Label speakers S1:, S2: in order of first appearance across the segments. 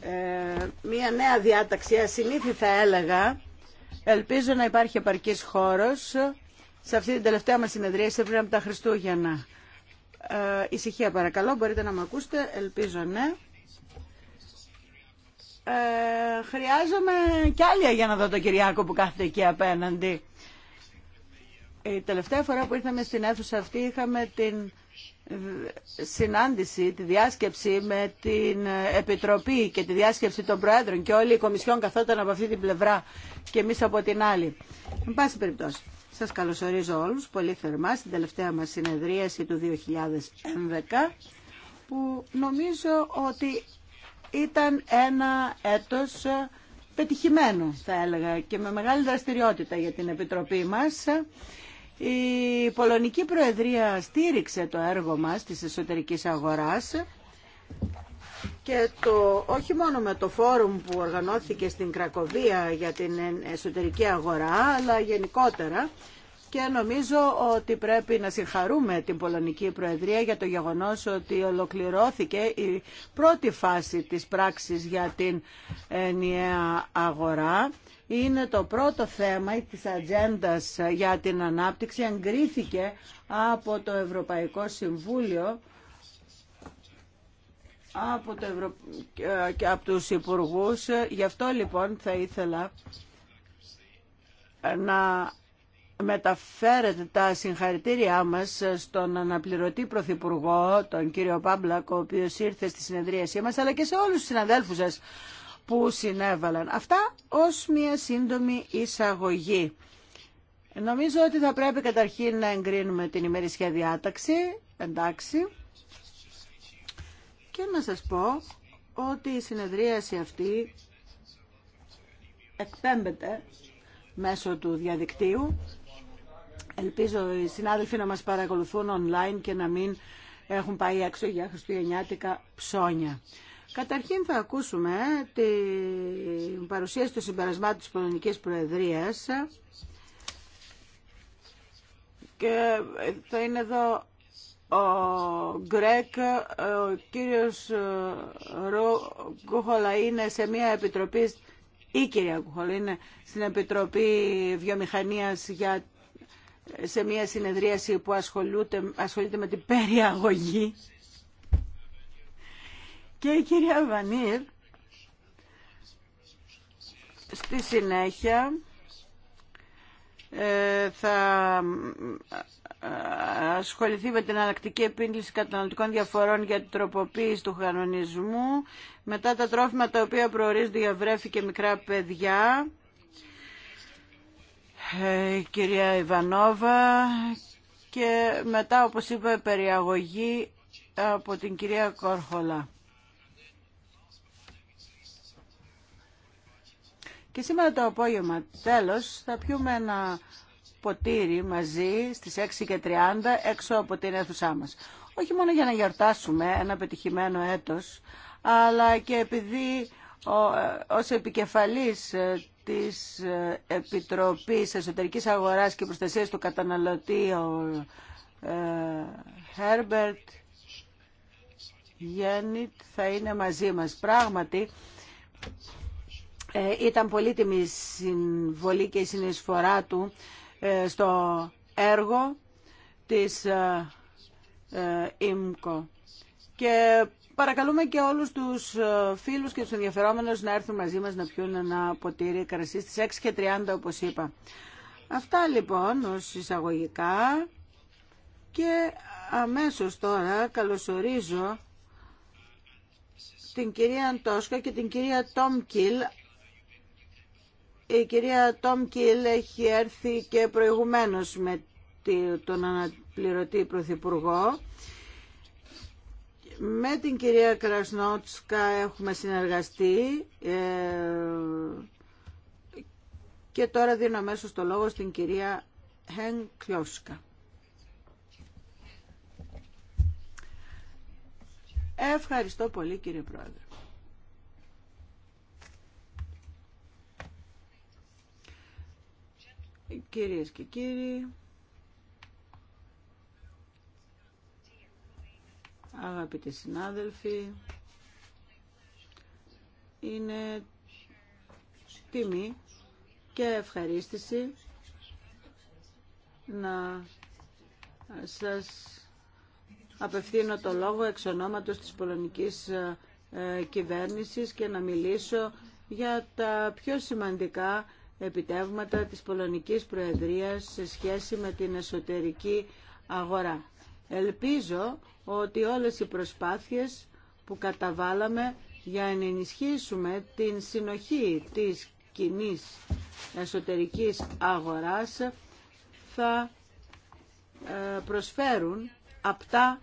S1: Ε, μία νέα διάταξη, ασυνήθι θα έλεγα. Ελπίζω να υπάρχει επαρκής χώρος. Σε αυτή την τελευταία μας συνεδρία, σε πριν από τα Χριστούγεννα. Ε, ησυχία παρακαλώ, μπορείτε να με ακούσετε, ελπίζω ναι. Ε, χρειάζομαι κι άλλη για να δω τον Κυριάκο που κάθεται εκεί απέναντι. Η τελευταία φορά που ήρθαμε στην αίθουσα αυτή είχαμε την συνάντηση, τη διάσκεψη με την Επιτροπή και τη διάσκεψη των Προέδρων και όλη η Κομισιόν καθόταν από αυτή την πλευρά και εμείς από την άλλη. Εν πάση περιπτώσει, σας καλωσορίζω όλους πολύ θερμά στην τελευταία μας συνεδρίαση του 2011 που νομίζω ότι ήταν ένα έτος πετυχημένο θα έλεγα και με μεγάλη δραστηριότητα για την Επιτροπή μας η Πολωνική Προεδρία στήριξε το έργο μας της εσωτερικής αγοράς και το, όχι μόνο με το φόρουμ που οργανώθηκε στην Κρακοβία για την εσωτερική αγορά, αλλά γενικότερα. Και νομίζω ότι πρέπει να συγχαρούμε την Πολωνική Προεδρία για το γεγονός ότι ολοκληρώθηκε η πρώτη φάση της πράξης για την ενιαία αγορά είναι το πρώτο θέμα της ατζέντα για την ανάπτυξη. Εγκρίθηκε από το Ευρωπαϊκό Συμβούλιο από, το και από τους υπουργούς. Γι' αυτό λοιπόν θα ήθελα να μεταφέρετε τα συγχαρητήριά μας στον αναπληρωτή πρωθυπουργό, τον κύριο Πάμπλακ, ο οποίος ήρθε στη συνεδρίασή μας, αλλά και σε όλους τους συναδέλφους σας που συνέβαλαν. Αυτά ως μια σύντομη εισαγωγή. Νομίζω ότι θα πρέπει καταρχήν να εγκρίνουμε την ημερησιά διάταξη, εντάξει, και να σας πω ότι η συνεδρίαση αυτή εκπέμπεται μέσω του διαδικτύου. Ελπίζω οι συνάδελφοι να μας παρακολουθούν online και να μην έχουν πάει έξω για χριστουγεννιάτικα ψώνια. Καταρχήν θα ακούσουμε την παρουσίαση του συμπερασμάτου της Πολωνικής Προεδρίας και θα είναι εδώ ο Γκρέκ, ο κύριος Ρο Κούχολα. είναι σε μια επιτροπή, η κυρία είναι στην Επιτροπή Βιομηχανίας για, σε μια συνεδρίαση που ασχολούται ασχολείται με την περιαγωγή και η κυρία Βανίρ στη συνέχεια ε, θα ε, ασχοληθεί με την ανακτική επίλυση καταναλωτικών διαφορών για την τροποποίηση του κανονισμού, μετά τα τρόφιμα τα οποία προορίζονται για βρέφη και μικρά παιδιά. Ε, η κυρία Ιβανόβα και μετά όπως είπα περιαγωγή από την κυρία Κόρχολα. Και σήμερα το απόγευμα, τέλος, θα πιούμε ένα ποτήρι μαζί στις 6.30 έξω από την αίθουσά μας. Όχι μόνο για να γιορτάσουμε ένα πετυχημένο έτος, αλλά και επειδή ε, ως επικεφαλής ε, της ε, Επιτροπής Εσωτερικής Αγοράς και Προστασίας του Καταναλωτή ο Herbert Γέννητ θα είναι μαζί μας. Πράγματι, ε, ήταν πολύτιμη η συμβολή και η συνεισφορά του ε, στο έργο της ε, ΙΜΚΟ. Και παρακαλούμε και όλους τους φίλους και τους ενδιαφερόμενους να έρθουν μαζί μας να πιούν ένα ποτήρι κρασί στις 30 όπως είπα. Αυτά λοιπόν ως εισαγωγικά και αμέσως τώρα καλωσορίζω την κυρία Αντόσκα και την κυρία Τόμκιλ η κυρία Τόμ Κιλ έχει έρθει και προηγουμένως με τον αναπληρωτή πρωθυπουργό. Με την κυρία Κρασνότσκα έχουμε συνεργαστεί ε, και τώρα δίνω αμέσω το λόγο στην κυρία Χεν Κλιόσκα. Ευχαριστώ πολύ κύριε Πρόεδρε. Κυρίες και κύριοι, αγαπητοί συνάδελφοι, είναι τιμή και ευχαρίστηση να σας απευθύνω το λόγο εξ ονόματος της πολωνικής ε, κυβέρνησης και να μιλήσω για τα πιο σημαντικά επιτεύγματα της Πολωνικής Προεδρίας σε σχέση με την εσωτερική αγορά. Ελπίζω ότι όλες οι προσπάθειες που καταβάλαμε για να ενισχύσουμε την συνοχή της κοινής εσωτερικής αγοράς θα ε, προσφέρουν απτά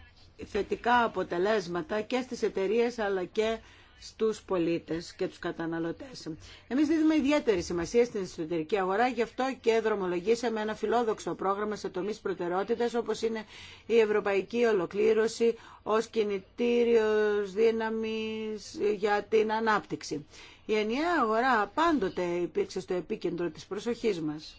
S1: θετικά αποτελέσματα και στις εταιρείες αλλά και στους πολίτες και τους καταναλωτές. Εμείς δίδουμε ιδιαίτερη σημασία στην εσωτερική αγορά, γι' αυτό και δρομολογήσαμε ένα φιλόδοξο πρόγραμμα σε τομείς προτεραιότητας, όπως είναι η ευρωπαϊκή ολοκλήρωση ως κινητήριος δύναμης για την ανάπτυξη. Η ενιαία αγορά πάντοτε υπήρξε στο επίκεντρο της προσοχής μας.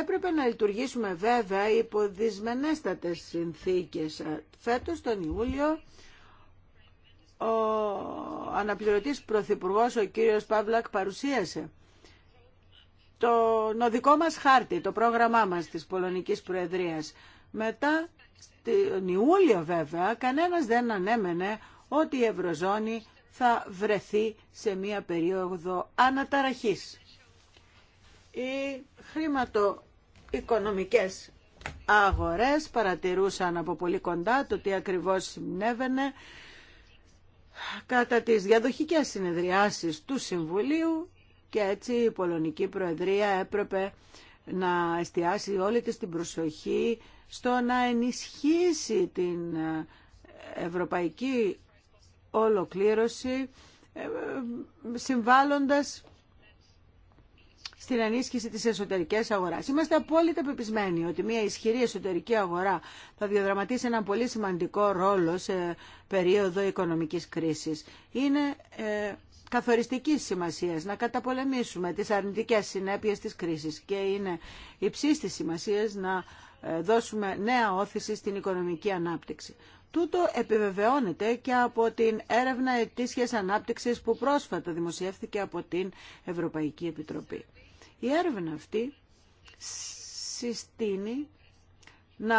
S1: Έπρεπε να λειτουργήσουμε βέβαια υπό δυσμενέστατες συνθήκες. Φέτος τον Ιούλιο ο αναπληρωτής πρωθυπουργός, ο κύριος Παύλακ, παρουσίασε το νοδικό μας χάρτη, το πρόγραμμά μας της Πολωνικής Προεδρίας. Μετά, τον Ιούλιο βέβαια, κανένας δεν ανέμενε ότι η Ευρωζώνη θα βρεθεί σε μία περίοδο αναταραχής. Οι χρηματοοικονομικές αγορές παρατηρούσαν από πολύ κοντά το τι ακριβώς συνέβαινε κατά τις διαδοχικές συνεδριάσεις του Συμβουλίου και έτσι η Πολωνική Προεδρία έπρεπε να εστιάσει όλη της την προσοχή στο να ενισχύσει την ε, ευρωπαϊκή ολοκλήρωση ε, συμβάλλοντας στην ενίσχυση της εσωτερικής αγοράς. Είμαστε απόλυτα πεπισμένοι ότι μια ισχυρή εσωτερική αγορά θα διαδραματίσει έναν πολύ σημαντικό ρόλο σε περίοδο οικονομικής κρίσης. Είναι ε, καθοριστικής να καταπολεμήσουμε τις αρνητικές συνέπειες της κρίσης και είναι υψίστης σημασία να ε, δώσουμε νέα όθηση στην οικονομική ανάπτυξη. Τούτο επιβεβαιώνεται και από την έρευνα ετήσιας ανάπτυξης που πρόσφατα δημοσιεύθηκε από την Ευρωπαϊκή Επιτροπή. Η έρευνα αυτή συστήνει να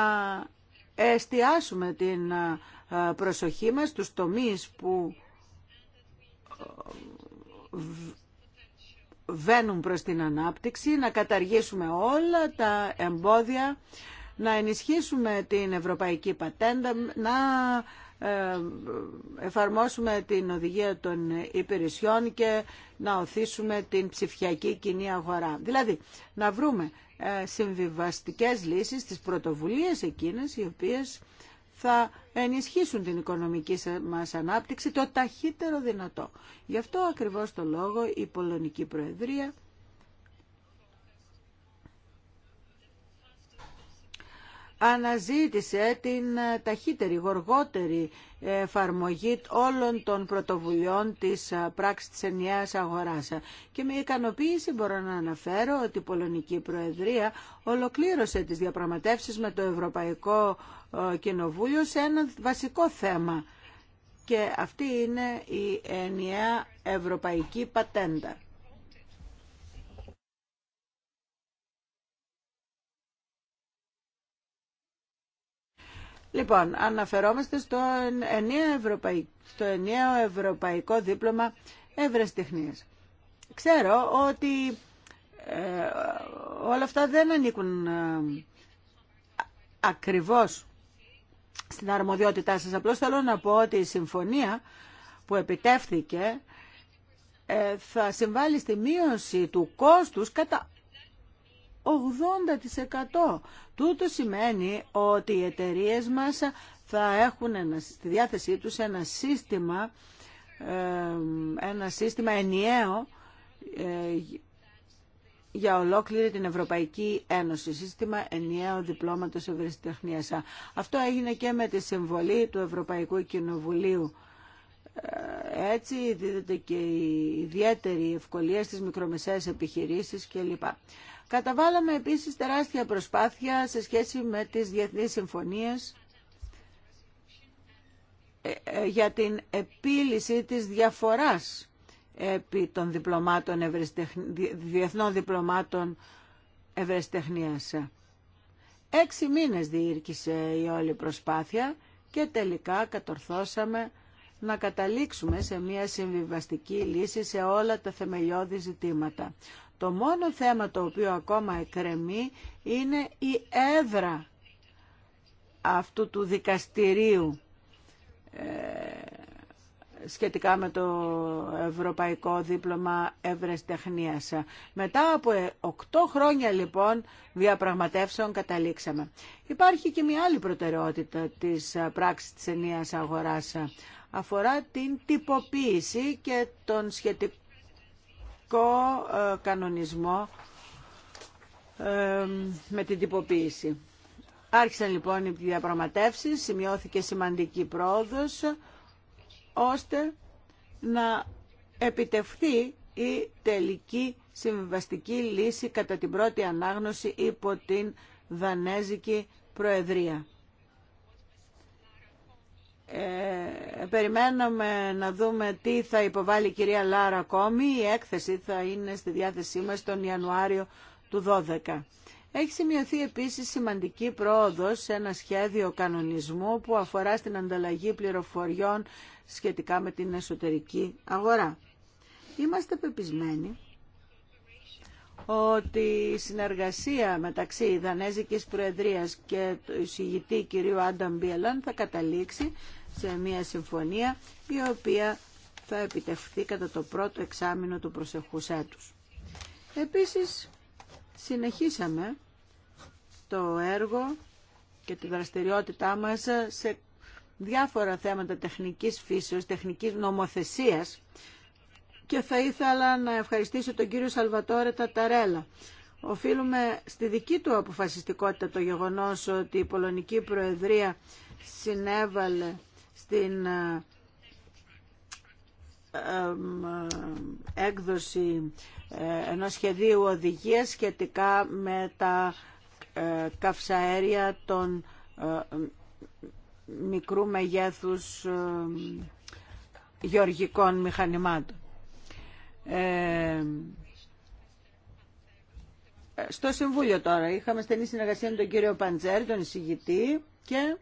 S1: εστιάσουμε την προσοχή μας στους τομείς που βαίνουν προς την ανάπτυξη, να καταργήσουμε όλα τα εμπόδια, να ενισχύσουμε την ευρωπαϊκή πατέντα, να ε, εφαρμόσουμε την οδηγία των υπηρεσιών και να οθήσουμε την ψηφιακή κοινή αγορά. Δηλαδή, να βρούμε ε, συμβιβαστικές λύσεις στις πρωτοβουλίες εκείνες οι οποίες θα ενισχύσουν την οικονομική μας ανάπτυξη το ταχύτερο δυνατό. Γι' αυτό ακριβώς το λόγο η Πολωνική Προεδρία αναζήτησε την ε, ταχύτερη, γοργότερη εφαρμογή όλων των πρωτοβουλειών της ε, πράξης της ενιαίας αγοράς. Και με ικανοποίηση μπορώ να αναφέρω ότι η Πολωνική Προεδρία ολοκλήρωσε τις διαπραγματεύσεις με το Ευρωπαϊκό ε, Κοινοβούλιο σε ένα βασικό θέμα. Και αυτή είναι η ενιαία ευρωπαϊκή πατέντα. Λοιπόν, αναφερόμαστε στο ενιαίο ευρωπαϊκό, ευρωπαϊκό δίπλωμα Ξέρω ότι ε, όλα αυτά δεν ανήκουν ε, ακριβώς στην αρμοδιότητά σας. Απλώς θέλω να πω ότι η συμφωνία που επιτεύθηκε ε, θα συμβάλλει στη μείωση του κόστους κατά 80%. Τούτο σημαίνει ότι οι εταιρείε μας θα έχουν ένα, στη διάθεσή τους ένα σύστημα, ένα σύστημα ενιαίο ε, για ολόκληρη την Ευρωπαϊκή Ένωση, σύστημα ενιαίου διπλώματος ευρεσιτεχνίας. Αυτό έγινε και με τη συμβολή του Ευρωπαϊκού Κοινοβουλίου. Ε, έτσι δίδεται και η ιδιαίτερη ευκολία στις μικρομεσαίες επιχειρήσεις κλπ. Καταβάλαμε επίσης τεράστια προσπάθεια σε σχέση με τις διεθνείς συμφωνίες ε, ε, για την επίλυση της διαφοράς επί των διεθνών διπλωμάτων ευρεσιτεχνίας. Έξι μήνες διήρκησε η όλη προσπάθεια και τελικά κατορθώσαμε να καταλήξουμε σε μια συμβιβαστική λύση σε όλα τα θεμελιώδη ζητήματα. Το μόνο θέμα το οποίο ακόμα εκκρεμεί είναι η έδρα αυτού του δικαστηρίου ε, σχετικά με το Ευρωπαϊκό Δίπλωμα Τεχνίας. Μετά από 8 ε, χρόνια λοιπόν διαπραγματεύσεων καταλήξαμε. Υπάρχει και μια άλλη προτεραιότητα της ε, πράξης της ενίας αγοράς. Αφορά την τυποποίηση και τον σχετικό ε, κανονισμό ε, με την τυποποίηση. Άρχισαν λοιπόν οι διαπραγματεύσει, σημειώθηκε σημαντική πρόοδος ώστε να επιτευχθεί η τελική συμβιβαστική λύση κατά την πρώτη ανάγνωση υπό την Δανέζικη Προεδρία. Ε, περιμένουμε να δούμε τι θα υποβάλει η κυρία Λάρα ακόμη. Η έκθεση θα είναι στη διάθεσή μας τον Ιανουάριο του 12. Έχει σημειωθεί επίσης σημαντική πρόοδος σε ένα σχέδιο κανονισμού που αφορά στην ανταλλαγή πληροφοριών σχετικά με την εσωτερική αγορά. Είμαστε πεπισμένοι ότι η συνεργασία μεταξύ Δανέζικης Προεδρίας και του εισηγητή κυρίου Άνταμ Μπιελάν θα καταλήξει σε μια συμφωνία η οποία θα επιτευχθεί κατά το πρώτο εξάμεινο του προσεχούς έτους. Επίσης, συνεχίσαμε το έργο και τη δραστηριότητά μας σε διάφορα θέματα τεχνικής φύσεως, τεχνικής νομοθεσίας και θα ήθελα να ευχαριστήσω τον κύριο Σαλβατόρε Ταταρέλα. Οφείλουμε στη δική του αποφασιστικότητα το γεγονός ότι η Πολωνική Προεδρία συνέβαλε στην ε, ε, έκδοση ε, ενός σχεδίου οδηγίας σχετικά με τα καυσαέρια των μικρού μεγέθους γεωργικών μηχανημάτων. Ε, στο Συμβούλιο τώρα. Είχαμε στενή συνεργασία με τον κύριο Παντζέρη, τον εισηγητή και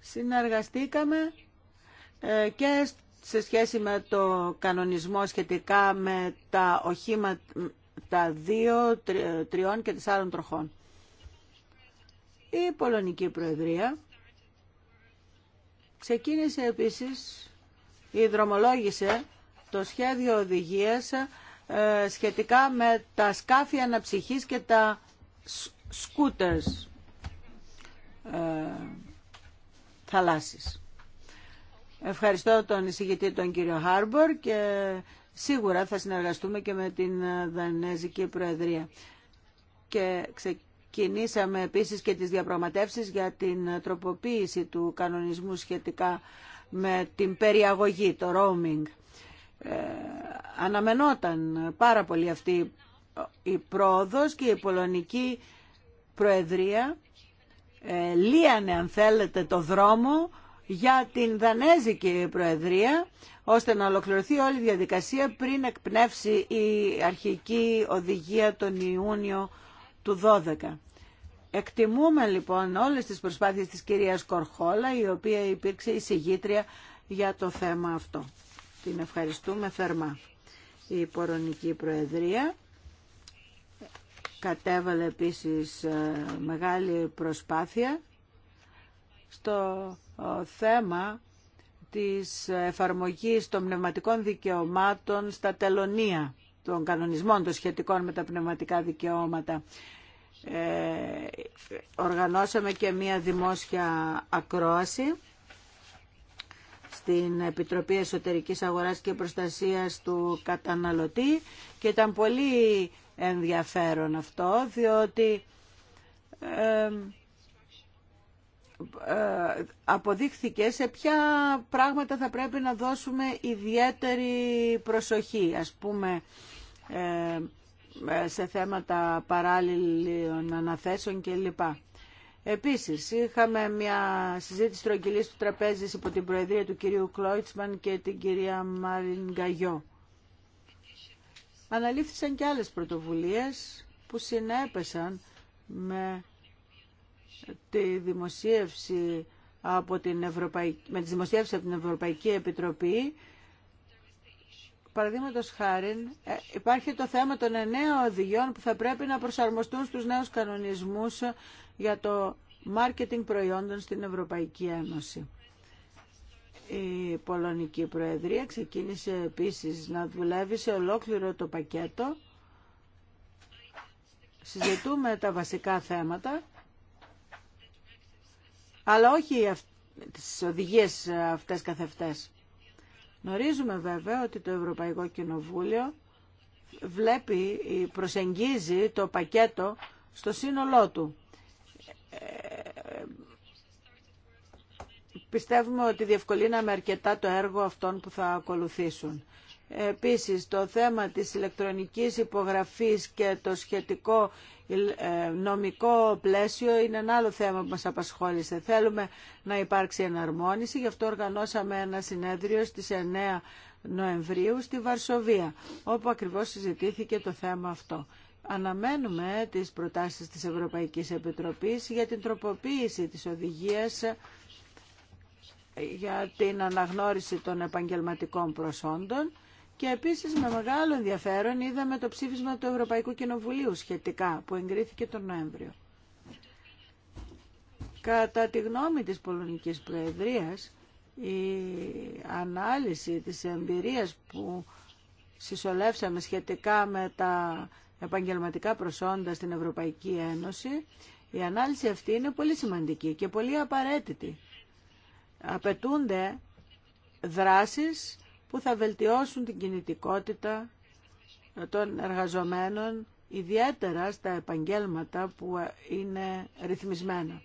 S1: συνεργαστήκαμε ε, και σε σχέση με το κανονισμό σχετικά με τα οχήματα τα δύο, τριών και τεσσάρων τροχών. Η Πολωνική Προεδρία ξεκίνησε επίσης δρομολόγησε το σχέδιο οδηγίας ε, σχετικά με τα σκάφη αναψυχής και τα σκούτερς ε, θαλάσσης. Ευχαριστώ τον εισηγητή τον κύριο Χάρμπορ και σίγουρα θα συνεργαστούμε και με την Δανέζικη Προεδρία. Και ξεκινήσαμε επίσης και τις διαπραγματεύσεις για την τροποποίηση του κανονισμού σχετικά με την περιαγωγή, το roaming. Ε, αναμενόταν πάρα πολύ αυτή η πρόοδος και η Πολωνική Προεδρία ε, λίανε αν θέλετε το δρόμο για την Δανέζικη Προεδρία ώστε να ολοκληρωθεί όλη η διαδικασία πριν εκπνεύσει η αρχική οδηγία τον Ιούνιο του 12. Εκτιμούμε λοιπόν όλες τις προσπάθειες της κυρίας Κορχόλα, η οποία υπήρξε εισηγήτρια για το θέμα αυτό. Την ευχαριστούμε θερμά. Η Πορωνική Προεδρία κατέβαλε επίσης ε, μεγάλη προσπάθεια στο ε, θέμα της εφαρμογής των πνευματικών δικαιωμάτων στα τελωνία των κανονισμών των σχετικών με τα πνευματικά δικαιώματα. Ε, οργανώσαμε και μία δημόσια ακρόαση στην Επιτροπή Εσωτερικής Αγοράς και Προστασίας του Καταναλωτή και ήταν πολύ ενδιαφέρον αυτό διότι ε, αποδείχθηκε σε ποια πράγματα θα πρέπει να δώσουμε ιδιαίτερη προσοχή. Ας πούμε, ε, σε θέματα παράλληλων αναθέσεων κλπ. Επίσης, είχαμε μια συζήτηση τρογγυλής του τραπέζης υπό την προεδρία του κυρίου Κλόιτσμαν και την κυρία Μάριν Γκαγιό. Αναλήφθησαν και άλλες πρωτοβουλίες που συνέπεσαν με τη δημοσίευση από την Ευρωπαϊκή, με τη δημοσίευση από την Ευρωπαϊκή Επιτροπή παραδείγματο χάρη, ε, υπάρχει το θέμα των νέων οδηγιών που θα πρέπει να προσαρμοστούν στους νέους κανονισμούς για το μάρκετινγκ προϊόντων στην Ευρωπαϊκή Ένωση. Η Πολωνική Προεδρία ξεκίνησε επίσης να δουλεύει σε ολόκληρο το πακέτο. Συζητούμε τα βασικά θέματα, αλλά όχι τις οδηγίες αυτές καθευτές. Γνωρίζουμε βέβαια ότι το Ευρωπαϊκό Κοινοβούλιο βλέπει, προσεγγίζει το πακέτο στο σύνολό του. Ε, πιστεύουμε ότι διευκολύναμε αρκετά το έργο αυτών που θα ακολουθήσουν. Επίσης, το θέμα της ηλεκτρονικής υπογραφής και το σχετικό ε, νομικό πλαίσιο είναι ένα άλλο θέμα που μας απασχόλησε. Θέλουμε να υπάρξει εναρμόνιση, γι' αυτό οργανώσαμε ένα συνέδριο στις 9 Νοεμβρίου στη Βαρσοβία, όπου ακριβώς συζητήθηκε το θέμα αυτό. Αναμένουμε τις προτάσεις της Ευρωπαϊκής Επιτροπής για την τροποποίηση της οδηγίας για την αναγνώριση των επαγγελματικών προσόντων και επίσης με μεγάλο ενδιαφέρον είδαμε το ψήφισμα του Ευρωπαϊκού Κοινοβουλίου σχετικά που εγκρίθηκε τον Νοέμβριο. Κατά τη γνώμη της Πολωνικής Προεδρίας, η ανάλυση της εμπειρίας που συσσωλεύσαμε σχετικά με τα επαγγελματικά προσόντα στην Ευρωπαϊκή Ένωση, η ανάλυση αυτή είναι πολύ σημαντική και πολύ απαραίτητη. Απαιτούνται δράσεις που θα βελτιώσουν την κινητικότητα των εργαζομένων, ιδιαίτερα στα επαγγέλματα που είναι ρυθμισμένα.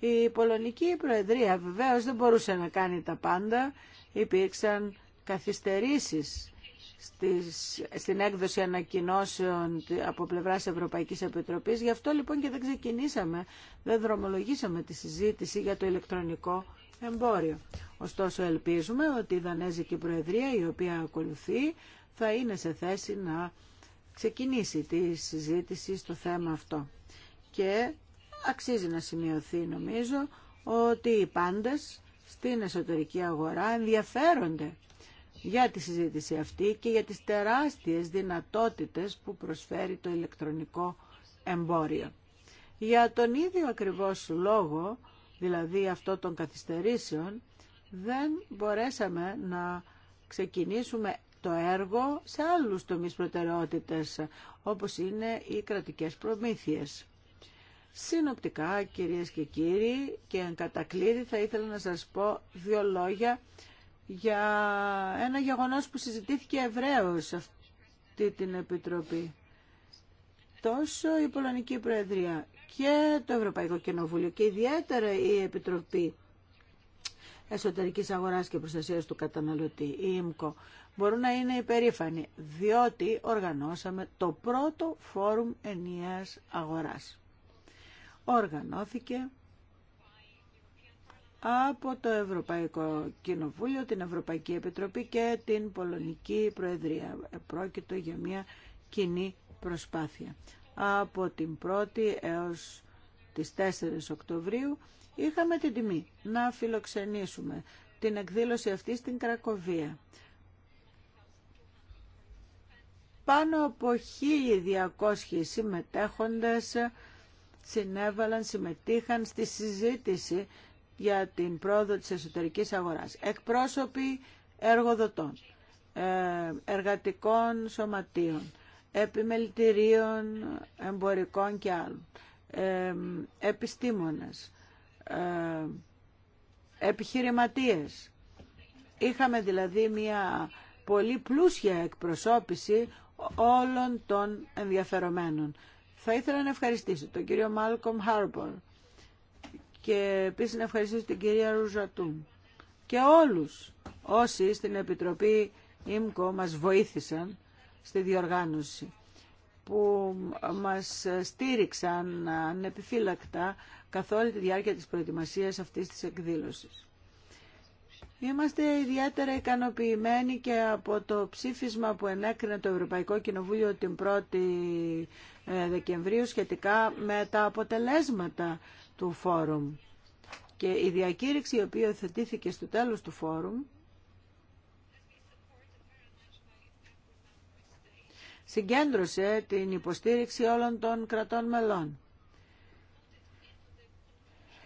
S1: Η Πολωνική Προεδρία βεβαίως δεν μπορούσε να κάνει τα πάντα. Υπήρξαν καθυστερήσεις στις, στην έκδοση ανακοινώσεων από πλευράς Ευρωπαϊκής Επιτροπής. Γι' αυτό λοιπόν και δεν ξεκινήσαμε, δεν δρομολογήσαμε τη συζήτηση για το ηλεκτρονικό εμπόριο. Ωστόσο ελπίζουμε ότι η Δανέζικη Προεδρία η οποία ακολουθεί θα είναι σε θέση να ξεκινήσει τη συζήτηση στο θέμα αυτό. Και αξίζει να σημειωθεί νομίζω ότι οι πάντες στην εσωτερική αγορά ενδιαφέρονται για τη συζήτηση αυτή και για τις τεράστιες δυνατότητες που προσφέρει το ηλεκτρονικό εμπόριο. Για τον ίδιο ακριβώς λόγο δηλαδή αυτό των καθυστερήσεων, δεν μπορέσαμε να ξεκινήσουμε το έργο σε άλλους τομείς προτεραιότητες, όπως είναι οι κρατικές προμήθειες. Συνοπτικά, κυρίες και κύριοι, και εν κατακλείδη θα ήθελα να σας πω δύο λόγια για ένα γεγονός που συζητήθηκε ευρέως αυτή την Επιτροπή. Τόσο η Πολωνική Προεδρία και το Ευρωπαϊκό Κοινοβούλιο και ιδιαίτερα η Επιτροπή Εσωτερικής Αγοράς και Προστασίας του Καταναλωτή, η ΙΜΚΟ, μπορούν να είναι υπερήφανοι, διότι οργανώσαμε το πρώτο φόρουμ ενιαίας αγοράς. Οργανώθηκε από το Ευρωπαϊκό Κοινοβούλιο, την Ευρωπαϊκή Επιτροπή και την Πολωνική Προεδρία. Πρόκειτο για μια κοινή προσπάθεια από την 1η έως τις 4 Οκτωβρίου είχαμε την τιμή να φιλοξενήσουμε την εκδήλωση αυτή στην Κρακοβία. Πάνω από 1.200 συμμετέχοντες συνέβαλαν, συμμετείχαν στη συζήτηση για την πρόοδο της εσωτερικής αγοράς. Εκπρόσωποι εργοδοτών, ε, εργατικών σωματείων, επιμελητηρίων, εμπορικών και άλλων, ε, επιστήμονες, επιχειρηματίες. Είχαμε δηλαδή μια πολύ πλούσια εκπροσώπηση όλων των ενδιαφερομένων. Θα ήθελα να ευχαριστήσω τον κύριο Μάλκομ Χάρμπορ και επίσης να ευχαριστήσω την κυρία Ρουζατούν και όλους όσοι στην Επιτροπή ΙΜΚΟ μας βοήθησαν στη διοργάνωση που μας στήριξαν ανεπιφύλακτα καθ' όλη τη διάρκεια της προετοιμασίας αυτής της εκδήλωσης. Είμαστε ιδιαίτερα ικανοποιημένοι και από το ψήφισμα που ενέκρινε το Ευρωπαϊκό Κοινοβούλιο την 1η ε, Δεκεμβρίου σχετικά με τα αποτελέσματα του φόρουμ. Και η διακήρυξη η οποία θετήθηκε στο τέλος του φόρουμ συγκέντρωσε την υποστήριξη όλων των κρατών μελών.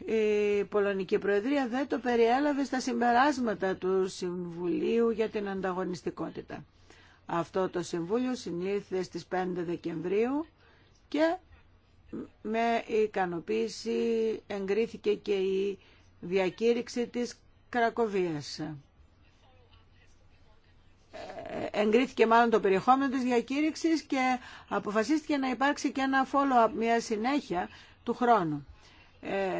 S1: Η Πολωνική Προεδρία δεν το περιέλαβε στα συμπεράσματα του Συμβουλίου για την ανταγωνιστικότητα. Αυτό το Συμβούλιο συνήλθε στις 5 Δεκεμβρίου και με ικανοποίηση εγκρίθηκε και η διακήρυξη της Κρακοβίας εγκρίθηκε μάλλον το περιεχόμενο της διακήρυξης και αποφασίστηκε να υπάρξει και ένα follow-up, μια συνέχεια του χρόνου. Ε,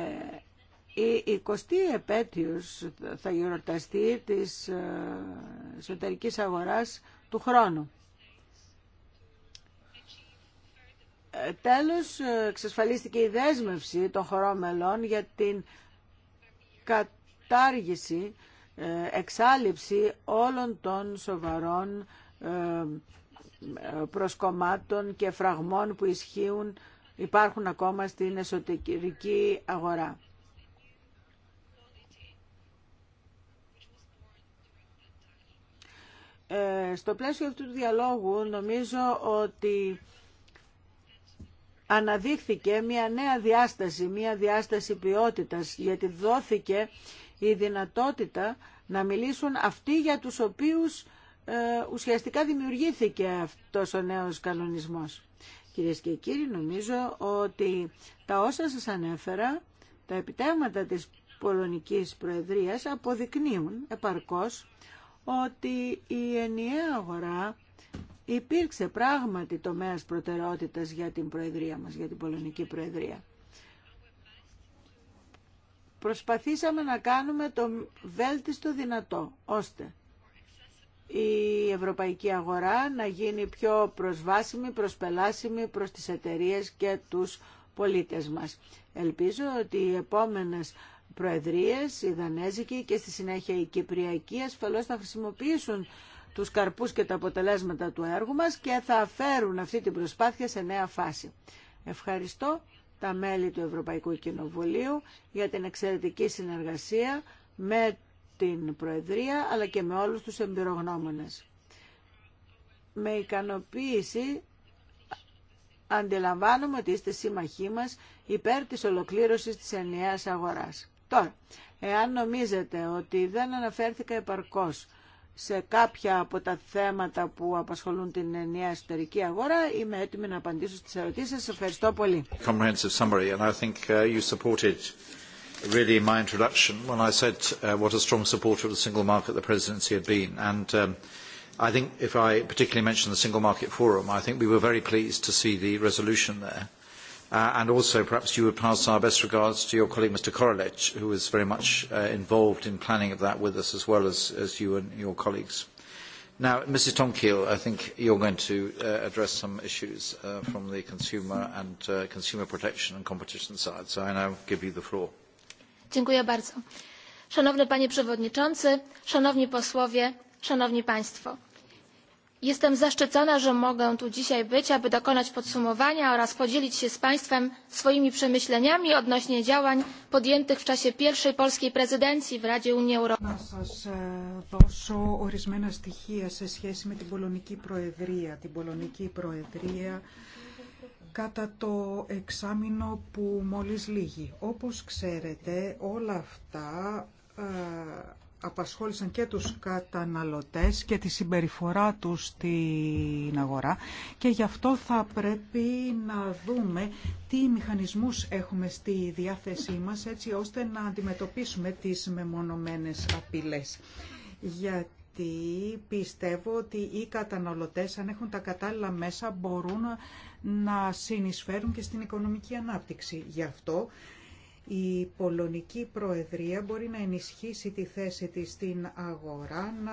S1: η 20η επέτειος θα γιορταστεί της ε, εσωτερικής αγοράς του χρόνου. Ε, τέλος, εξασφαλίστηκε η δέσμευση των χωρών μελών για την κατάργηση εξάλληψη όλων των σοβαρών ε, προσκομμάτων και φραγμών που ισχύουν, υπάρχουν ακόμα στην εσωτερική αγορά. Ε, στο πλαίσιο αυτού του διαλόγου νομίζω ότι αναδείχθηκε μια νέα διάσταση, μια διάσταση ποιότητας, γιατί δόθηκε η δυνατότητα να μιλήσουν αυτοί για τους οποίους ε, ουσιαστικά δημιουργήθηκε αυτός ο νέος κανονισμός. Κυρίες και κύριοι, νομίζω ότι τα όσα σας ανέφερα, τα επιτέγματα της Πολωνικής Προεδρίας αποδεικνύουν επαρκώς ότι η ενιαία αγορά υπήρξε πράγματι τομέας προτεραιότητας για την Προεδρία μας, για την Πολωνική Προεδρία προσπαθήσαμε να κάνουμε το βέλτιστο δυνατό, ώστε η ευρωπαϊκή αγορά να γίνει πιο προσβάσιμη, προσπελάσιμη προς τις εταιρείες και τους πολίτες μας. Ελπίζω ότι οι επόμενες προεδρίες, οι Δανέζικοι και στη συνέχεια η Κυπριακοί ασφαλώς θα χρησιμοποιήσουν τους καρπούς και τα αποτελέσματα του έργου μας και θα φέρουν αυτή την προσπάθεια σε νέα φάση. Ευχαριστώ τα μέλη του Ευρωπαϊκού Κοινοβουλίου για την εξαιρετική συνεργασία με την Προεδρία αλλά και με όλους τους εμπειρογνώμονες. Με ικανοποίηση αντιλαμβάνομαι ότι είστε σύμμαχοί μας υπέρ της ολοκλήρωσης της ενιαίας αγοράς. Τώρα, εάν νομίζετε ότι δεν αναφέρθηκα επαρκώς σε κάποια από τα θέματα που απασχολούν την ενιαία εσωτερική αγορά. Είμαι έτοιμη να απαντήσω στις ερωτήσεις. Σας
S2: ευχαριστώ πολύ. Really, my introduction when I said what a strong supporter of the single market the presidency had been, and
S3: I think if I particularly mention the single market forum, I think we were very pleased to see the resolution there And also, perhaps you would pass our best regards to your colleague, Mr. Korolich, who was very much
S2: involved in planning of that with us, as well as you and your colleagues. Now, Mrs. Tomkiel, I think you're going to address some issues from the consumer and consumer protection and competition side, so I now give you the floor. Dziękuję bardzo. Szanowny Panie Przewodniczący, Szanowni Posłowie, Szanowni Państwo Jestem zaszczycona, że mogę tu dzisiaj być, aby dokonać podsumowania oraz podzielić się z Państwem swoimi przemyśleniami odnośnie działań podjętych w czasie pierwszej polskiej prezydencji w Radzie Unii Europejskiej.
S4: κατά το εξάμεινο που ξέρετε, απασχόλησαν και τους καταναλωτές και τη συμπεριφορά τους στην αγορά και γι' αυτό θα πρέπει να δούμε τι μηχανισμούς έχουμε στη διάθεσή μας έτσι ώστε να αντιμετωπίσουμε τις μεμονωμένες απειλές. Γιατί πιστεύω ότι οι καταναλωτές αν έχουν τα κατάλληλα μέσα μπορούν να συνεισφέρουν και στην οικονομική ανάπτυξη. Γι' αυτό η Πολωνική Προεδρία μπορεί να ενισχύσει τη θέση της στην αγορά, να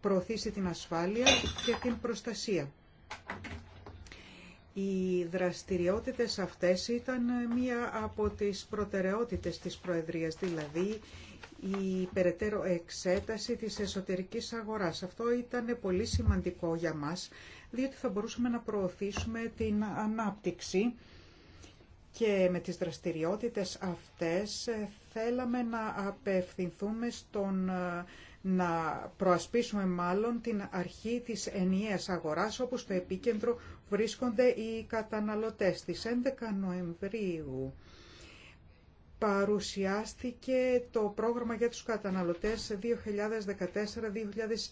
S4: προωθήσει την ασφάλεια και την προστασία. Οι δραστηριότητες αυτές ήταν μία από τις προτεραιότητες της Προεδρίας, δηλαδή η περαιτέρω εξέταση της εσωτερικής αγοράς. Αυτό ήταν πολύ σημαντικό για μας, διότι θα μπορούσαμε να προωθήσουμε την ανάπτυξη και με τις δραστηριότητες αυτές ε, θέλαμε να απευθυνθούμε στον ε, να προασπίσουμε μάλλον την αρχή της ενιαίας αγοράς όπου στο επίκεντρο βρίσκονται οι καταναλωτές. της 11 Νοεμβρίου παρουσιάστηκε το πρόγραμμα για τους καταναλωτές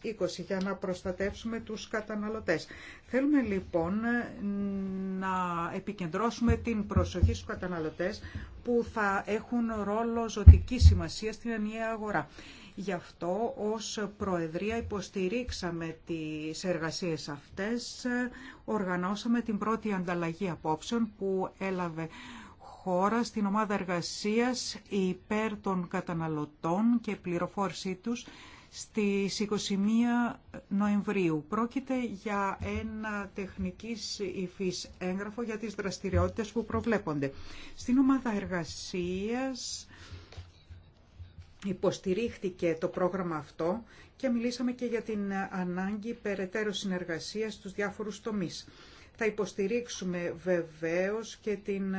S4: 2014-2020 για να προστατεύσουμε τους καταναλωτές. Θέλουμε λοιπόν να επικεντρώσουμε την προσοχή στους καταναλωτές που θα έχουν ρόλο ζωτική σημασία στην ενιαία αγορά. Γι' αυτό ως Προεδρία υποστηρίξαμε τις εργασίες αυτές, οργανώσαμε την πρώτη ανταλλαγή απόψεων που έλαβε χώρα στην ομάδα εργασίας υπέρ των καταναλωτών και πληροφόρησή τους στις 21 Νοεμβρίου. Πρόκειται για ένα τεχνικής υφής έγγραφο για τις δραστηριότητες που προβλέπονται. Στην ομάδα εργασίας υποστηρίχθηκε το πρόγραμμα αυτό και μιλήσαμε και για την ανάγκη περαιτέρω συνεργασίας στους διάφορους τομείς. Θα υποστηρίξουμε βεβαίως και την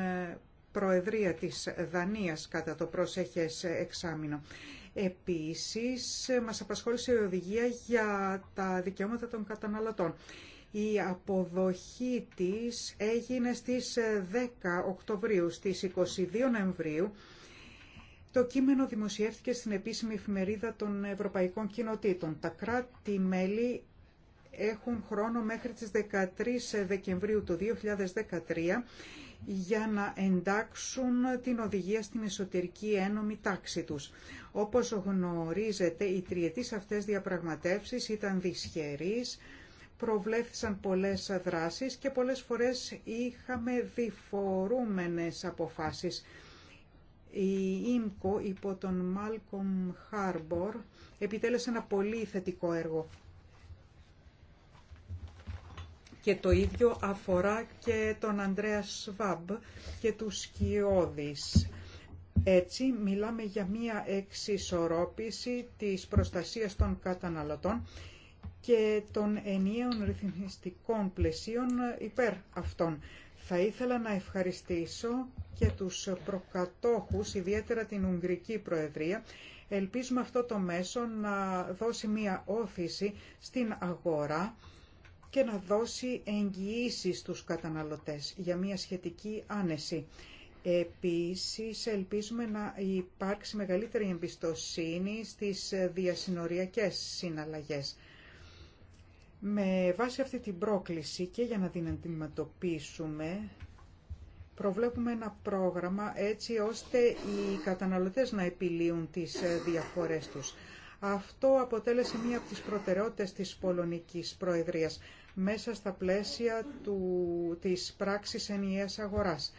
S4: Προεδρία της Δανίας κατά το προσέχες εξάμεινο. Επίσης, μας απασχόλησε η οδηγία για τα δικαιώματα των καταναλωτών. Η αποδοχή της έγινε στις 10 Οκτωβρίου, στις 22 Νοεμβρίου. Το κείμενο δημοσιεύτηκε στην επίσημη εφημερίδα των Ευρωπαϊκών Κοινοτήτων. Τα κράτη-μέλη έχουν χρόνο μέχρι τις 13 Δεκεμβρίου του 2013 για να εντάξουν την οδηγία στην εσωτερική ένωμη τάξη τους. Όπως γνωρίζετε, οι τριετής αυτές διαπραγματεύσεις ήταν δυσχερείς, προβλέφθησαν πολλές δράσεις και πολλές φορές είχαμε διφορούμενες αποφάσεις. Η ΙΜΚΟ υπό τον Μάλκομ Χάρμπορ επιτέλεσε ένα πολύ θετικό έργο. Και το ίδιο αφορά και τον Ανδρέα Σβάμπ και τους Σκιώδης. Έτσι μιλάμε για μία εξισορρόπηση της προστασίας των καταναλωτών και των ενιαίων ρυθμιστικών πλαισίων υπέρ αυτών. Θα ήθελα να ευχαριστήσω και τους προκατόχους, ιδιαίτερα την Ουγγρική Προεδρία. Ελπίζουμε αυτό το μέσο να δώσει μία όθηση στην αγορά και να δώσει εγγυήσει στους καταναλωτές για μια σχετική άνεση. Επίσης, ελπίζουμε να υπάρξει μεγαλύτερη εμπιστοσύνη στις διασυνοριακές συναλλαγές. Με βάση αυτή την πρόκληση και για να την αντιμετωπίσουμε, προβλέπουμε ένα πρόγραμμα έτσι ώστε οι καταναλωτές να επιλύουν τις διαφορές τους. Αυτό αποτέλεσε μία από τις προτεραιότητες της Πολωνικής Προεδρίας μέσα στα πλαίσια του, της πράξης ενιαίας αγοράς.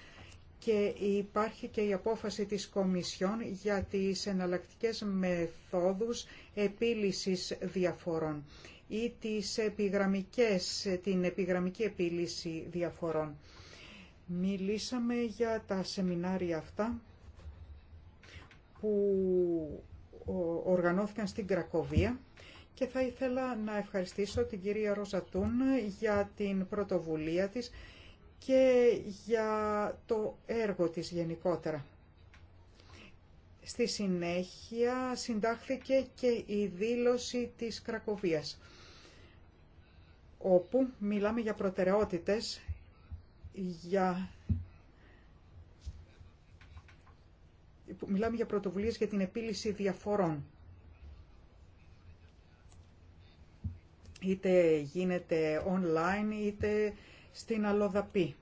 S4: Και υπάρχει και η απόφαση της Κομισιόν για τις εναλλακτικές μεθόδους επίλυσης διαφορών ή τις επιγραμμικές, την επιγραμμική επίλυση διαφορών. Μιλήσαμε για τα σεμινάρια αυτά που οργανώθηκαν στην Κρακοβία και θα ήθελα να ευχαριστήσω την κυρία Ροζατούν για την πρωτοβουλία της και για το έργο της γενικότερα. Στη συνέχεια συντάχθηκε και η δήλωση της Κρακοβίας, όπου μιλάμε για προτεραιότητες, για... Μιλάμε για πρωτοβουλίες για την επίλυση διαφορών. είτε γίνεται online είτε στην αλόδαπη.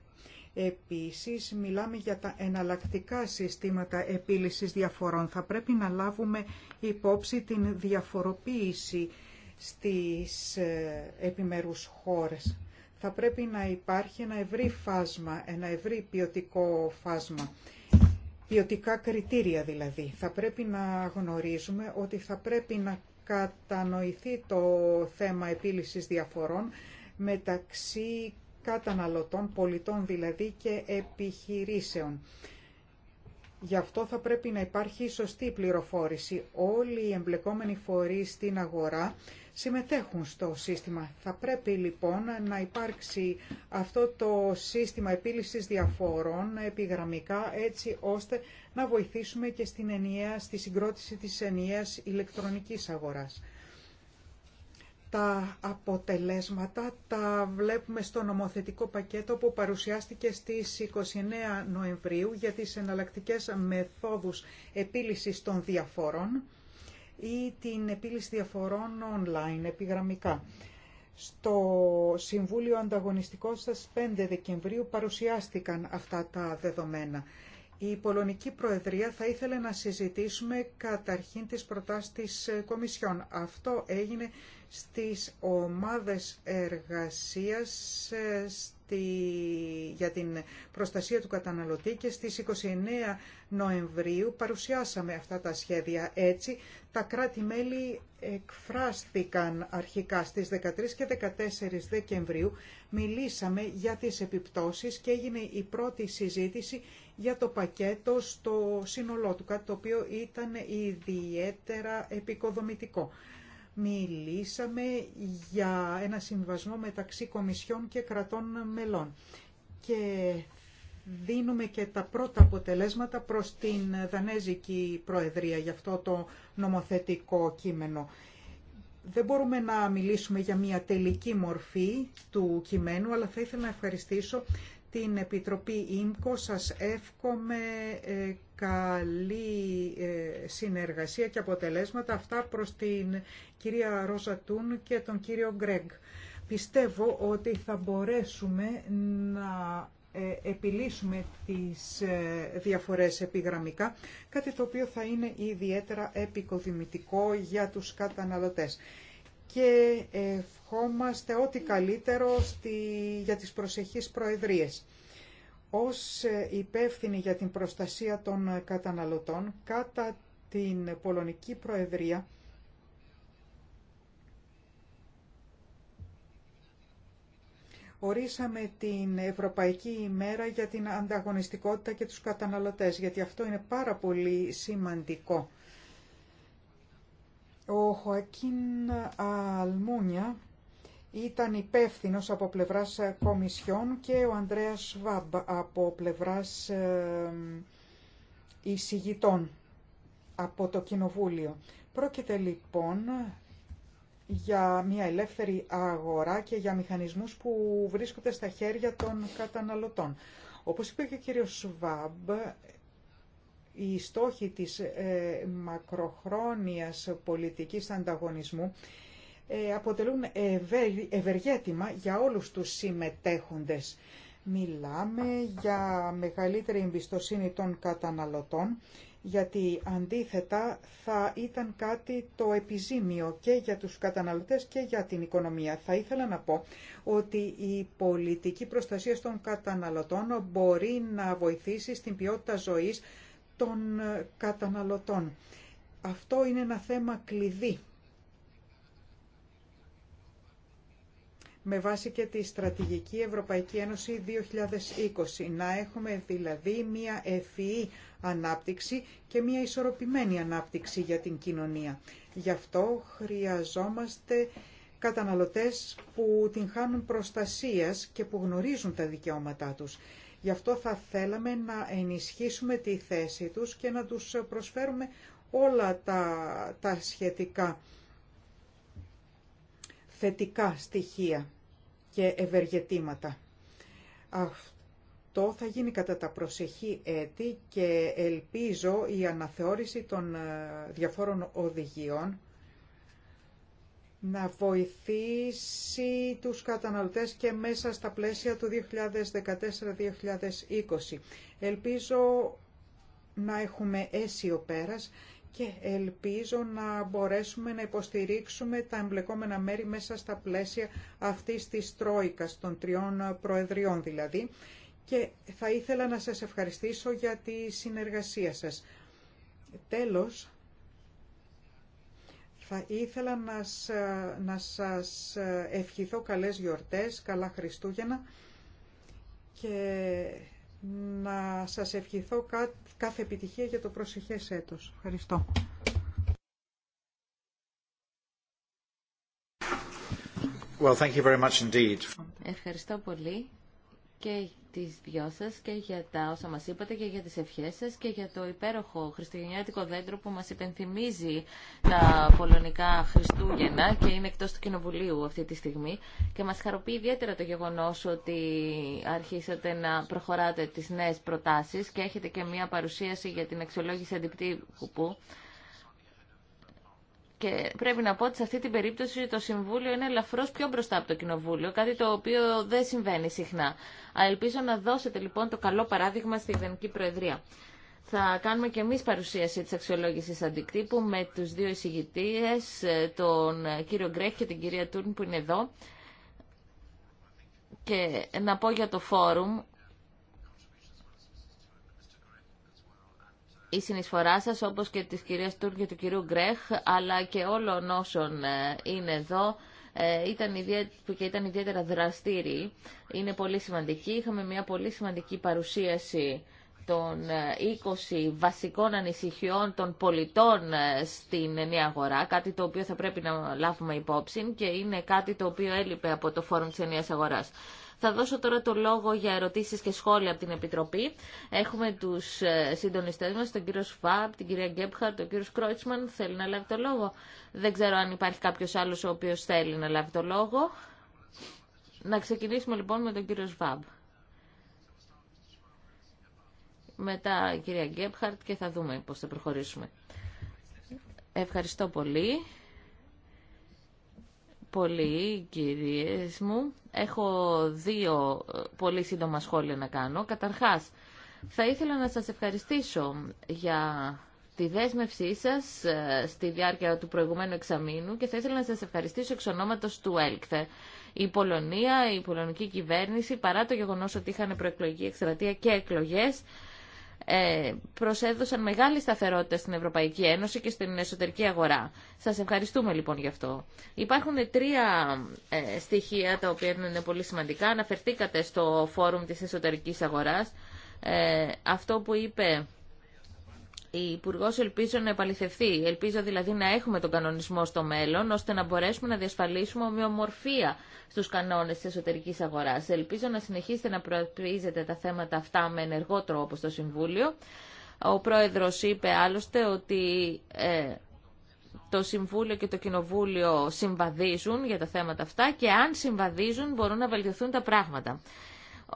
S4: Επίσης, μιλάμε για τα εναλλακτικά συστήματα επίλυσης διαφορών. Θα πρέπει να λάβουμε υπόψη την διαφοροποίηση στις ε, επιμερούς χώρες. Θα πρέπει να υπάρχει ένα ευρύ φάσμα, ένα ευρύ ποιοτικό φάσμα. Ποιοτικά κριτήρια δηλαδή. Θα πρέπει να γνωρίζουμε ότι θα πρέπει να κατανοηθεί το θέμα επίλυσης διαφορών μεταξύ καταναλωτών, πολιτών δηλαδή και επιχειρήσεων Γι' αυτό θα πρέπει να υπάρχει σωστή πληροφόρηση. Όλοι οι εμπλεκόμενοι φορείς στην αγορά συμμετέχουν στο σύστημα. Θα πρέπει λοιπόν να υπάρξει αυτό το σύστημα επίλυσης διαφορών επιγραμμικά έτσι ώστε να βοηθήσουμε και στην ενιαία, στη συγκρότηση της ενιαίας ηλεκτρονικής αγοράς τα αποτελέσματα τα βλέπουμε στο νομοθετικό πακέτο που παρουσιάστηκε στις 29 Νοεμβρίου για τις εναλλακτικές μεθόδους επίλυσης των διαφορών ή την επίλυση διαφορών online επιγραμμικά. Στο Συμβούλιο Ανταγωνιστικότητας 5 Δεκεμβρίου παρουσιάστηκαν αυτά τα δεδομένα. Η την επιλυση διαφορων online επιγραμμικα στο συμβουλιο Ανταγωνιστικό σας 5 Προεδρία θα ήθελε να συζητήσουμε καταρχήν τις προτάσεις της Κομισιόν. Αυτό έγινε στις ομάδες εργασίας ε, στη... για την προστασία του καταναλωτή και στις 29 Νοεμβρίου παρουσιάσαμε αυτά τα σχέδια. Έτσι, τα κράτη-μέλη εκφράστηκαν αρχικά στις 13 και 14 Δεκεμβρίου. Μιλήσαμε για τις επιπτώσεις και έγινε η πρώτη συζήτηση για το πακέτο στο σύνολό του, κάτι το οποίο ήταν ιδιαίτερα επικοδομητικό. Μιλήσαμε για ένα συμβασμό μεταξύ Κομισιών και κρατών μελών και δίνουμε και τα πρώτα αποτελέσματα προς την Δανέζικη Προεδρία για αυτό το νομοθετικό κείμενο. Δεν μπορούμε να μιλήσουμε για μια τελική μορφή του κειμένου, αλλά θα ήθελα να ευχαριστήσω την Επιτροπή ΙΜΚΟ. Σας εύχομαι ε, καλή ε, συνεργασία και αποτελέσματα. Αυτά προς την κυρία Ρόζα Τούν και τον κύριο Γκρέγκ. Πιστεύω ότι θα μπορέσουμε να ε, επιλύσουμε τις διαφορές επιγραμμικά, κάτι το οποίο θα είναι ιδιαίτερα επικοδημητικό για τους καταναλωτές και ευχόμαστε ό,τι καλύτερο στη, για τις προσεχείς προεδρίες. Ως υπεύθυνη για την προστασία των καταναλωτών, κατά την Πολωνική Προεδρία, ορίσαμε την Ευρωπαϊκή ημέρα για την ανταγωνιστικότητα και τους καταναλωτές, γιατί αυτό είναι πάρα πολύ σημαντικό. Ο Χωακίν Αλμούνια ήταν υπεύθυνος από πλευράς ε, Κομισιόν και ο Ανδρέας Σβάμπ από πλευράς ε, εισηγητών από το Κοινοβούλιο. Πρόκειται λοιπόν για μια ελεύθερη αγορά και για μηχανισμούς που βρίσκονται στα χέρια των καταναλωτών. Όπως είπε και ο κύριος Σβάμπ, οι στόχοι της ε, μακροχρόνιας πολιτικής ανταγωνισμού ε, αποτελούν ευεργέτημα για όλους τους συμμετέχοντες. Μιλάμε για μεγαλύτερη εμπιστοσύνη των καταναλωτών, γιατί αντίθετα θα ήταν κάτι το επιζήμιο και για τους καταναλωτές και για την οικονομία. Θα ήθελα να πω ότι η πολιτική προστασία των καταναλωτών μπορεί να βοηθήσει στην ποιότητα ζωής των ε, καταναλωτών. Αυτό είναι ένα θέμα κλειδί. με βάση και τη Στρατηγική Ευρωπαϊκή Ένωση 2020. Να έχουμε δηλαδή μία ευφυή ανάπτυξη και μία ισορροπημένη ανάπτυξη για την κοινωνία. Γι' αυτό χρειαζόμαστε καταναλωτές που την χάνουν προστασίας και που γνωρίζουν τα δικαιώματά τους. Γι' αυτό θα θέλαμε να ενισχύσουμε τη θέση τους και να τους προσφέρουμε όλα τα, τα σχετικά θετικά στοιχεία και ευεργετήματα. Αυτό θα γίνει κατά τα προσεχή έτη και ελπίζω η αναθεώρηση των ε, διαφόρων οδηγιών να βοηθήσει τους καταναλωτές και μέσα στα πλαίσια του 2014-2020. Ελπίζω να έχουμε αίσιο πέρας και ελπίζω να μπορέσουμε να υποστηρίξουμε τα εμπλεκόμενα μέρη μέσα στα πλαίσια αυτής της Τρόικας, των τριών προεδριών δηλαδή. Και θα ήθελα να σας ευχαριστήσω για τη συνεργασία σας. Τέλος, θα ήθελα να, να σας ευχηθώ καλές γιορτές, καλά Χριστούγεννα και να σας ευχηθώ κάθε επιτυχία για το προσεχές έτος. Ευχαριστώ. Well, thank you very much indeed.
S2: Ευχαριστώ πολύ και τις δυο σας και για τα όσα μας είπατε και για τις ευχές σας και για το υπέροχο χριστουγεννιάτικο δέντρο που μας υπενθυμίζει τα πολωνικά Χριστούγεννα και είναι εκτός του Κοινοβουλίου αυτή τη στιγμή και μας χαροποιεί ιδιαίτερα το γεγονός ότι αρχίσατε να προχωράτε τις νέες προτάσεις και έχετε και μια παρουσίαση για την αξιολόγηση που και πρέπει να πω ότι σε αυτή την περίπτωση το Συμβούλιο είναι ελαφρώ πιο μπροστά από το Κοινοβούλιο, κάτι το οποίο δεν συμβαίνει συχνά. Ελπίζω να δώσετε λοιπόν το καλό παράδειγμα στη Ιδανική Προεδρία. Θα κάνουμε και εμείς παρουσίαση της αξιολόγησης αντικτύπου με τους δύο εισηγητές, ε, τον κύριο Γκρέχ και την κυρία Τούρν που είναι εδώ. Και να πω για το φόρουμ η συνεισφορά σας όπως και της κυρίας Τούρ και του κυρίου Γκρέχ αλλά και όλων όσων ε, είναι εδώ ε, ήταν που και ήταν ιδιαίτερα δραστήριοι. Είναι πολύ σημαντική. Είχαμε μια πολύ σημαντική παρουσίαση των 20 ε, βασικών ανησυχιών των πολιτών στην νέα αγορά, κάτι το οποίο θα πρέπει να λάβουμε υπόψη και είναι κάτι το οποίο έλειπε από το Φόρουμ της Ενιαίας Αγοράς. Θα δώσω τώρα το λόγο για ερωτήσεις και σχόλια από την Επιτροπή. Έχουμε τους ε, συντονιστέ μας, τον κύριο Σφάμπ, την κυρία Γκέμπχαρτ, τον κύριο Κρόιτσμαν. Θέλει να λάβει το λόγο. Δεν ξέρω αν υπάρχει κάποιος άλλος ο οποίος θέλει να λάβει το λόγο. Να ξεκινήσουμε λοιπόν με τον κύριο Σβάμπ. Μετά η κυρία Γκέπχαρτ και θα δούμε πώς θα προχωρήσουμε. Ευχαριστώ πολύ πολύ, κυρίες μου. Έχω δύο ε, πολύ σύντομα σχόλια να κάνω. Καταρχάς, θα ήθελα να σας ευχαριστήσω για τη δέσμευσή σας ε, στη διάρκεια του προηγουμένου εξαμήνου και θα ήθελα να σας ευχαριστήσω εξ ονόματος του ΕΛΚΘΕ. Η Πολωνία, η πολωνική κυβέρνηση, παρά το γεγονός ότι είχαν προεκλογική εκστρατεία και εκλογές, ε, προσέδωσαν μεγάλη σταθερότητα στην Ευρωπαϊκή Ένωση και στην εσωτερική αγορά. Σας ευχαριστούμε λοιπόν γι' αυτό. Υπάρχουν τρία ε, στοιχεία τα οποία είναι πολύ σημαντικά. Αναφερθήκατε στο φόρουμ της εσωτερικής αγοράς. Ε, αυτό που είπε η Υπουργό ελπίζω να επαληθευτεί. Ελπίζω δηλαδή να έχουμε τον κανονισμό στο μέλλον, ώστε να μπορέσουμε να διασφαλίσουμε ομοιομορφία στου κανόνε τη εσωτερική αγορά. Ελπίζω να συνεχίσετε να προασπίζετε τα θέματα αυτά με ενεργό τρόπο στο Συμβούλιο. Ο Πρόεδρος είπε άλλωστε ότι ε, το Συμβούλιο και το Κοινοβούλιο συμβαδίζουν για τα θέματα αυτά και αν συμβαδίζουν μπορούν να βελτιωθούν τα πράγματα.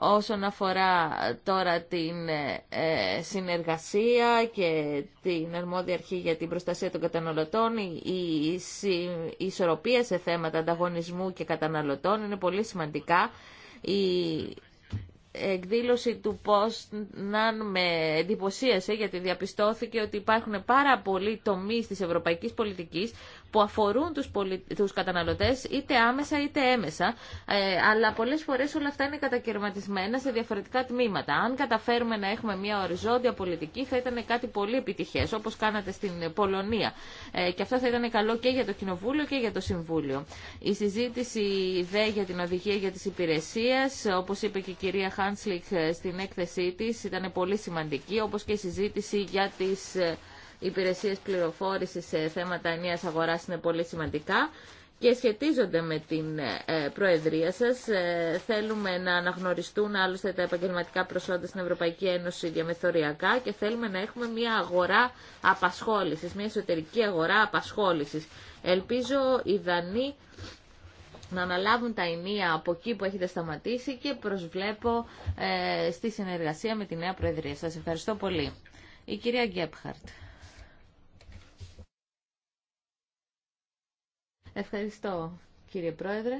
S2: Όσον αφορά τώρα την ε, ε, συνεργασία και την αρμόδια αρχή για την προστασία των καταναλωτών, η ισορροπία σε θέματα ανταγωνισμού και καταναλωτών είναι πολύ σημαντικά. Η εκδήλωση του να με εντυπωσίασε γιατί διαπιστώθηκε ότι υπάρχουν πάρα πολλοί τομείς της ευρωπαϊκής πολιτικής που αφορούν τους, πολι... τους καταναλωτές είτε άμεσα είτε έμεσα, ε, αλλά πολλές φορές όλα αυτά είναι κατακαιρματισμένα σε διαφορετικά τμήματα. Αν καταφέρουμε να έχουμε μια οριζόντια πολιτική θα ήταν κάτι πολύ επιτυχές, όπως κάνατε στην Πολωνία. Ε, και αυτό θα ήταν καλό και για το Κοινοβούλιο και για το Συμβούλιο. Η συζήτηση δε για την οδηγία για τις υπηρεσίες, όπως είπε και η κυρία Χάνσλικ στην έκθεσή της, ήταν πολύ σημαντική, όπως και η συζήτηση για τις ε, υπηρεσίες πληροφόρησης σε θέματα ενίας αγοράς είναι πολύ σημαντικά και σχετίζονται με την ε, Προεδρία σας. Ε, θέλουμε να αναγνωριστούν άλλωστε τα επαγγελματικά προσόντα στην Ευρωπαϊκή Ένωση διαμεθοριακά και θέλουμε να έχουμε μια αγορά απασχόλησης, μια εσωτερική αγορά απασχόλησης. Ελπίζω οι Δανείοι να αναλάβουν τα ενία από εκεί που έχετε σταματήσει και προσβλέπω ε, στη συνεργασία με τη νέα Προεδρία. Σας ευχαριστώ πολύ. Η κυρία Γκέπχαρτ. Ευχαριστώ, κύριε Πρόεδρε.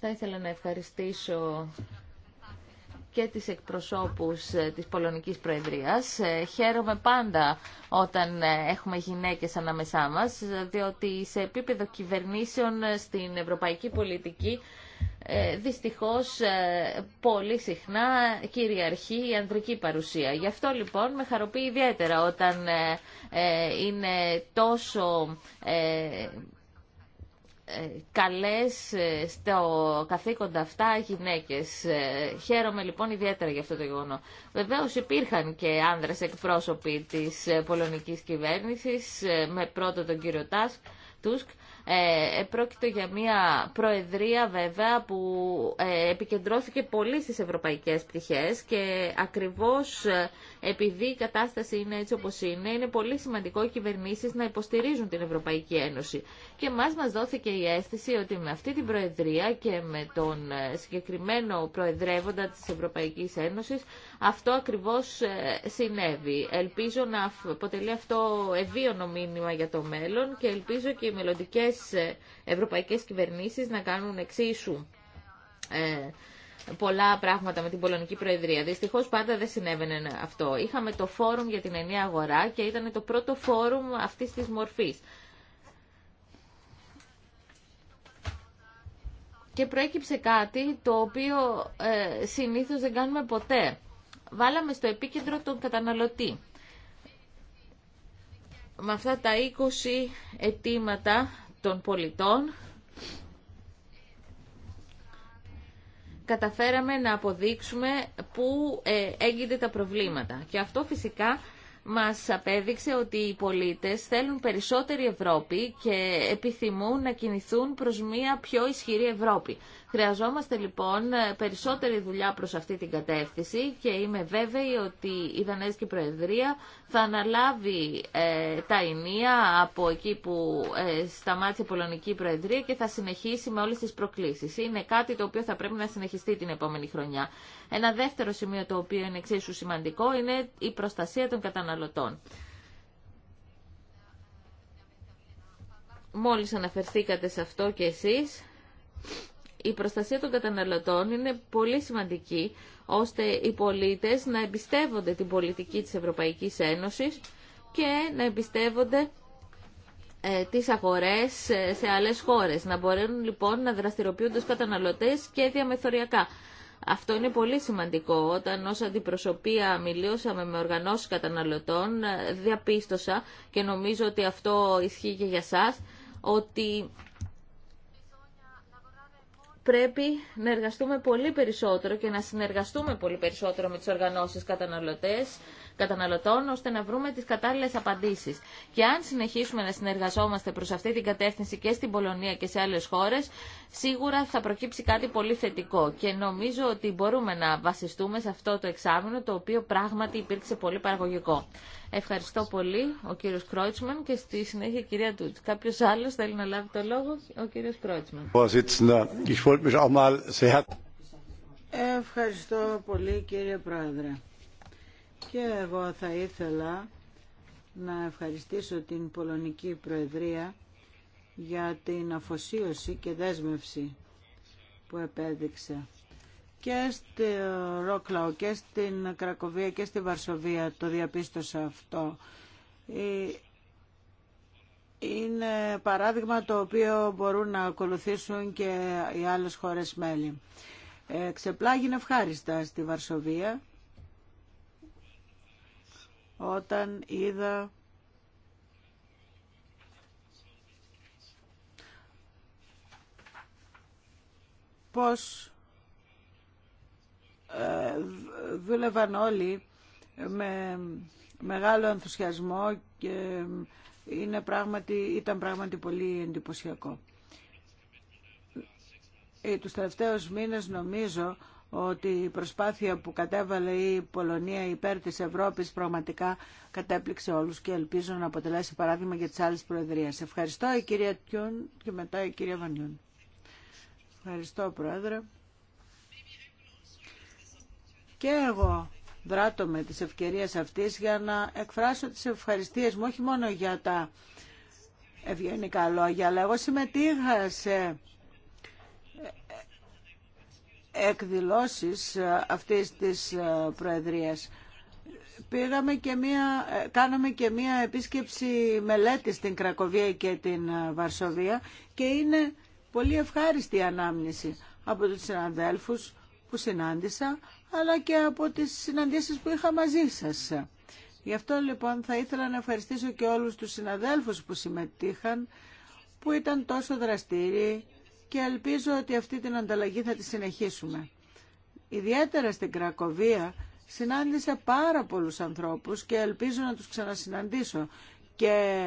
S2: Θα ήθελα να ευχαριστήσω και τις εκπροσώπους ε, της Πολωνικής Προεδρίας. Ε, χαίρομαι πάντα όταν ε, έχουμε γυναίκες ανάμεσά μας, διότι σε επίπεδο κυβερνήσεων στην ευρωπαϊκή πολιτική δυστυχώς πολύ συχνά κυριαρχεί η ανδρική παρουσία. Γι' αυτό λοιπόν με χαροποιεί ιδιαίτερα όταν είναι τόσο ε, καλές ε, στο καθήκοντα αυτά γυναίκες. Ε, χαίρομαι λοιπόν ιδιαίτερα για αυτό το γεγονό. Βεβαίως υπήρχαν και άνδρες εκπρόσωποι της πολωνικής κυβέρνησης, με πρώτο τον κύριο Τάσκ, Τούσκ. Ε, πρόκειται για μια προεδρία βέβαια που επικεντρώθηκε πολύ στις ευρωπαϊκές πτυχές και ακριβώς επειδή η κατάσταση είναι έτσι όπως είναι, είναι πολύ σημαντικό οι κυβερνήσεις να υποστηρίζουν την Ευρωπαϊκή Ένωση. Και μας μας δόθηκε η αίσθηση ότι με αυτή την Προεδρία και με τον ε, συγκεκριμένο Προεδρεύοντα της Ευρωπαϊκής Ένωσης, αυτό ακριβώς ε, συνέβη. Ελπίζω να αποτελεί αυτό ευίωνο μήνυμα για το μέλλον και ελπίζω και οι μελλοντικέ ε, ευρωπαϊκές κυβερνήσεις να κάνουν εξίσου πολλά πράγματα με την Πολωνική Προεδρία. Δυστυχώ πάντα δεν συνέβαινε αυτό. Είχαμε το φόρουμ για την ενιαία αγορά και ήταν το πρώτο φόρουμ αυτή τη μορφή. Και προέκυψε κάτι το οποίο ε, συνήθως δεν κάνουμε ποτέ. Βάλαμε στο επίκεντρο τον καταναλωτή. Με αυτά τα 20 αιτήματα των πολιτών καταφέραμε να αποδείξουμε πού ε, έγινε τα προβλήματα. Και αυτό φυσικά μας απέδειξε ότι οι πολίτες θέλουν περισσότερη Ευρώπη και επιθυμούν να κινηθούν προς μια πιο ισχυρή Ευρώπη. Χρειαζόμαστε λοιπόν περισσότερη δουλειά προς αυτή την κατεύθυνση και είμαι βέβαιη ότι η Δανέζικη Προεδρία θα αναλάβει ε, τα ενία από εκεί που ε, σταμάτησε η Πολωνική Προεδρία και θα συνεχίσει με όλες τις προκλήσεις. Είναι κάτι το οποίο θα πρέπει να συνεχιστεί την επόμενη χρονιά. Ένα δεύτερο σημείο το οποίο είναι εξίσου σημαντικό είναι η προστασία των καταναλωτών. Μόλις αναφερθήκατε σε αυτό και εσείς, η προστασία των καταναλωτών είναι πολύ σημαντική ώστε οι πολίτες να εμπιστεύονται την πολιτική της Ευρωπαϊκής Ένωσης και να εμπιστεύονται ε, τις αγορές ε, σε άλλες χώρες. Να μπορούν λοιπόν να δραστηριοποιούνται ως καταναλωτές και διαμεθοριακά. Αυτό είναι πολύ σημαντικό. Όταν ως αντιπροσωπεία μιλούσαμε με οργανώσεις καταναλωτών, ε, διαπίστωσα και νομίζω ότι αυτό ισχύει και για σας, ότι πρέπει να εργαστούμε πολύ περισσότερο και να συνεργαστούμε πολύ περισσότερο με τις οργανώσεις καταναλωτές καταναλωτών, ώστε να βρούμε τι κατάλληλε απαντήσει. Και αν συνεχίσουμε να συνεργαζόμαστε προ αυτή την κατεύθυνση και στην Πολωνία και σε άλλε χώρε, σίγουρα θα προκύψει κάτι πολύ θετικό. Και νομίζω ότι μπορούμε να βασιστούμε σε αυτό το εξάμεινο, το οποίο πράγματι υπήρξε πολύ παραγωγικό. Ευχαριστώ πολύ ο κύριο Κρότσμαν και στη συνέχεια η κυρία Τούτ. κάποιο άλλο θέλει να λάβει το λόγο, ο κύριο Κρότσμαν. Ευχαριστώ πολύ κύριε Πρόεδρε.
S1: Και εγώ θα ήθελα να ευχαριστήσω την Πολωνική Προεδρία για την αφοσίωση και δέσμευση που επέδειξε και στη Ρόκλαο και στην Κρακοβία και στη Βαρσοβία το διαπίστωσα αυτό. Ε, είναι παράδειγμα το οποίο μπορούν να ακολουθήσουν και οι άλλες χώρες μέλη. Ε, ξεπλάγει ευχάριστα στη Βαρσοβία όταν είδα πώς ε, δούλευαν όλοι με μεγάλο ενθουσιασμό και είναι πράγματι, ήταν πράγματι πολύ εντυπωσιακό. Ε, τους τελευταίους μήνες νομίζω ότι η προσπάθεια που κατέβαλε η Πολωνία υπέρ της Ευρώπης πραγματικά κατέπληξε όλους και ελπίζω να αποτελέσει παράδειγμα για τις άλλες προεδρίες. Ευχαριστώ η κυρία Τιούν και μετά η κυρία Βανιούν. Ευχαριστώ Πρόεδρε. Και εγώ δράτω με τις ευκαιρίες αυτής για να εκφράσω τις ευχαριστίες μου όχι μόνο για τα ευγενικά λόγια αλλά εγώ συμμετείχα σε εκδηλώσεις ε, αυτής της ε, Προεδρίας. Πήγαμε και μία, ε, κάναμε και μία επίσκεψη μελέτη στην Κρακοβία και την Βαρσοβία και είναι πολύ ευχάριστη η ανάμνηση από τους συναδέλφους που συνάντησα αλλά και από τις συναντήσεις που είχα μαζί σας. Γι' αυτό λοιπόν θα ήθελα να ευχαριστήσω και όλους τους συναδέλφους που συμμετείχαν που ήταν τόσο δραστήριοι και ελπίζω ότι αυτή την ανταλλαγή θα τη συνεχίσουμε. Ιδιαίτερα στην Κρακοβία συνάντησα πάρα πολλούς ανθρώπους και ελπίζω να τους ξανασυναντήσω. Και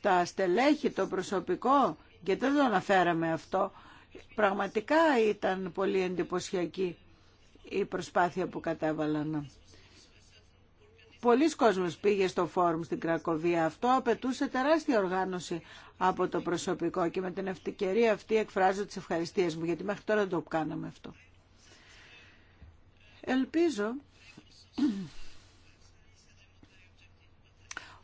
S1: τα στελέχη, το προσωπικό, και δεν το αναφέραμε αυτό, πραγματικά ήταν πολύ εντυπωσιακή η προσπάθεια που κατέβαλαν. Πολλοί κόσμος πήγε στο φόρουμ στην Κρακοβία. Αυτό απαιτούσε τεράστια οργάνωση από το προσωπικό και με την ευκαιρία αυτή εκφράζω τις ευχαριστίες μου γιατί μέχρι τώρα δεν το κάναμε αυτό. Ελπίζω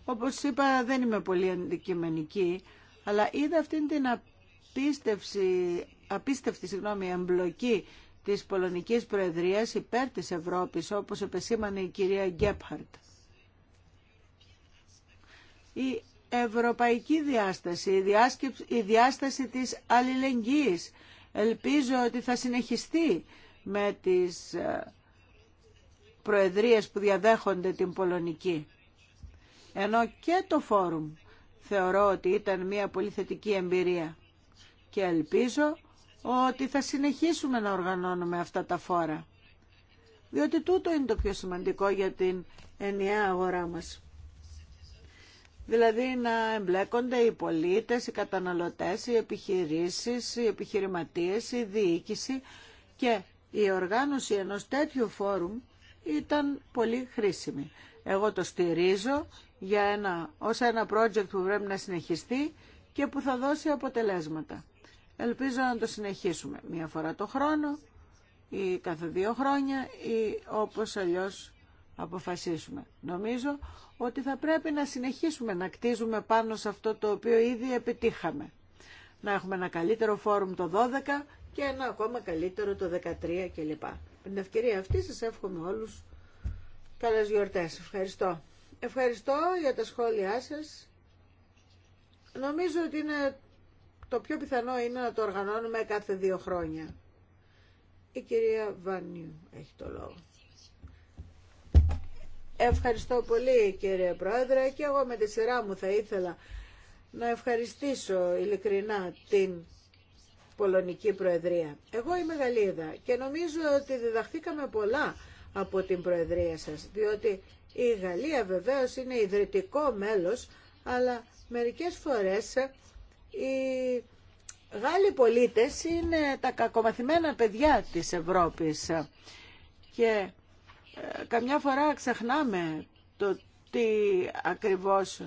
S1: όπως είπα δεν είμαι πολύ αντικειμενική αλλά είδα αυτή την απίστευση, απίστευτη συγγνώμη, εμπλοκή της Πολωνικής Προεδρίας υπέρ της Ευρώπης, όπως επεσήμανε η κυρία Γκέπχαρτ. Η ευρωπαϊκή διάσταση, η, η διάσταση της αλληλεγγύης. Ελπίζω ότι θα συνεχιστεί με τις ε, προεδρίες που διαδέχονται την Πολωνική. Ενώ και το φόρουμ θεωρώ ότι ήταν μια πολύ θετική εμπειρία και ελπίζω ότι θα συνεχίσουμε να οργανώνουμε αυτά τα φόρα. Διότι τούτο είναι το πιο σημαντικό για την ενιαία αγορά μας. Δηλαδή να εμπλέκονται οι πολίτες, οι καταναλωτές, οι επιχειρήσεις, οι επιχειρηματίες, η διοίκηση και η οργάνωση ενός τέτοιου φόρουμ ήταν πολύ χρήσιμη. Εγώ το στηρίζω για ένα, ως ένα project που πρέπει να συνεχιστεί και που θα δώσει αποτελέσματα. Ελπίζω να το συνεχίσουμε μία φορά το χρόνο ή κάθε δύο χρόνια ή όπως αλλιώς αποφασίσουμε. Νομίζω ότι θα πρέπει να συνεχίσουμε να κτίζουμε πάνω σε αυτό το οποίο ήδη επιτύχαμε. Να έχουμε ένα καλύτερο φόρουμ το 12 και ένα ακόμα καλύτερο το 13 κλπ. Με την ευκαιρία αυτή σας εύχομαι όλους καλές γιορτές. Ευχαριστώ. Ευχαριστώ για τα σχόλιά σας. Νομίζω ότι είναι το πιο πιθανό είναι να το οργανώνουμε κάθε δύο χρόνια. Η κυρία Βανιού έχει το λόγο. Ευχαριστώ πολύ κύριε Πρόεδρε και εγώ με τη σειρά μου θα ήθελα να ευχαριστήσω ειλικρινά την Πολωνική Προεδρία. Εγώ είμαι Γαλλίδα και νομίζω ότι διδαχθήκαμε πολλά από την Προεδρία σας, διότι η Γαλλία βεβαίως είναι ιδρυτικό μέλος, αλλά μερικές φορές οι Γάλλοι πολίτες είναι τα κακομαθημένα παιδιά της Ευρώπης και ε, καμιά φορά ξεχνάμε το τι ακριβώς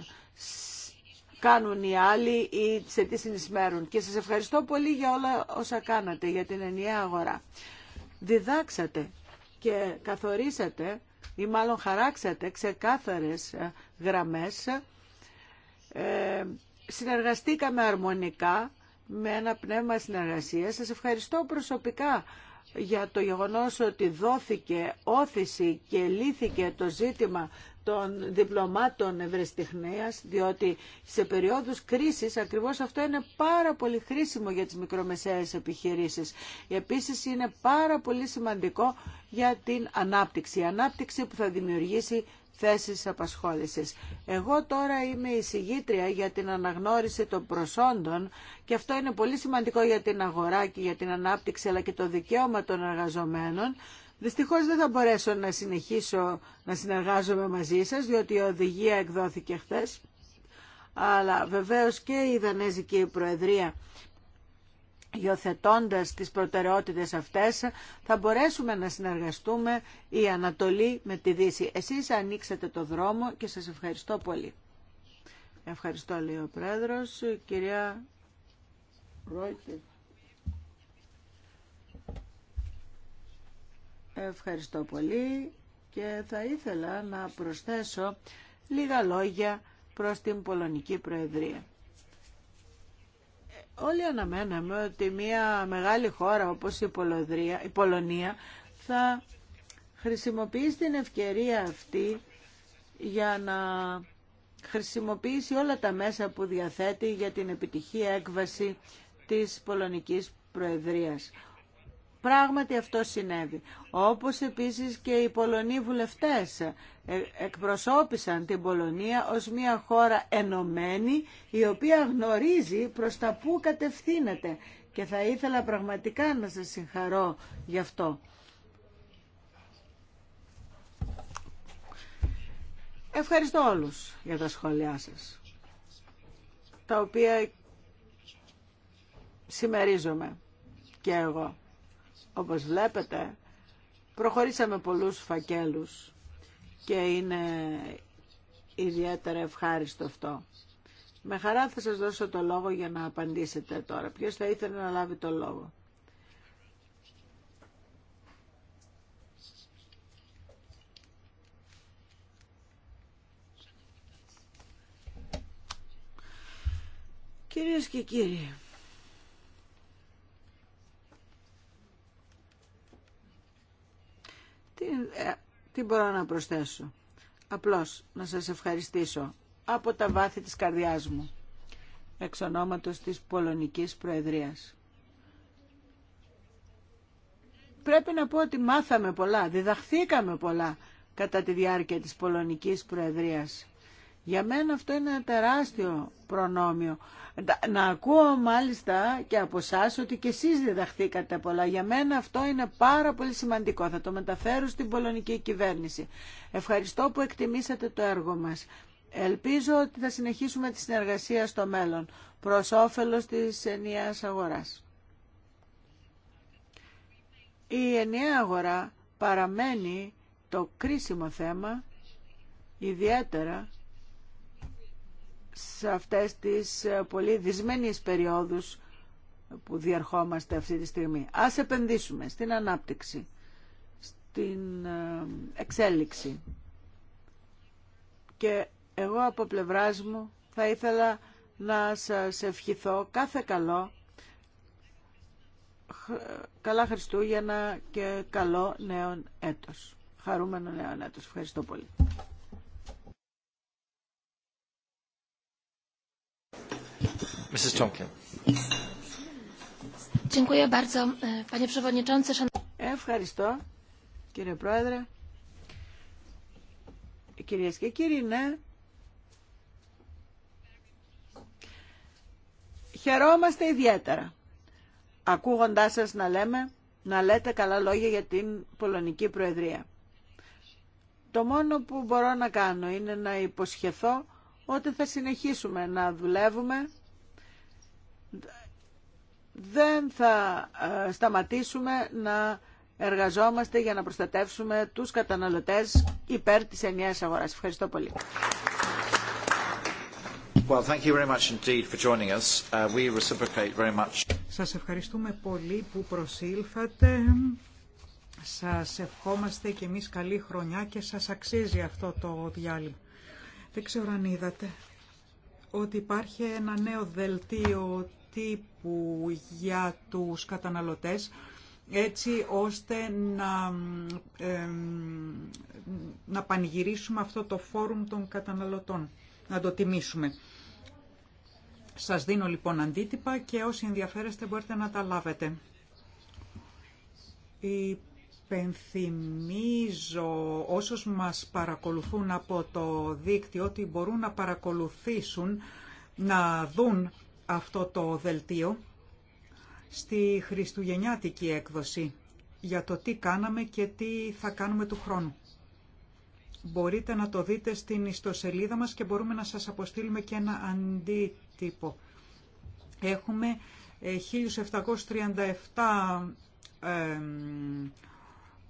S1: κάνουν οι άλλοι ή σε τι Και σας ευχαριστώ πολύ για όλα όσα κάνατε για την ενιαία αγορά. Διδάξατε και καθορίσατε ή μάλλον χαράξατε ξεκάθαρες ε, γραμμές ε, συνεργαστήκαμε αρμονικά με ένα πνεύμα συνεργασίας. Σας ευχαριστώ προσωπικά για το γεγονός ότι δόθηκε όθηση και λύθηκε το ζήτημα των διπλωμάτων ευρεστιχνέας, διότι σε περιόδους κρίσης ακριβώς αυτό είναι πάρα πολύ χρήσιμο για τις μικρομεσαίες επιχειρήσεις. Επίσης είναι πάρα πολύ σημαντικό για την ανάπτυξη, η ανάπτυξη που θα δημιουργήσει θέσεις απασχόλησης. Εγώ τώρα είμαι η συγγήτρια για την αναγνώριση των προσόντων και αυτό είναι πολύ σημαντικό για την αγορά και για την ανάπτυξη αλλά και το δικαίωμα των εργαζομένων. Δυστυχώς δεν θα μπορέσω να συνεχίσω να συνεργάζομαι μαζί σας διότι η οδηγία εκδόθηκε χθες αλλά βεβαίως και η Δανέζικη Προεδρία Υιοθετώντας τις προτεραιότητες αυτές θα μπορέσουμε να συνεργαστούμε η Ανατολή με τη Δύση. Εσείς ανοίξατε το δρόμο και σας ευχαριστώ πολύ. Ευχαριστώ λέει ο Πρόεδρος. Κυρία Ρόιτερ. Ευχαριστώ πολύ και θα ήθελα να προσθέσω λίγα λόγια προς την Πολωνική Προεδρία. Όλοι αναμέναμε ότι μια μεγάλη χώρα όπως η, η Πολωνία θα χρησιμοποιήσει την ευκαιρία αυτή για να χρησιμοποιήσει όλα τα μέσα που διαθέτει για την επιτυχή έκβαση της Πολωνικής Προεδρίας. Πράγματι αυτό συνέβη. Όπως επίσης και οι Πολωνοί βουλευτές ε, εκπροσώπησαν την Πολωνία ως μια χώρα ενωμένη η οποία γνωρίζει προς τα που κατευθύνεται και θα ήθελα πραγματικά να σας συγχαρώ γι' αυτό. Ευχαριστώ όλους για τα σχόλιά σας, τα οποία συμμερίζομαι και εγώ. Όπως βλέπετε, προχωρήσαμε πολλούς φακέλους και είναι ιδιαίτερα ευχάριστο αυτό. Με χαρά θα σας δώσω το λόγο για να απαντήσετε τώρα. Ποιος θα ήθελε να λάβει το λόγο. Κυρίες και κύριοι, Ε, τι, μπορώ να προσθέσω. Απλώς να σας ευχαριστήσω από τα βάθη της καρδιάς μου, εξ ονόματος της Πολωνικής Προεδρίας. Πρέπει να πω ότι μάθαμε πολλά, διδαχθήκαμε πολλά κατά τη διάρκεια της Πολωνικής Προεδρίας. Για μένα αυτό είναι ένα τεράστιο προνόμιο. Να ακούω μάλιστα και από εσά ότι και εσείς διδαχθήκατε πολλά. Για μένα αυτό είναι πάρα πολύ σημαντικό. Θα το μεταφέρω στην πολωνική κυβέρνηση. Ευχαριστώ που εκτιμήσατε το έργο μας. Ελπίζω ότι θα συνεχίσουμε τη συνεργασία στο μέλλον, προ όφελο της ενιαία αγορά. Η ενιαία αγορά παραμένει το κρίσιμο θέμα, ιδιαίτερα σε αυτές τις ε, πολύ δυσμένες περιόδους που διαρχόμαστε αυτή τη στιγμή. Ας επενδύσουμε στην ανάπτυξη, στην ε, εξέλιξη. Και εγώ από πλευράς μου θα ήθελα να σας ευχηθώ κάθε καλό, καλά Χριστούγεννα και καλό νέο έτος. Χαρούμενο νέο έτος. Ευχαριστώ
S3: πολύ. E,
S1: Ευχαριστώ, κύριε Πρόεδρε. Κυρίες και κύριοι, ναι. Χαιρόμαστε ιδιαίτερα, ακούγοντάς σας να λέμε, να λέτε καλά λόγια για την Πολωνική Προεδρία. Το μόνο που μπορώ να κάνω είναι να υποσχεθώ ότι θα συνεχίσουμε να δουλεύουμε δεν θα ε, σταματήσουμε να εργαζόμαστε για να προστατεύσουμε τους καταναλωτές υπέρ της ενιαίας αγοράς. Ευχαριστώ πολύ.
S2: Well, you very indeed for joining us. Uh, we reciprocate
S4: Σας ευχαριστούμε πολύ που προσήλθατε. Σας ευχόμαστε και εμείς καλή χρονιά και σας αξίζει αυτό το διάλειμμα. Δεν ξέρω αν είδατε ότι υπάρχει ένα νέο δελτίο τύπου για τους καταναλωτές έτσι ώστε να, να πανηγυρίσουμε αυτό το φόρουμ των καταναλωτών, να το τιμήσουμε. Σας δίνω λοιπόν αντίτυπα και όσοι ενδιαφέρεστε μπορείτε να τα λάβετε. Υπενθυμίζω όσους μας παρακολουθούν από το δίκτυο ότι μπορούν να παρακολουθήσουν, να δουν αυτό το δελτίο στη χριστουγεννιάτικη έκδοση για το τι κάναμε και τι θα κάνουμε του χρόνου. Μπορείτε να το δείτε στην ιστοσελίδα μας και μπορούμε να σας αποστείλουμε και ένα αντίτυπο. Έχουμε 1737 ε,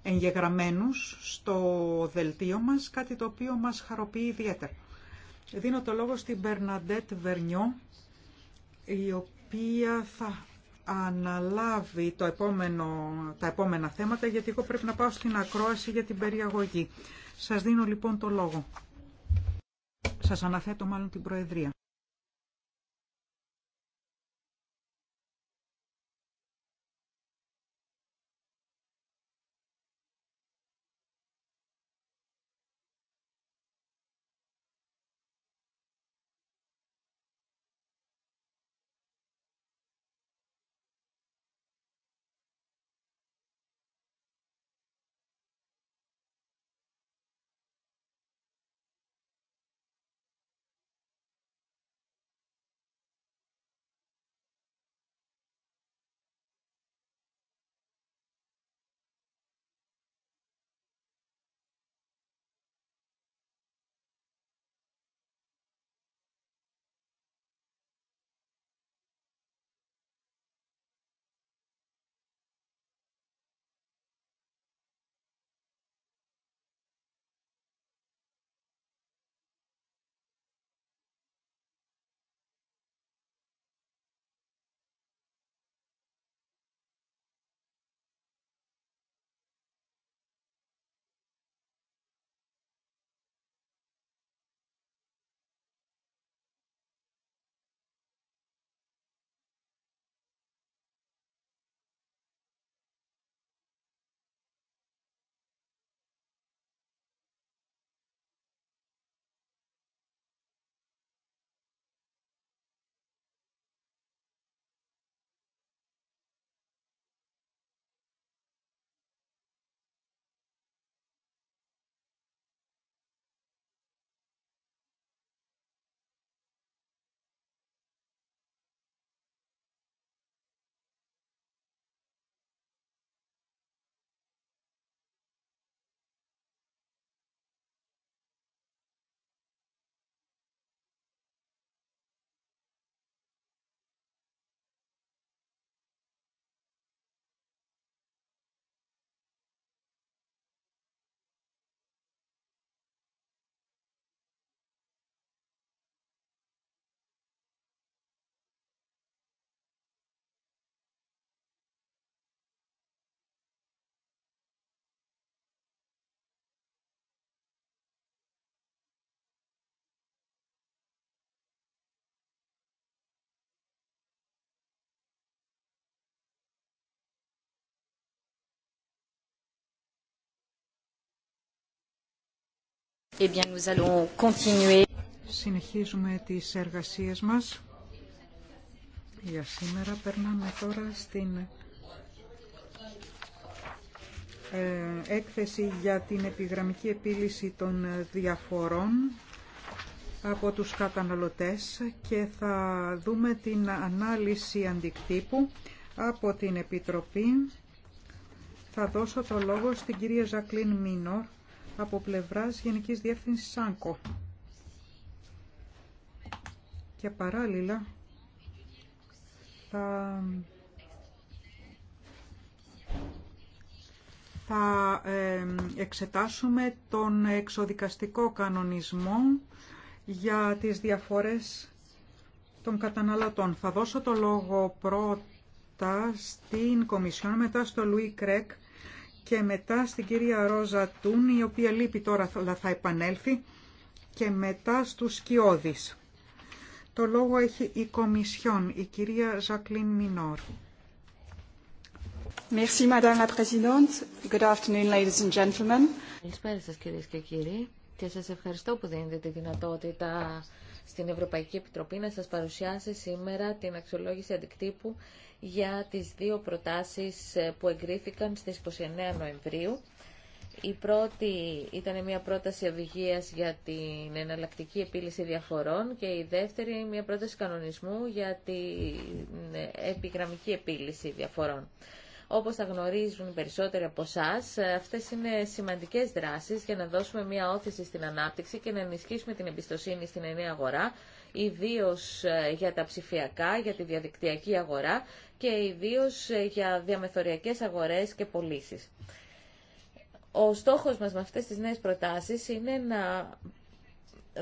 S4: εγγεγραμμένους στο δελτίο μας, κάτι το οποίο μας χαροποιεί ιδιαίτερα. Δίνω το λόγο στην Μπερναντέτ Βερνιό η οποία θα αναλάβει το επόμενο, τα επόμενα θέματα, γιατί εγώ πρέπει να πάω στην ακρόαση για την περιαγωγή. Σας δίνω λοιπόν το λόγο. Σας αναθέτω μάλλον την Προεδρία. Eh Συνεχίζουμε τις εργασίες μας. Για σήμερα περνάμε τώρα στην ε, έκθεση για την επιγραμμική επίλυση των διαφορών από τους καταναλωτές και θα δούμε την ανάλυση αντικτύπου από την Επιτροπή. Θα δώσω το λόγο στην κυρία Ζακλίν Μίνορ από πλευράς Γενικής Διεύθυνσης ΣΑΝΚΟ. Και παράλληλα θα, εξετάσουμε τον εξοδικαστικό κανονισμό για τις διαφορές των καταναλωτών. Θα δώσω το λόγο πρώτα στην Κομισιόν, μετά στο Λουί Κρέκ και μετά στην κυρία Ρόζα Τούν, η οποία λείπει τώρα αλλά θα επανέλθει, και μετά στους Σκιώδης. Το λόγο έχει η Κομισιόν, η κυρία Ζακλίν Μινόρ. Merci, Madame la Présidente. Good afternoon, ladies and gentlemen.
S2: Καλησπέρα σας κυρίες και κύριοι και σας ευχαριστώ που δίνετε τη δυνατότητα στην Ευρωπαϊκή Επιτροπή να σας παρουσιάσει σήμερα την αξιολόγηση αντικτύπου για τις δύο προτάσεις ε, που εγκρίθηκαν στις 29 Νοεμβρίου. Η πρώτη ήταν μια πρόταση οδηγίας για την εναλλακτική επίλυση διαφορών και η δεύτερη μια πρόταση κανονισμού για την ε, επιγραμμική επίλυση διαφορών. Όπως θα γνωρίζουν περισσότεροι από εσά, ε, αυτές είναι σημαντικές δράσεις για να δώσουμε μια όθηση στην ανάπτυξη και να ενισχύσουμε την εμπιστοσύνη στην ενιαία αγορά, ιδίω ε, για τα ψηφιακά, για τη διαδικτυακή αγορά και ιδίω ε, για διαμεθοριακές αγορές και πωλήσει. Ο στόχος μας με αυτές τις νέες προτάσεις είναι να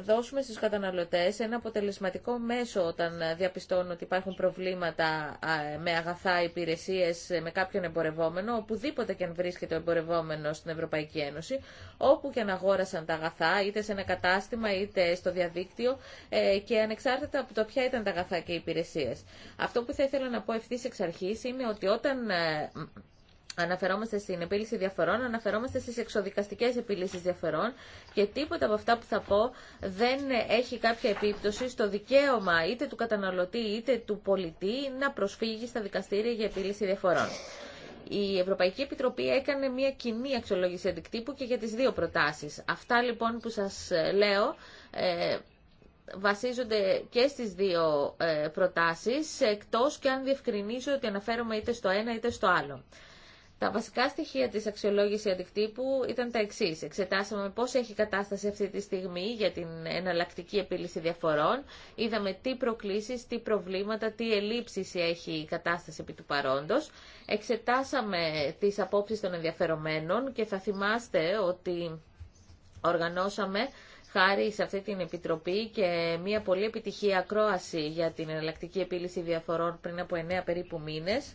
S2: δώσουμε στους καταναλωτές ένα αποτελεσματικό μέσο όταν διαπιστώνουν ότι υπάρχουν προβλήματα με αγαθά υπηρεσίες ε, με κάποιον εμπορευόμενο, οπουδήποτε και αν βρίσκεται ο εμπορευόμενο στην Ευρωπαϊκή Ένωση, όπου και αν αγόρασαν τα αγαθά, είτε σε ένα κατάστημα είτε στο διαδίκτυο ε, και ανεξάρτητα από το ποια ήταν τα αγαθά και οι υπηρεσίες. Αυτό που θα ήθελα να πω ευθύ εξ αρχής είναι ότι όταν ε, αναφερόμαστε στην επίλυση διαφορών, αναφερόμαστε στις εξοδικαστικές επίλυσεις διαφορών και τίποτα από αυτά που θα πω δεν έχει κάποια επίπτωση στο δικαίωμα είτε του καταναλωτή είτε του πολιτή να προσφύγει στα δικαστήρια για επίλυση διαφορών. Η Ευρωπαϊκή Επιτροπή έκανε μια κοινή αξιολόγηση αντικτύπου και για τις δύο προτάσεις. Αυτά λοιπόν που σας ε, λέω ε, βασίζονται και στις δύο ε, προτάσεις, εκτός και αν διευκρινίζω ότι αναφέρομαι είτε στο ένα είτε στο άλλο. Τα βασικά στοιχεία της αξιολόγησης αντικτύπου ήταν τα εξής. Εξετάσαμε πώς έχει κατάσταση αυτή τη στιγμή για την εναλλακτική επίλυση διαφορών. Είδαμε τι προκλήσεις, τι προβλήματα, τι ελλείψεις έχει η κατάσταση επί του παρόντος. Εξετάσαμε τις απόψεις των ενδιαφερομένων και θα θυμάστε ότι οργανώσαμε χάρη σε αυτή την επιτροπή και μια πολύ επιτυχία ακρόαση για την εναλλακτική επίλυση διαφορών πριν από 9 περίπου μήνες.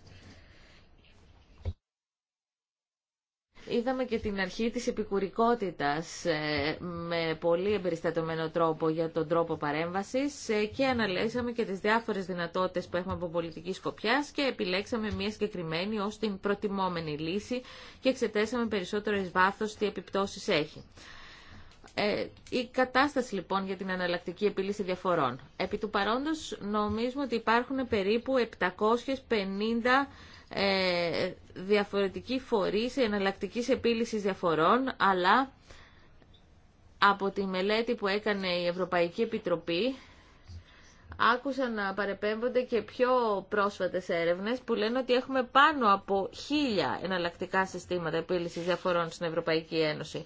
S2: Είδαμε και την αρχή της επικουρικότητας ε, με πολύ εμπεριστατωμένο τρόπο για τον τρόπο παρέμβασης ε, και αναλύσαμε και τις διάφορες δυνατότητες που έχουμε από πολιτική σκοπιά και επιλέξαμε μια συγκεκριμένη ως την προτιμόμενη λύση και εξετάσαμε περισσότερο εις βάθος τι επιπτώσεις έχει. Ε, η κατάσταση λοιπόν για την αναλλακτική επίλυση διαφορών. Επί του παρόντος νομίζουμε ότι υπάρχουν περίπου 750 ε, διαφορετικοί φορείς εναλλακτική επίλυση διαφορών, αλλά από τη μελέτη που έκανε η Ευρωπαϊκή Επιτροπή άκουσα να παρεπέμβονται και πιο πρόσφατες έρευνες που λένε ότι έχουμε πάνω από χίλια εναλλακτικά συστήματα επίλυσης διαφορών στην Ευρωπαϊκή Ένωση.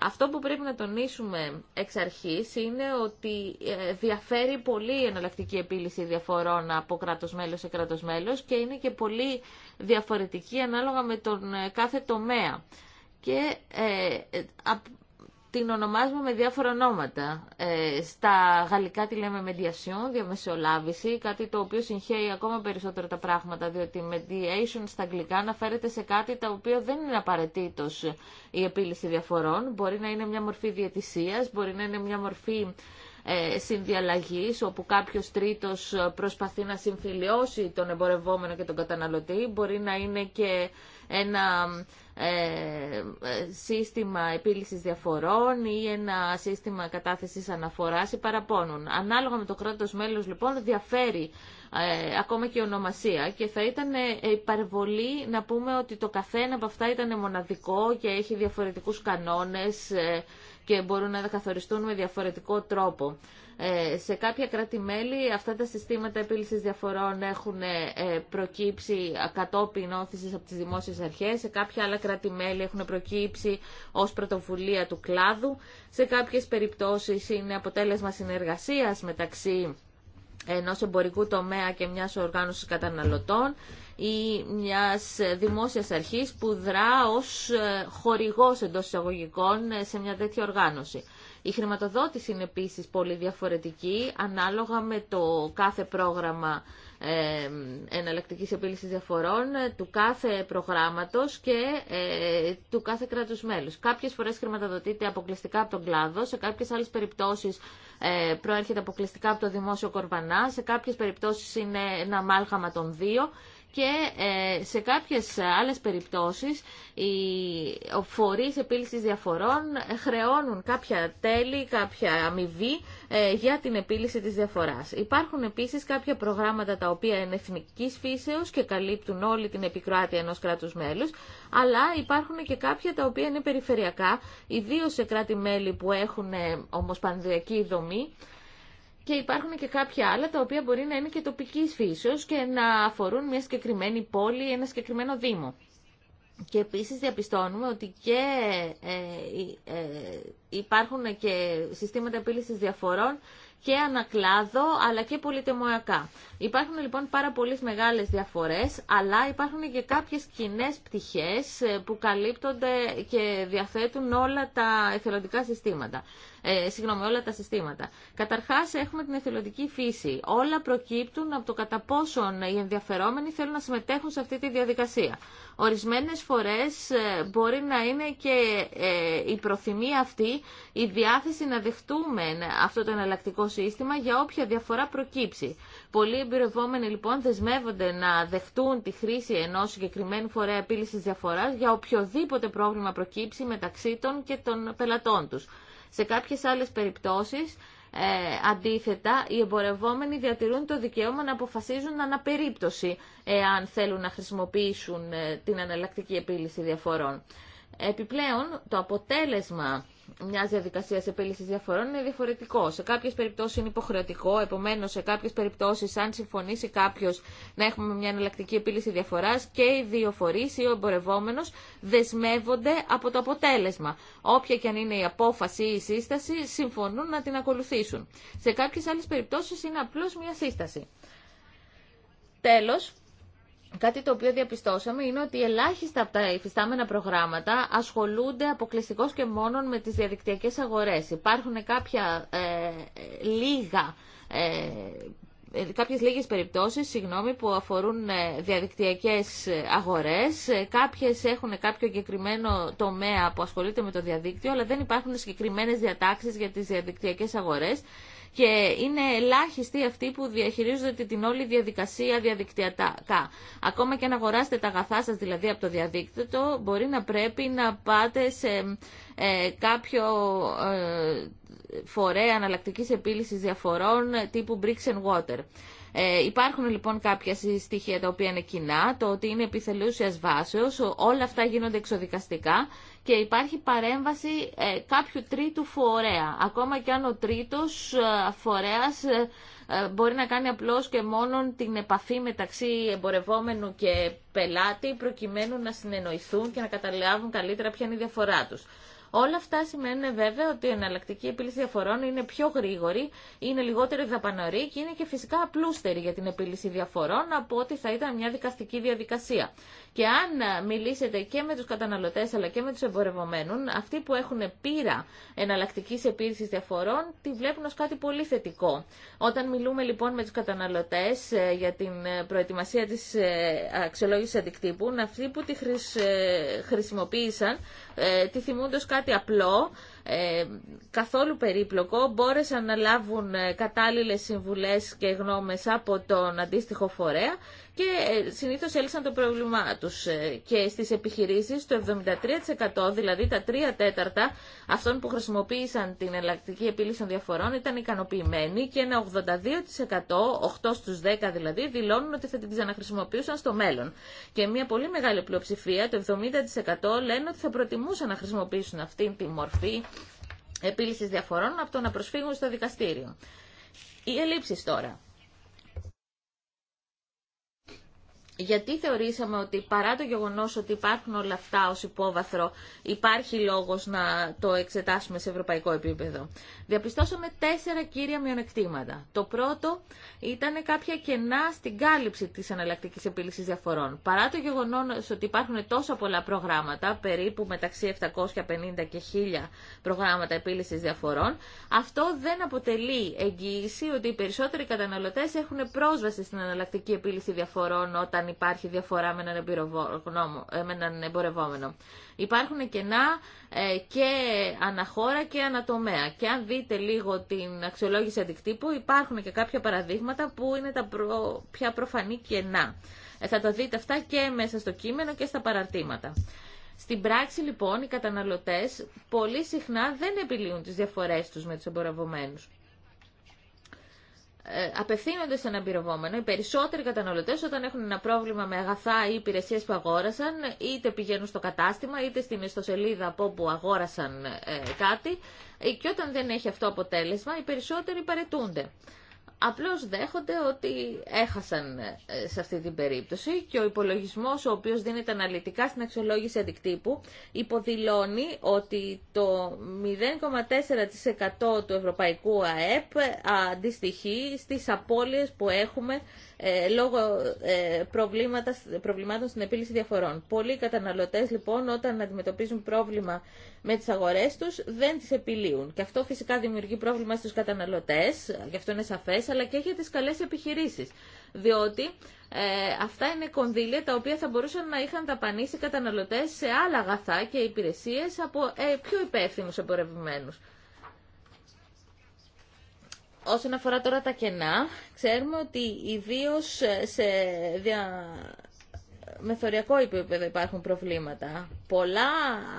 S2: Αυτό που πρέπει να τονίσουμε εξ αρχή είναι ότι ε, διαφέρει πολύ η εναλλακτική επίλυση διαφορών από κρατο μέλος σε κράτο μέλος και είναι και πολύ διαφορετική ανάλογα με τον ε, κάθε τομέα. Και ε, την ονομάζουμε με διάφορα ονόματα. Ε, στα γαλλικά τη λέμε mediation, διαμεσολάβηση, κάτι το οποίο συγχαίει ακόμα περισσότερο τα πράγματα, διότι mediation στα αγγλικά αναφέρεται σε κάτι το οποίο δεν είναι απαραίτητο η επίλυση διαφορών. Μπορεί να είναι μια μορφή διαιτησίας, μπορεί να είναι μια μορφή ε, όπου κάποιος τρίτος προσπαθεί να συμφιλειώσει τον εμπορευόμενο και τον καταναλωτή. Μπορεί να είναι και ένα ε, ε, σύστημα επίλυσης διαφορών ή ένα σύστημα κατάθεσης αναφοράς ή παραπώνων. Ανάλογα με το κράτος μέλος λοιπόν διαφέρει ε, ακόμα και η ονομασία και θα ήταν υπερβολή να πούμε ότι το καθένα από αυτά ήταν μοναδικό και έχει διαφορετικούς κανόνες και μπορούν να καθοριστούν με διαφορετικό τρόπο. Ε, σε κάποια κράτη-μέλη αυτά τα συστήματα επίλυσης διαφορών έχουν ε, ε, προκύψει κατόπιν όθησης από τις δημόσιες αρχές, σε κάποια άλλα κράτη-μέλη έχουν προκύψει ως πρωτοβουλία του κλάδου, σε κάποιες περιπτώσεις είναι αποτέλεσμα συνεργασίας μεταξύ ενός εμπορικού τομέα και μιας οργάνωσης καταναλωτών ή μιας δημόσιας αρχής που δρά ως ε, χορηγός εντός εισαγωγικών ε, σε μια τέτοια οργάνωση. Η χρηματοδότηση είναι επίσης πολύ διαφορετική ανάλογα με το κάθε πρόγραμμα ε, εναλλακτικής επίλυσης διαφορών, ε, του κάθε προγράμματος και του κάθε κράτους μέλους. Κάποιες φορές χρηματοδοτείται αποκλειστικά από τον κλάδο, σε κάποιες άλλες περιπτώσεις προέρχεται αποκλειστικά από το δημόσιο κορβανά, σε κάποιες περιπτώσεις είναι ένα αμάλγαμα των δύο και ε, σε κάποιες άλλες περιπτώσεις οι φορείς επίλυσης διαφορών ε, χρεώνουν κάποια τέλη, κάποια αμοιβή ε, για την επίλυση της διαφοράς. Υπάρχουν επίσης κάποια προγράμματα τα οποία είναι εθνικής φύσεως και καλύπτουν όλη την επικράτεια ενός κράτους μέλους, αλλά υπάρχουν και κάποια τα οποία είναι περιφερειακά, ιδίως σε κράτη-μέλη που έχουν ομοσπανδιακή δομή, και υπάρχουν και κάποια άλλα τα οποία μπορεί να είναι και τοπική φύσεω και να αφορούν μια συγκεκριμένη πόλη, ή ένα συγκεκριμένο δήμο. Και επίσης διαπιστώνουμε ότι και ε, ε, υπάρχουν και συστήματα επίλυσης διαφορών και ανακλάδο αλλά και πολυτεμοιακά. Υπάρχουν λοιπόν πάρα πολλές μεγάλες διαφορές αλλά υπάρχουν και κάποιες κοινέ πτυχές ε, που καλύπτονται και διαθέτουν όλα τα εθελοντικά συστήματα ε, συγγνώμη, όλα τα συστήματα. Καταρχά έχουμε την εθελοντική φύση. Όλα προκύπτουν από το κατά πόσον οι ενδιαφερόμενοι θέλουν να συμμετέχουν σε αυτή τη διαδικασία. Ορισμένες φορές ε, μπορεί να είναι και ε, η προθυμία αυτή, η διάθεση να δεχτούμε αυτό το εναλλακτικό σύστημα για όποια διαφορά προκύψει. Πολλοί εμπειρευόμενοι λοιπόν δεσμεύονται να δεχτούν τη χρήση ενός συγκεκριμένου φορέα επίλυσης διαφοράς για οποιοδήποτε πρόβλημα προκύψει μεταξύ των και των πελατών τους. Σε κάποιες άλλες περιπτώσεις, ε, αντίθετα, οι εμπορευόμενοι διατηρούν το δικαίωμα να αποφασίζουν αναπερίπτωση εάν θέλουν να χρησιμοποιήσουν ε, την αναλλακτική επίλυση διαφορών. Επιπλέον, το αποτέλεσμα μια διαδικασία επίλυσης διαφορών είναι διαφορετικό. Σε κάποιες περιπτώσεις είναι υποχρεωτικό, επομένως σε κάποιες περιπτώσεις αν συμφωνήσει κάποιο, να έχουμε μια εναλλακτική επίλυση διαφοράς και οι δύο φορεί ή ο εμπορευόμενο δεσμεύονται από το αποτέλεσμα. Όποια και αν είναι η απόφαση ή η σύσταση συμφωνούν να την ακολουθήσουν. Σε κάποιε άλλε περιπτώσει είναι απλώ μια σύσταση. Τέλος, Κάτι το οποίο διαπιστώσαμε είναι ότι ελάχιστα από τα υφιστάμενα προγράμματα ασχολούνται αποκλειστικώ και μόνο με τις διαδικτυακές αγορές. Υπάρχουν κάποια ε, λίγα ε, κάποιες λίγες περιπτώσεις συγγνώμη, που αφορούν ε, διαδικτυακές αγορές. Κάποιες έχουν κάποιο εγκεκριμένο τομέα που ασχολείται με το διαδίκτυο, αλλά δεν υπάρχουν συγκεκριμένες διατάξεις για τις διαδικτυακές αγορές και είναι ελάχιστοι αυτοί που διαχειρίζονται την όλη διαδικασία διαδικτυακά. Ακόμα και αν αγοράσετε τα αγαθά σας δηλαδή από το διαδίκτυο, μπορεί να πρέπει να πάτε σε ε, κάποιο ε, φορέα αναλλακτικής επίλυσης διαφορών τύπου bricks and water. Ε, υπάρχουν λοιπόν κάποια στοιχεία τα οποία είναι κοινά, το ότι είναι επιθελούσιας βάσεως, όλα αυτά γίνονται εξοδικαστικά και υπάρχει παρέμβαση ε, κάποιου τρίτου φορέα. Ακόμα και αν ο τρίτος ε, φορέας ε, μπορεί να κάνει απλώς και μόνον την επαφή μεταξύ εμπορευόμενου και πελάτη προκειμένου να συνεννοηθούν και να καταλάβουν καλύτερα ποια είναι η διαφορά τους. Όλα αυτά σημαίνουν βέβαια ότι η εναλλακτική επίλυση διαφορών είναι πιο γρήγορη, είναι λιγότερο δαπανορή και είναι και φυσικά απλούστερη για την επίλυση διαφορών από ότι θα ήταν μια δικαστική διαδικασία. Και αν μιλήσετε και με τους καταναλωτές αλλά και με τους εμπορευομένους, αυτοί που έχουν πείρα εναλλακτική επίλυση διαφορών τη βλέπουν ως κάτι πολύ θετικό. Όταν μιλούμε λοιπόν με τους καταναλωτές ε, για την ε, προετοιμασία της ε, αξιολόγησης αντικτύπου, αυτοί που τη χρησιμοποίησαν τη θυμούνται κάτι κάτι απλό, ε, καθόλου περίπλοκο, μπόρεσαν να λάβουν ε, κατάλληλες συμβουλές και γνώμες από τον αντίστοιχο φορέα και ε, συνήθως έλυσαν το πρόβλημά τους. Ε, και στις επιχειρήσεις το 73% δηλαδή τα 3 τέταρτα αυτών που χρησιμοποίησαν την ελλακτική επίλυση των διαφορών ήταν ικανοποιημένοι και ένα 82% 8 στους 10 δηλαδή δηλώνουν ότι θα την ξαναχρησιμοποιούσαν στο μέλλον. Και μια πολύ μεγάλη πλειοψηφία, το 70% λένε ότι θα προτιμούσαν να χρησιμοποιήσουν αυτή τη μορφή επίλυσης διαφορών από το να προσφύγουν στο δικαστήριο. Οι ελλείψεις τώρα. γιατί θεωρήσαμε ότι παρά το γεγονός ότι υπάρχουν όλα αυτά ως υπόβαθρο, υπάρχει λόγος να το εξετάσουμε σε ευρωπαϊκό επίπεδο. Διαπιστώσαμε τέσσερα κύρια μειονεκτήματα. Το πρώτο ήταν κάποια κενά στην κάλυψη της εναλλακτική επίλυσης διαφορών. Παρά το γεγονός ότι υπάρχουν τόσα πολλά προγράμματα, περίπου μεταξύ 750 και 1000 προγράμματα επίλυσης διαφορών, αυτό δεν αποτελεί εγγύηση ότι οι περισσότεροι καταναλωτές έχουν πρόσβαση στην εναλλακτική επίλυση διαφορών όταν υπάρχει διαφορά με έναν, ε, με έναν εμπορευόμενο. Υπάρχουν κενά ε, και αναχώρα και ανατομέα. Και αν δείτε λίγο την αξιολόγηση αντικτύπου υπάρχουν και κάποια παραδείγματα που είναι τα προ... πια προφανή κενά. Ε, θα τα δείτε αυτά και μέσα στο κείμενο και στα παραρτήματα. Στην πράξη λοιπόν οι καταναλωτές πολύ συχνά δεν επιλύουν τις διαφορές τους με τους εμπορευομένους. Ε, απευθύνονται στον εμπειροβόμενο. Οι περισσότεροι καταναλωτέ, όταν έχουν ένα πρόβλημα με αγαθά ή υπηρεσίε που αγόρασαν, είτε πηγαίνουν στο κατάστημα, είτε στην ιστοσελίδα από όπου αγόρασαν ε, κάτι, ε, και όταν δεν έχει αυτό αποτέλεσμα, οι περισσότεροι παρετούνται. Απλώς δέχονται ότι έχασαν ε, σε αυτή την περίπτωση και ο υπολογισμός ο οποίος δίνεται αναλυτικά στην αξιολόγηση αντικτύπου υποδηλώνει ότι το 0,4% του ευρωπαϊκού ΑΕΠ αντιστοιχεί στις απώλειες που έχουμε ε, λόγω ε, προβλημάτων στην επίλυση διαφορών. Πολλοί καταναλωτές λοιπόν όταν αντιμετωπίζουν πρόβλημα με τις αγορές τους δεν τις επιλύουν. Και αυτό φυσικά δημιουργεί πρόβλημα στους καταναλωτές, γι' αυτό είναι σαφές, αλλά και για τις καλές επιχειρήσεις. Διότι ε, αυτά είναι κονδύλια τα οποία θα μπορούσαν να είχαν ταπανίσει καταναλωτές σε άλλα αγαθά και υπηρεσίες από ε, πιο υπεύθυνους εμπορευμένους. Όσον αφορά τώρα τα κενά, ξέρουμε ότι ιδίω σε δια... μεθοριακό επίπεδο υπάρχουν προβλήματα. Πολλά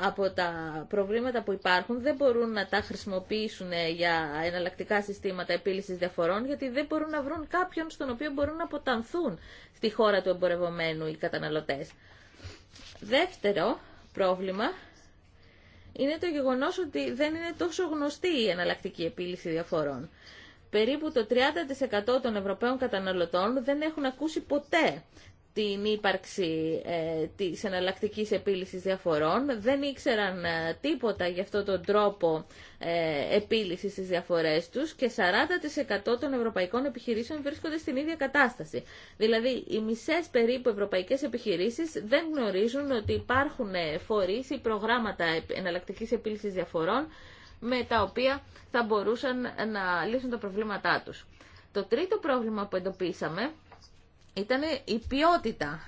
S2: από τα προβλήματα που υπάρχουν δεν μπορούν να τα χρησιμοποιήσουν για εναλλακτικά συστήματα επίλυσης διαφορών, γιατί δεν μπορούν να βρουν κάποιον στον οποίο μπορούν να αποτανθούν στη χώρα του εμπορευομένου οι καταναλωτές. Δεύτερο πρόβλημα είναι το γεγονός ότι δεν είναι τόσο γνωστή η εναλλακτική επίλυση διαφορών περίπου το 30% των Ευρωπαίων καταναλωτών δεν έχουν ακούσει ποτέ την ύπαρξη ε, της εναλλακτικής επίλυσης διαφορών. Δεν ήξεραν ε, τίποτα για αυτόν τον τρόπο ε, επίλυσης της διαφορές τους και 40% των ευρωπαϊκών επιχειρήσεων βρίσκονται στην ίδια κατάσταση. Δηλαδή, οι μισές περίπου ευρωπαϊκές επιχειρήσεις δεν γνωρίζουν ότι υπάρχουν ε, φορείς ή προγράμματα εναλλακτικής επίλυσης διαφορών με τα οποία θα μπορούσαν να λύσουν τα προβλήματά τους. Το τρίτο πρόβλημα που εντοπίσαμε ήταν η ποιότητα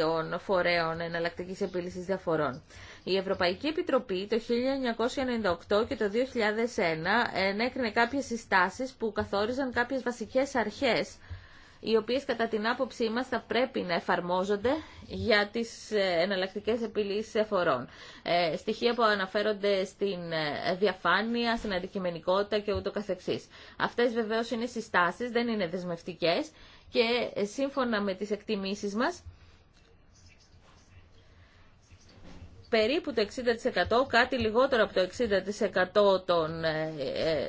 S2: των φορέων εναλλακτικής επίλυσης διαφορών. Η Ευρωπαϊκή Επιτροπή το 1998 και το 2001 ενέκρινε κάποιες συστάσεις που καθόριζαν κάποιες βασικές αρχές οι οποίες κατά την άποψή μας θα πρέπει να εφαρμόζονται για τις ε, εναλλακτικές επιλύσεις εφορών. Ε, στοιχεία που αναφέρονται στην ε, διαφάνεια, στην αντικειμενικότητα και ούτω καθεξής. Αυτές βεβαίως είναι συστάσεις, δεν είναι δεσμευτικές και ε, σύμφωνα με τις εκτιμήσεις μας περίπου το 60%, κάτι λιγότερο από το 60% των ε,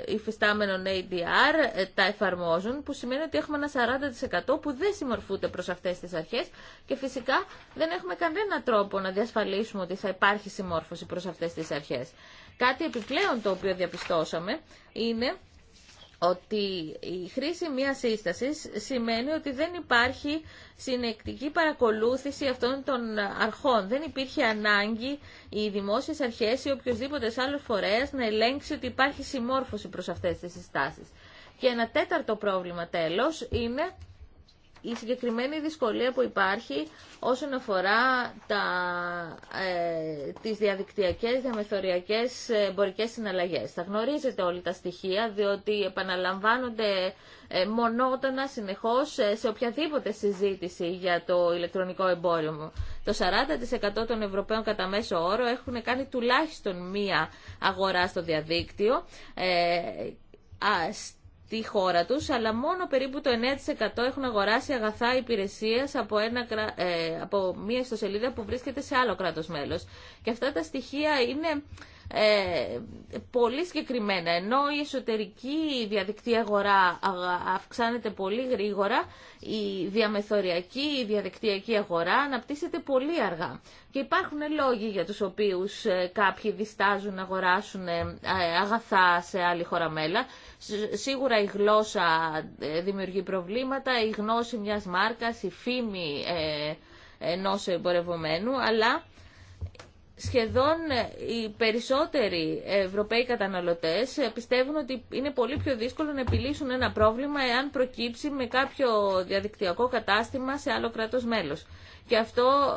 S2: ε, υφιστάμενων ADR ε, τα εφαρμόζουν, που σημαίνει ότι έχουμε ένα 40% που δεν συμμορφούνται προς αυτές τις αρχές και φυσικά δεν έχουμε κανένα τρόπο να διασφαλίσουμε ότι θα υπάρχει συμμόρφωση προς αυτές τις αρχές. Κάτι επιπλέον το οποίο διαπιστώσαμε είναι ότι η χρήση μιας σύστασης σημαίνει ότι δεν υπάρχει συνεκτική παρακολούθηση αυτών των αρχών. Δεν υπήρχε ανάγκη οι δημόσιες αρχές ή οποιοδήποτε άλλο φορέας να ελέγξει ότι υπάρχει συμμόρφωση προς αυτές τις συστάσεις. Και ένα τέταρτο πρόβλημα τέλος είναι η συγκεκριμένη δυσκολία που υπάρχει όσον αφορά τα, ε, τις διαδικτυακές, διαμεθοριακές ε, εμπορικές συναλλαγές. Θα γνωρίζετε όλοι τα στοιχεία, διότι επαναλαμβάνονται ε, μονότανα συνεχώς ε, σε οποιαδήποτε συζήτηση για το ηλεκτρονικό εμπόριο. Το 40% των Ευρωπαίων κατά μέσο όρο έχουν κάνει τουλάχιστον μία αγορά στο διαδίκτυο. Ε, τη χώρα τους, αλλά μόνο περίπου το 9% έχουν αγοράσει αγαθά υπηρεσίες από, μια ε, ιστοσελίδα που βρίσκεται σε άλλο κράτος μέλος. Και αυτά τα στοιχεία είναι ε, πολύ συγκεκριμένα. Ενώ η εσωτερική διαδικτή αγορά αυξάνεται πολύ γρήγορα, η διαμεθοριακή διαδικτυακή αγορά αναπτύσσεται πολύ αργά. Και υπάρχουν λόγοι για τους οποίους ε, κάποιοι διστάζουν να αγοράσουν ε, αγαθά σε άλλη χώρα μέλα Σίγουρα η γλώσσα ε, δημιουργεί προβλήματα, η γνώση μιας μάρκας, η φήμη ε, ενός εμπορευομένου, αλλά σχεδόν ε, οι περισσότεροι Ευρωπαίοι καταναλωτές πιστεύουν ότι είναι πολύ πιο δύσκολο να επιλύσουν ένα πρόβλημα εάν προκύψει με κάποιο διαδικτυακό κατάστημα σε άλλο κράτος μέλος. Και αυτό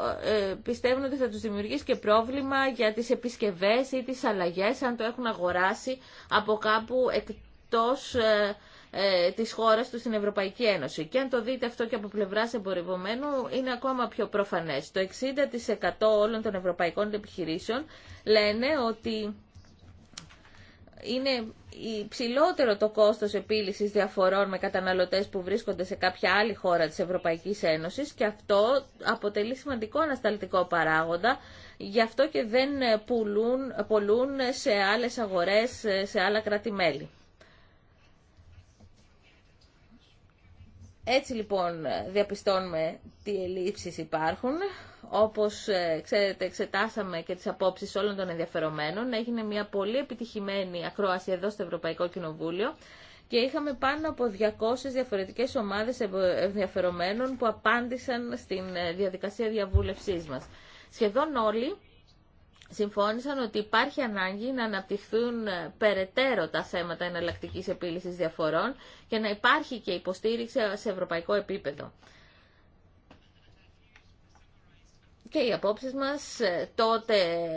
S2: πιστεύουν ότι θα τους δημιουργήσει και πρόβλημα για τις επισκευές ή τις αλλαγές αν το έχουν αγοράσει από κάπου εκτός ε, ε, της χώρας του στην Ευρωπαϊκή Ένωση. Και αν το δείτε αυτό και από πλευράς εμπορευομένου είναι ακόμα πιο προφανές. Το 60% όλων των ευρωπαϊκών επιχειρήσεων λένε ότι είναι υψηλότερο το κόστος επίλυσης διαφορών με καταναλωτές που βρίσκονται σε κάποια άλλη χώρα της Ευρωπαϊκής Ένωσης και αυτό αποτελεί σημαντικό ανασταλτικό παράγοντα, γι' αυτό και δεν πουλούν, πουλούν σε άλλες αγορές, σε άλλα Έτσι λοιπόν διαπιστώνουμε τι ελλείψεις υπάρχουν. Όπως ε, ξέρετε εξετάσαμε και τις απόψεις όλων των ενδιαφερομένων. Έγινε μια πολύ επιτυχημένη ακρόαση εδώ στο Ευρωπαϊκό Κοινοβούλιο και είχαμε πάνω από 200 διαφορετικές ομάδες ενδιαφερομένων που απάντησαν στην ε, διαδικασία διαβούλευσής μας. Σχεδόν όλοι συμφώνησαν ότι υπάρχει ανάγκη να αναπτυχθούν ε, περαιτέρω τα θέματα εναλλακτική επίλυση διαφορών και να υπάρχει και υποστήριξη σε ευρωπαϊκό επίπεδο. Και οι απόψεις μας ε, τότε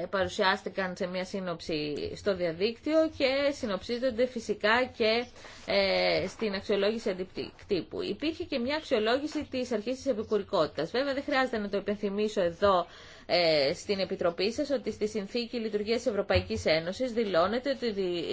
S2: παρουσιάστηκαν σε μια σύνοψη στο διαδίκτυο και συνοψίζονται φυσικά και ε, στην αξιολόγηση αντιπτύπου. Υπήρχε και μια αξιολόγηση της αρχής της επικουρικότητας. Βέβαια δεν χρειάζεται να το υπενθυμίσω εδώ ε, στην Επιτροπή σας ότι στη Συνθήκη Λειτουργίας της Ευρωπαϊκής Ένωσης δηλώνεται ότι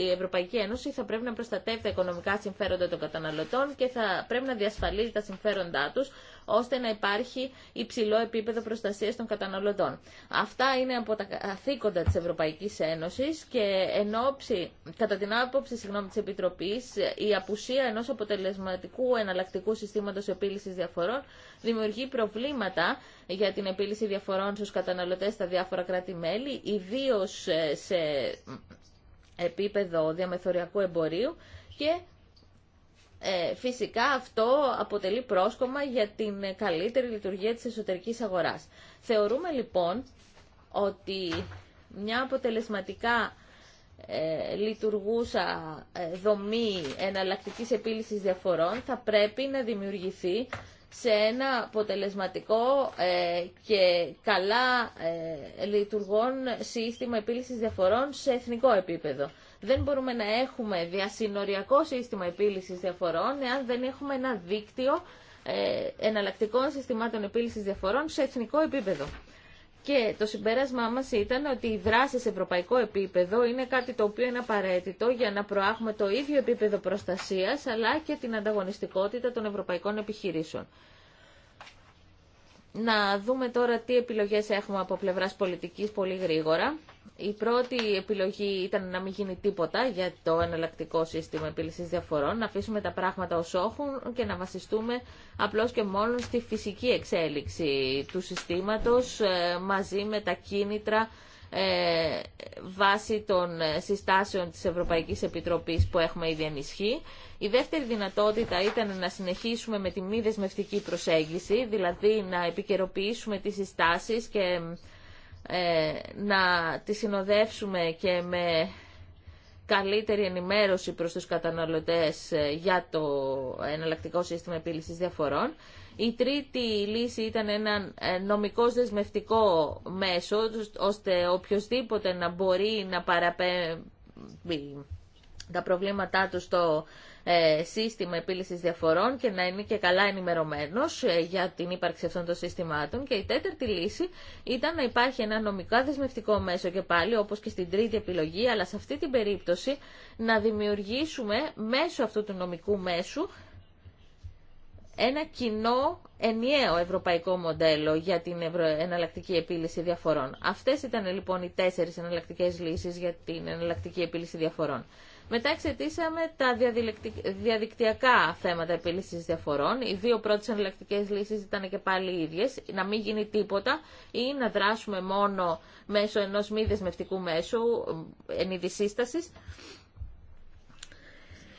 S2: η Ευρωπαϊκή Ένωση θα πρέπει να προστατεύει τα οικονομικά συμφέροντα των καταναλωτών και θα πρέπει να διασφαλίζει τα συμφέροντά τους ώστε να υπάρχει υψηλό επίπεδο προστασίας των καταναλωτών. Αυτά είναι από τα καθήκοντα της Ευρωπαϊκής Ένωσης και όψη, κατά την άποψη τη της Επιτροπής η απουσία ενός αποτελεσματικού εναλλακτικού συστήματος επίλυση διαφορών δημιουργεί προβλήματα για την επίλυση διαφορών στους καταναλωτές στα διάφορα κράτη-μέλη, ιδίως ε, σε επίπεδο διαμεθοριακού εμπορίου και ε, φυσικά αυτό αποτελεί πρόσκομα για την καλύτερη λειτουργία της εσωτερικής αγοράς. Θεωρούμε λοιπόν ότι μια αποτελεσματικά ε, λειτουργούσα ε, δομή αποτελεσματικό και καλά λειτουργών σύστημα επιλυση διαφορών θα πρέπει να δημιουργηθεί σε ένα αποτελεσματικό και καλά λειτουργών σύστημα επίλυσης διαφορών σε εθνικό επίπεδο. Δεν μπορούμε να έχουμε διασυνοριακό σύστημα επίλυσης διαφορών εάν δεν έχουμε ένα δίκτυο ε, εναλλακτικών συστημάτων επίλυσης διαφορών σε εθνικό επίπεδο. Και το συμπέρασμά μα ήταν ότι η δράση σε ευρωπαϊκό επίπεδο είναι κάτι το οποίο είναι απαραίτητο για να προάγουμε το ίδιο επίπεδο προστασία αλλά και την ανταγωνιστικότητα των ευρωπαϊκών επιχειρήσεων. Να δούμε τώρα τι επιλογές έχουμε από πλευράς πολιτικής πολύ γρήγορα. Η πρώτη επιλογή ήταν να μην γίνει τίποτα για το εναλλακτικό σύστημα επίλυση διαφορών, να αφήσουμε τα πράγματα ως όχουν και να βασιστούμε απλώς και μόνο στη φυσική εξέλιξη του συστήματος ε, μαζί με τα κίνητρα ε, βάσει των συστάσεων της Ευρωπαϊκής Επιτροπής που έχουμε ήδη ενισχύει. Η δεύτερη δυνατότητα ήταν να συνεχίσουμε με τη μη δεσμευτική προσέγγιση, δηλαδή να επικαιροποιήσουμε τις συστάσεις και ε, να τη συνοδεύσουμε και με καλύτερη ενημέρωση προς τους καταναλωτές ε, για το εναλλακτικό σύστημα επίλυσης διαφορών. Η τρίτη λύση ήταν ένα ε, νομικό δεσμευτικό μέσο, ώστε οποιοδήποτε να μπορεί να παραπέμπει τα προβλήματά του στο ε, σύστημα επίλυσης διαφορών και να είναι και καλά ενημερωμένος ε, για την ύπαρξη αυτών των συστημάτων. Και η τέταρτη λύση ήταν να υπάρχει ένα νομικά δεσμευτικό μέσο και πάλι, όπως και στην τρίτη επιλογή, αλλά σε αυτή την περίπτωση να δημιουργήσουμε μέσω αυτού του νομικού μέσου ένα κοινό ενιαίο ευρωπαϊκό μοντέλο για την εναλλακτική επίλυση διαφορών. Αυτές ήταν λοιπόν οι τέσσερις εναλλακτικέ λύσεις για την εναλλακτική επίλυση διαφορών. Μετά εξετήσαμε τα διαδικτυακά θέματα επίλυση διαφορών. Οι δύο πρώτες εναλλακτικέ λύσεις ήταν και πάλι οι ίδιες, να μην γίνει τίποτα ή να δράσουμε μόνο μέσω ενός μη δεσμευτικού μέσου ε, ενιδησίστασης.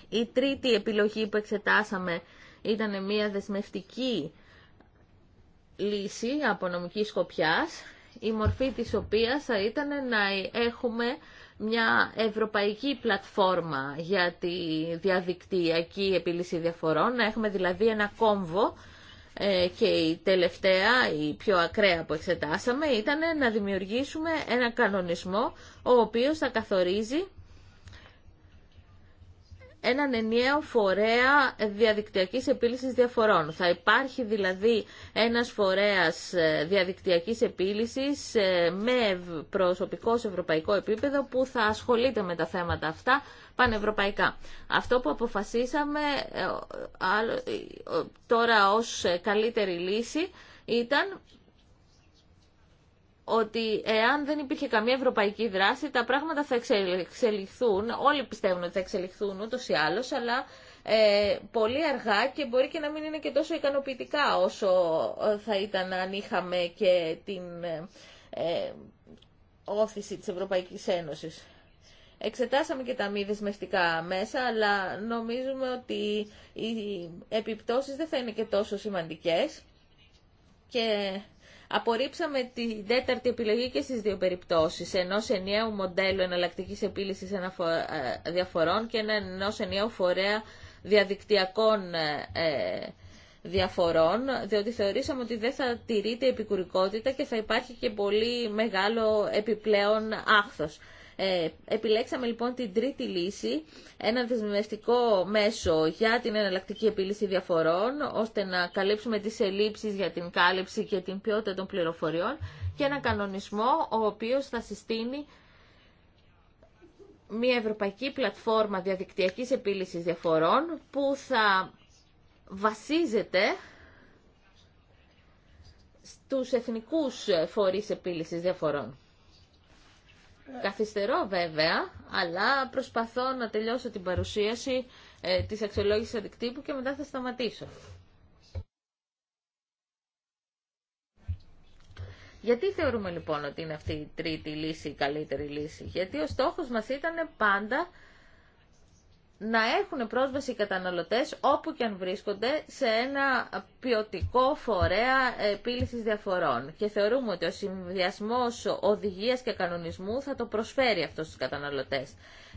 S2: Η τρίτη επιλογή που εξετάσαμε ήταν μια δεσμευτική λύση από νομική σκοπιάς, η μορφή της οποίας θα ήταν να δρασουμε μονο μεσω ενος μη δεσμευτικου μεσου συσταση η τριτη επιλογη που εξετασαμε ηταν μια δεσμευτικη λυση απο νομικη σκοπιας η μορφη της οποια θα ηταν να εχουμε μια ευρωπαϊκή πλατφόρμα για τη διαδικτυακή επίλυση διαφορών, να έχουμε δηλαδή ένα κόμβο ε, και η τελευταία, η πιο ακραία που εξετάσαμε, ήταν να δημιουργήσουμε ένα κανονισμό ο οποίος θα καθορίζει έναν ενιαίο φορέα διαδικτυακής επίλυσης διαφορών. Θα υπάρχει δηλαδή ένας φορέας ε, διαδικτυακής επίλυσης ε, με προσωπικό σε ευρωπαϊκό επίπεδο που θα ασχολείται με τα θέματα αυτά πανευρωπαϊκά. Αυτό που αποφασίσαμε ε, τώρα ως καλύτερη λύση ήταν ότι εάν δεν υπήρχε καμία ευρωπαϊκή δράση, τα πράγματα θα εξελιχθούν. Όλοι πιστεύουν ότι θα εξελιχθούν ούτως ή άλλως, αλλά ε, πολύ αργά και μπορεί και να μην είναι και τόσο ικανοποιητικά όσο ε, θα ήταν αν είχαμε και την ε, ε, όθηση της Ευρωπαϊκής Ένωσης. Εξετάσαμε και τα μη δεσμευτικά μέσα, αλλά νομίζουμε ότι οι επιπτώσεις δεν θα είναι και τόσο σημαντικές και Απορρίψαμε την τέταρτη επιλογή και στις δύο περιπτώσεις, ενός ενιαίου μοντέλου εναλλακτική επίλυση ε, διαφορών και ενός ενιαίου φορέα διαδικτυακών ε, ε, διαφορών, διότι θεωρήσαμε ότι δεν θα τηρείται επικουρικότητα και θα υπάρχει και πολύ μεγάλο επιπλέον άχθος. Ε, επιλέξαμε λοιπόν την τρίτη λύση, ένα δεσμευτικό μέσο για την εναλλακτική επίλυση διαφορών, ώστε να καλύψουμε τις ελλείψεις για την κάλυψη και την ποιότητα των πληροφοριών και ένα κανονισμό ο οποίος θα συστήνει μια ευρωπαϊκή πλατφόρμα διαδικτυακής επίλυσης διαφορών που θα βασίζεται στους εθνικούς φορείς επίλυσης διαφορών. Καθυστερώ βέβαια, αλλά προσπαθώ να τελειώσω την παρουσίαση ε, της αξιολόγησης αντικτύπου και μετά θα σταματήσω. Γιατί θεωρούμε λοιπόν ότι είναι αυτή η τρίτη λύση η καλύτερη λύση. Γιατί ο στόχος μας ήταν πάντα να έχουν πρόσβαση οι καταναλωτές όπου και αν βρίσκονται σε ένα ποιοτικό φορέα επίλυσης διαφορών. Και θεωρούμε ότι ο συνδυασμός οδηγίας και κανονισμού θα το προσφέρει αυτό στους καταναλωτές.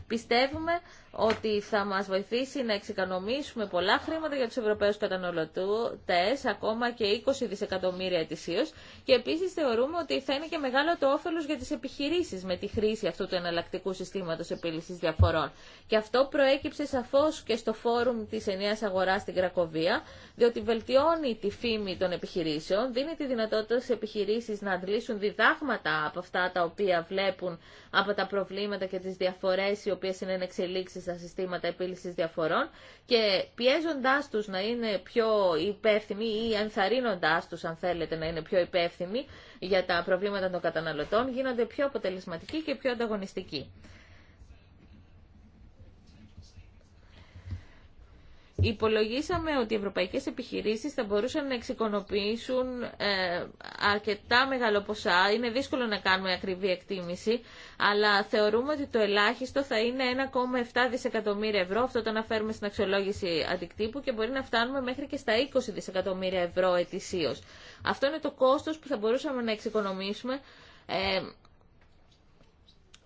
S2: Πιστεύουμε ότι θα μας βοηθήσει να εξοικονομήσουμε πολλά χρήματα για τους Ευρωπαίους καταναλωτές, ακόμα και 20 δισεκατομμύρια ετησίω. και επίσης θεωρούμε ότι θα είναι και μεγάλο το όφελος για τις επιχειρήσεις με τη χρήση αυτού του εναλλακτικού συστήματος επίλυσης διαφορών. Και αυτό προέκυψε σαφώς και στο φόρουμ της ενιαίας αγοράς στην Κρακοβία, διότι βελτιώνει τη φήμη των επιχειρήσεων, δίνει τη δυνατότητα στις επιχειρήσεις να αντλήσουν διδάγματα από αυτά τα οποία βλέπουν από τα προβλήματα και τις διαφορές οι οποίε είναι εξελίξει στα συστήματα επίλυση διαφορών και πιέζοντά του να είναι πιο υπεύθυνοι ή ενθαρρύνοντά του, αν θέλετε, να είναι πιο υπεύθυνοι για τα προβλήματα των καταναλωτών, γίνονται πιο αποτελεσματικοί και πιο ανταγωνιστικοί. υπολογίσαμε ότι οι ευρωπαϊκές επιχειρήσεις θα μπορούσαν να εξοικονοποιήσουν ε, αρκετά μεγάλο ποσά. Είναι δύσκολο να κάνουμε ακριβή εκτίμηση, αλλά θεωρούμε ότι το ελάχιστο θα είναι 1,7 δισεκατομμύρια ευρώ. Αυτό το αναφέρουμε στην αξιολόγηση αντικτύπου και μπορεί να φτάνουμε μέχρι και στα 20 δισεκατομμύρια ευρώ ετησίως. Αυτό είναι το κόστος που θα μπορούσαμε να εξοικονομήσουμε ε,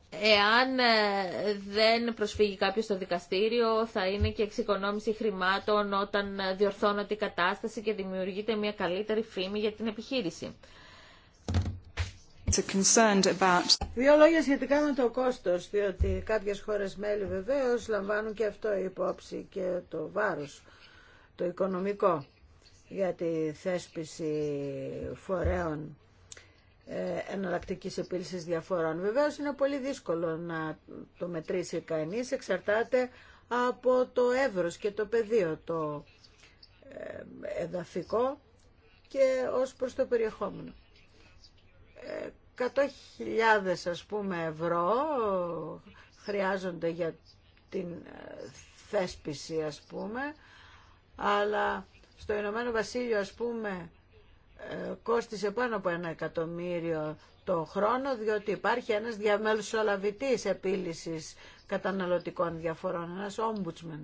S2: Εάν ε, δεν προσφύγει κάποιο στο δικαστήριο, θα είναι και εξοικονόμηση χρημάτων όταν ε, διορθώνεται η κατάσταση και δημιουργείται μια καλύτερη φήμη για την επιχείρηση.
S4: About...
S1: Δύο λόγια σχετικά με το κόστος, διότι κάποιες χώρες μέλη βεβαίως λαμβάνουν και αυτό υπόψη και το βάρος, το οικονομικό για τη θέσπιση φορέων ε, εναλλακτική επίλυση διαφορών. Βεβαίω, είναι πολύ δύσκολο να το μετρήσει κανεί, εξαρτάται από το εύρος και το πεδίο το ε, εδαφικό και ως προς το περιεχόμενο. 100.000 ε, πούμε ευρώ χρειάζονται για την θέσπιση ας πούμε αλλά στο Ηνωμένο Βασίλειο ας πούμε κόστισε πάνω από ένα εκατομμύριο το χρόνο, διότι υπάρχει ένας διαμεσολαβητής επίλυσης καταναλωτικών διαφορών, ένας ombudsman.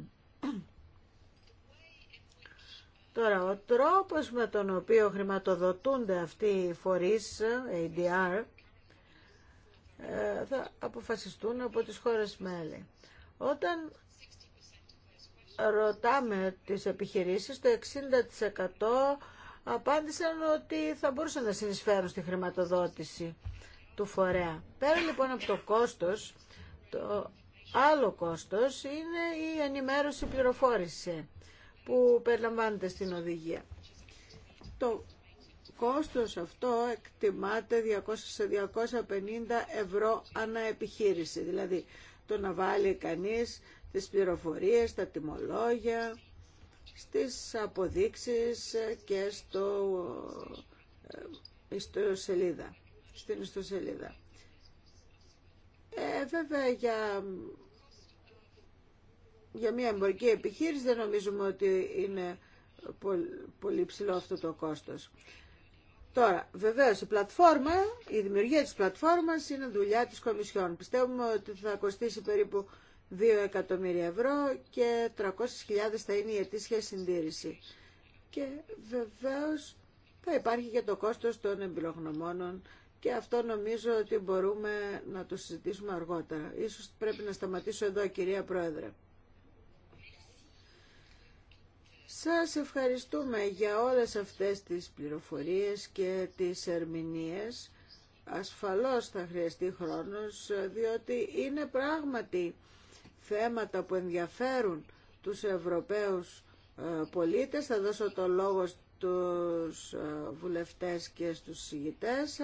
S1: Τώρα, ο τρόπος με τον οποίο χρηματοδοτούνται αυτοί οι φορείς, ADR, ε, θα αποφασιστούν από τις χώρες μέλη. Όταν ρωτάμε τις επιχειρήσεις, το 60% απάντησαν ότι θα μπορούσαν να συνεισφέρουν στη χρηματοδότηση του φορέα. Πέρα λοιπόν από το κόστος, το άλλο κόστος είναι η ενημέρωση πληροφόρηση που περιλαμβάνεται στην οδηγία. Το κόστος αυτό εκτιμάται 200-250 ευρώ ανά επιχείρηση, δηλαδή το να βάλει κανείς τις πληροφορίες, τα τιμολόγια, στις αποδείξεις και στο ε, ιστοσελίδα, στην ιστοσελίδα. Ε, βέβαια για, για μια εμπορική επιχείρηση δεν νομίζουμε ότι είναι πολύ ψηλό αυτό το κόστος. Τώρα, βεβαίως η πλατφόρμα, η δημιουργία της πλατφόρμας είναι δουλειά της Κομισιόν. Πιστεύουμε ότι θα κοστίσει περίπου 2 εκατομμύρια ευρώ και 300.000 θα είναι η ετήσια συντήρηση. Και βεβαίως θα υπάρχει και το κόστος των εμπειρογνωμόνων και αυτό νομίζω ότι μπορούμε να το συζητήσουμε αργότερα. Ίσως πρέπει να σταματήσω εδώ κυρία Πρόεδρε. Σας ευχαριστούμε για όλες αυτές τις πληροφορίες και τις ερμηνείες. Ασφαλώς θα χρειαστεί χρόνος, διότι είναι πράγματι θέματα που ενδιαφέρουν τους Ευρωπαίους ε, πολίτες. Θα δώσω το λόγο στους ε, βουλευτές και στους συγητές.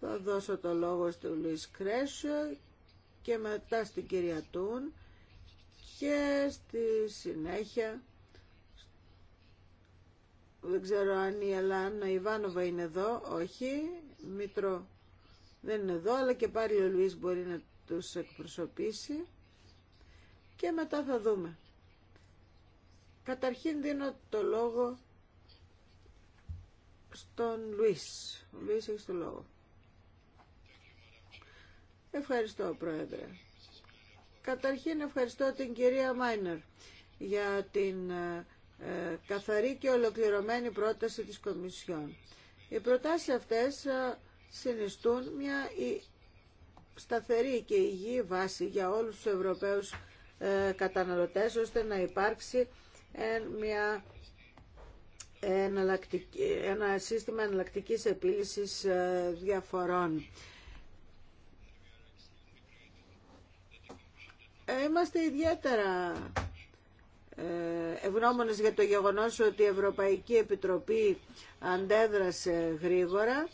S1: Θα δώσω το λόγο στον Λουίς Κρέσιο και μετά στην κυρία Τούν και στη συνέχεια δεν ξέρω αν η η Ιβάνοβα είναι εδώ, όχι, Μήτρο δεν είναι εδώ, αλλά και πάλι ο Λουίς μπορεί να τους εκπροσωπήσει και μετά θα δούμε. Καταρχήν δίνω το λόγο στον Λουίς. Ο Λουίς το λόγο. Ευχαριστώ, Πρόεδρε. Καταρχήν ευχαριστώ την κυρία Μάινερ για την ε, ε, καθαρή και ολοκληρωμένη πρόταση της Κομισιόν. Οι προτάσεις αυτές ε, συνιστούν μια σταθερή και υγιή βάση για όλους τους Ευρωπαίους ε, καταναλωτές ώστε να υπάρξει μια ένα σύστημα εναλλακτικής επίλυσης ε, διαφορών. Ε, είμαστε ιδιαίτερα ευγνώμονες για το γεγονός ότι η Ευρωπαϊκή Επιτροπή αντέδρασε γρήγορα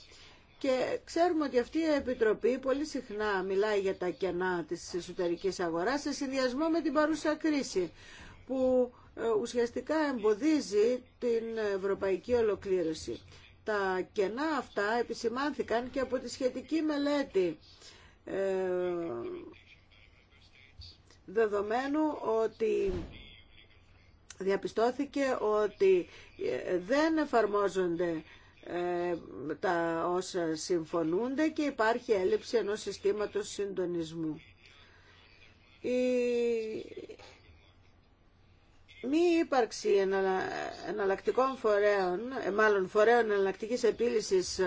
S1: και ξέρουμε ότι αυτή η Επιτροπή πολύ συχνά μιλάει για τα κενά της εσωτερικής αγοράς σε συνδυασμό με την παρούσα κρίση που ε, ουσιαστικά εμποδίζει την ευρωπαϊκή ολοκλήρωση. Τα κενά αυτά επισημάνθηκαν και από τη σχετική μελέτη ε, δεδομένου ότι διαπιστώθηκε ότι ε, δεν εφαρμόζονται ε, τα όσα συμφωνούνται και υπάρχει έλλειψη ενός συστήματος συντονισμού. Η μη ύπαρξη εναλλακτικών φορέων, ε, μάλλον φορέων εναλλακτικής επίλυσης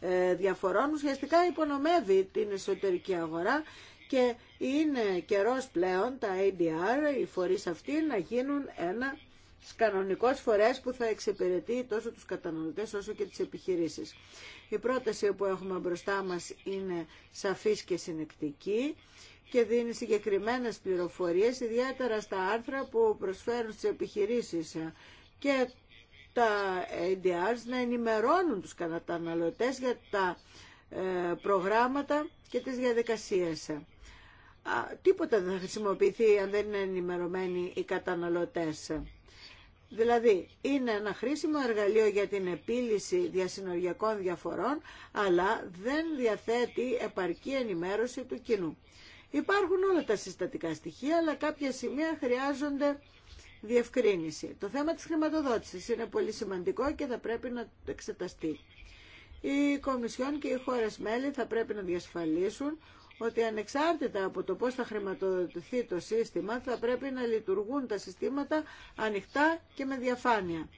S1: ε, διαφορών, ουσιαστικά υπονομεύει την εσωτερική αγορά και είναι καιρός πλέον τα ADR, οι φορείς αυτοί, να γίνουν ένα στις κανονικές φορές που θα εξυπηρετεί τόσο τους καταναλωτές όσο και τις επιχειρήσεις. Η πρόταση που έχουμε μπροστά μας είναι σαφής και συνεκτική και δίνει συγκεκριμένες πληροφορίες, ιδιαίτερα στα άρθρα που προσφέρουν στις επιχειρήσεις και τα ADRs να ενημερώνουν τους καταναλωτές για τα ε, προγράμματα και τις διαδικασίες. Τίποτα δεν θα χρησιμοποιηθεί αν δεν είναι ενημερωμένοι οι καταναλωτές. Δηλαδή, είναι ένα χρήσιμο εργαλείο για την επίλυση διασυνοριακών διαφορών, αλλά δεν διαθέτει επαρκή ενημέρωση του κοινού. Υπάρχουν όλα τα συστατικά στοιχεία, αλλά κάποια σημεία χρειάζονται διευκρίνηση. Το θέμα της χρηματοδότησης είναι πολύ σημαντικό και θα πρέπει να εξεταστεί. Οι Κομισιόν και οι χώρες μέλη θα πρέπει να διασφαλίσουν ότι ανεξάρτητα από το πώς θα χρηματοδοτηθεί το σύστημα θα πρέπει να λειτουργούν τα συστήματα ανοιχτά και με διαφάνεια.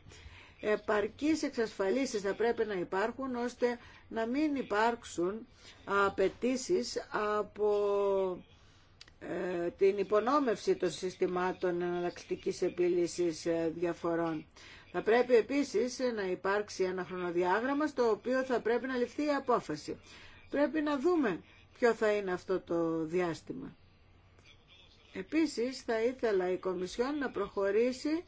S1: Επαρκείς εξασφαλίσεις θα πρέπει να υπάρχουν ώστε να μην υπάρξουν απαιτήσει από ε, την υπονόμευση των συστημάτων εναλλακτική επίλυσης ε, διαφορών. Θα πρέπει επίσης να υπάρξει ένα χρονοδιάγραμμα στο οποίο θα πρέπει να ληφθεί η απόφαση. Πρέπει να δούμε ποιο θα είναι αυτό το διάστημα. Επίσης θα ήθελα η Κομισιόν να προχωρήσει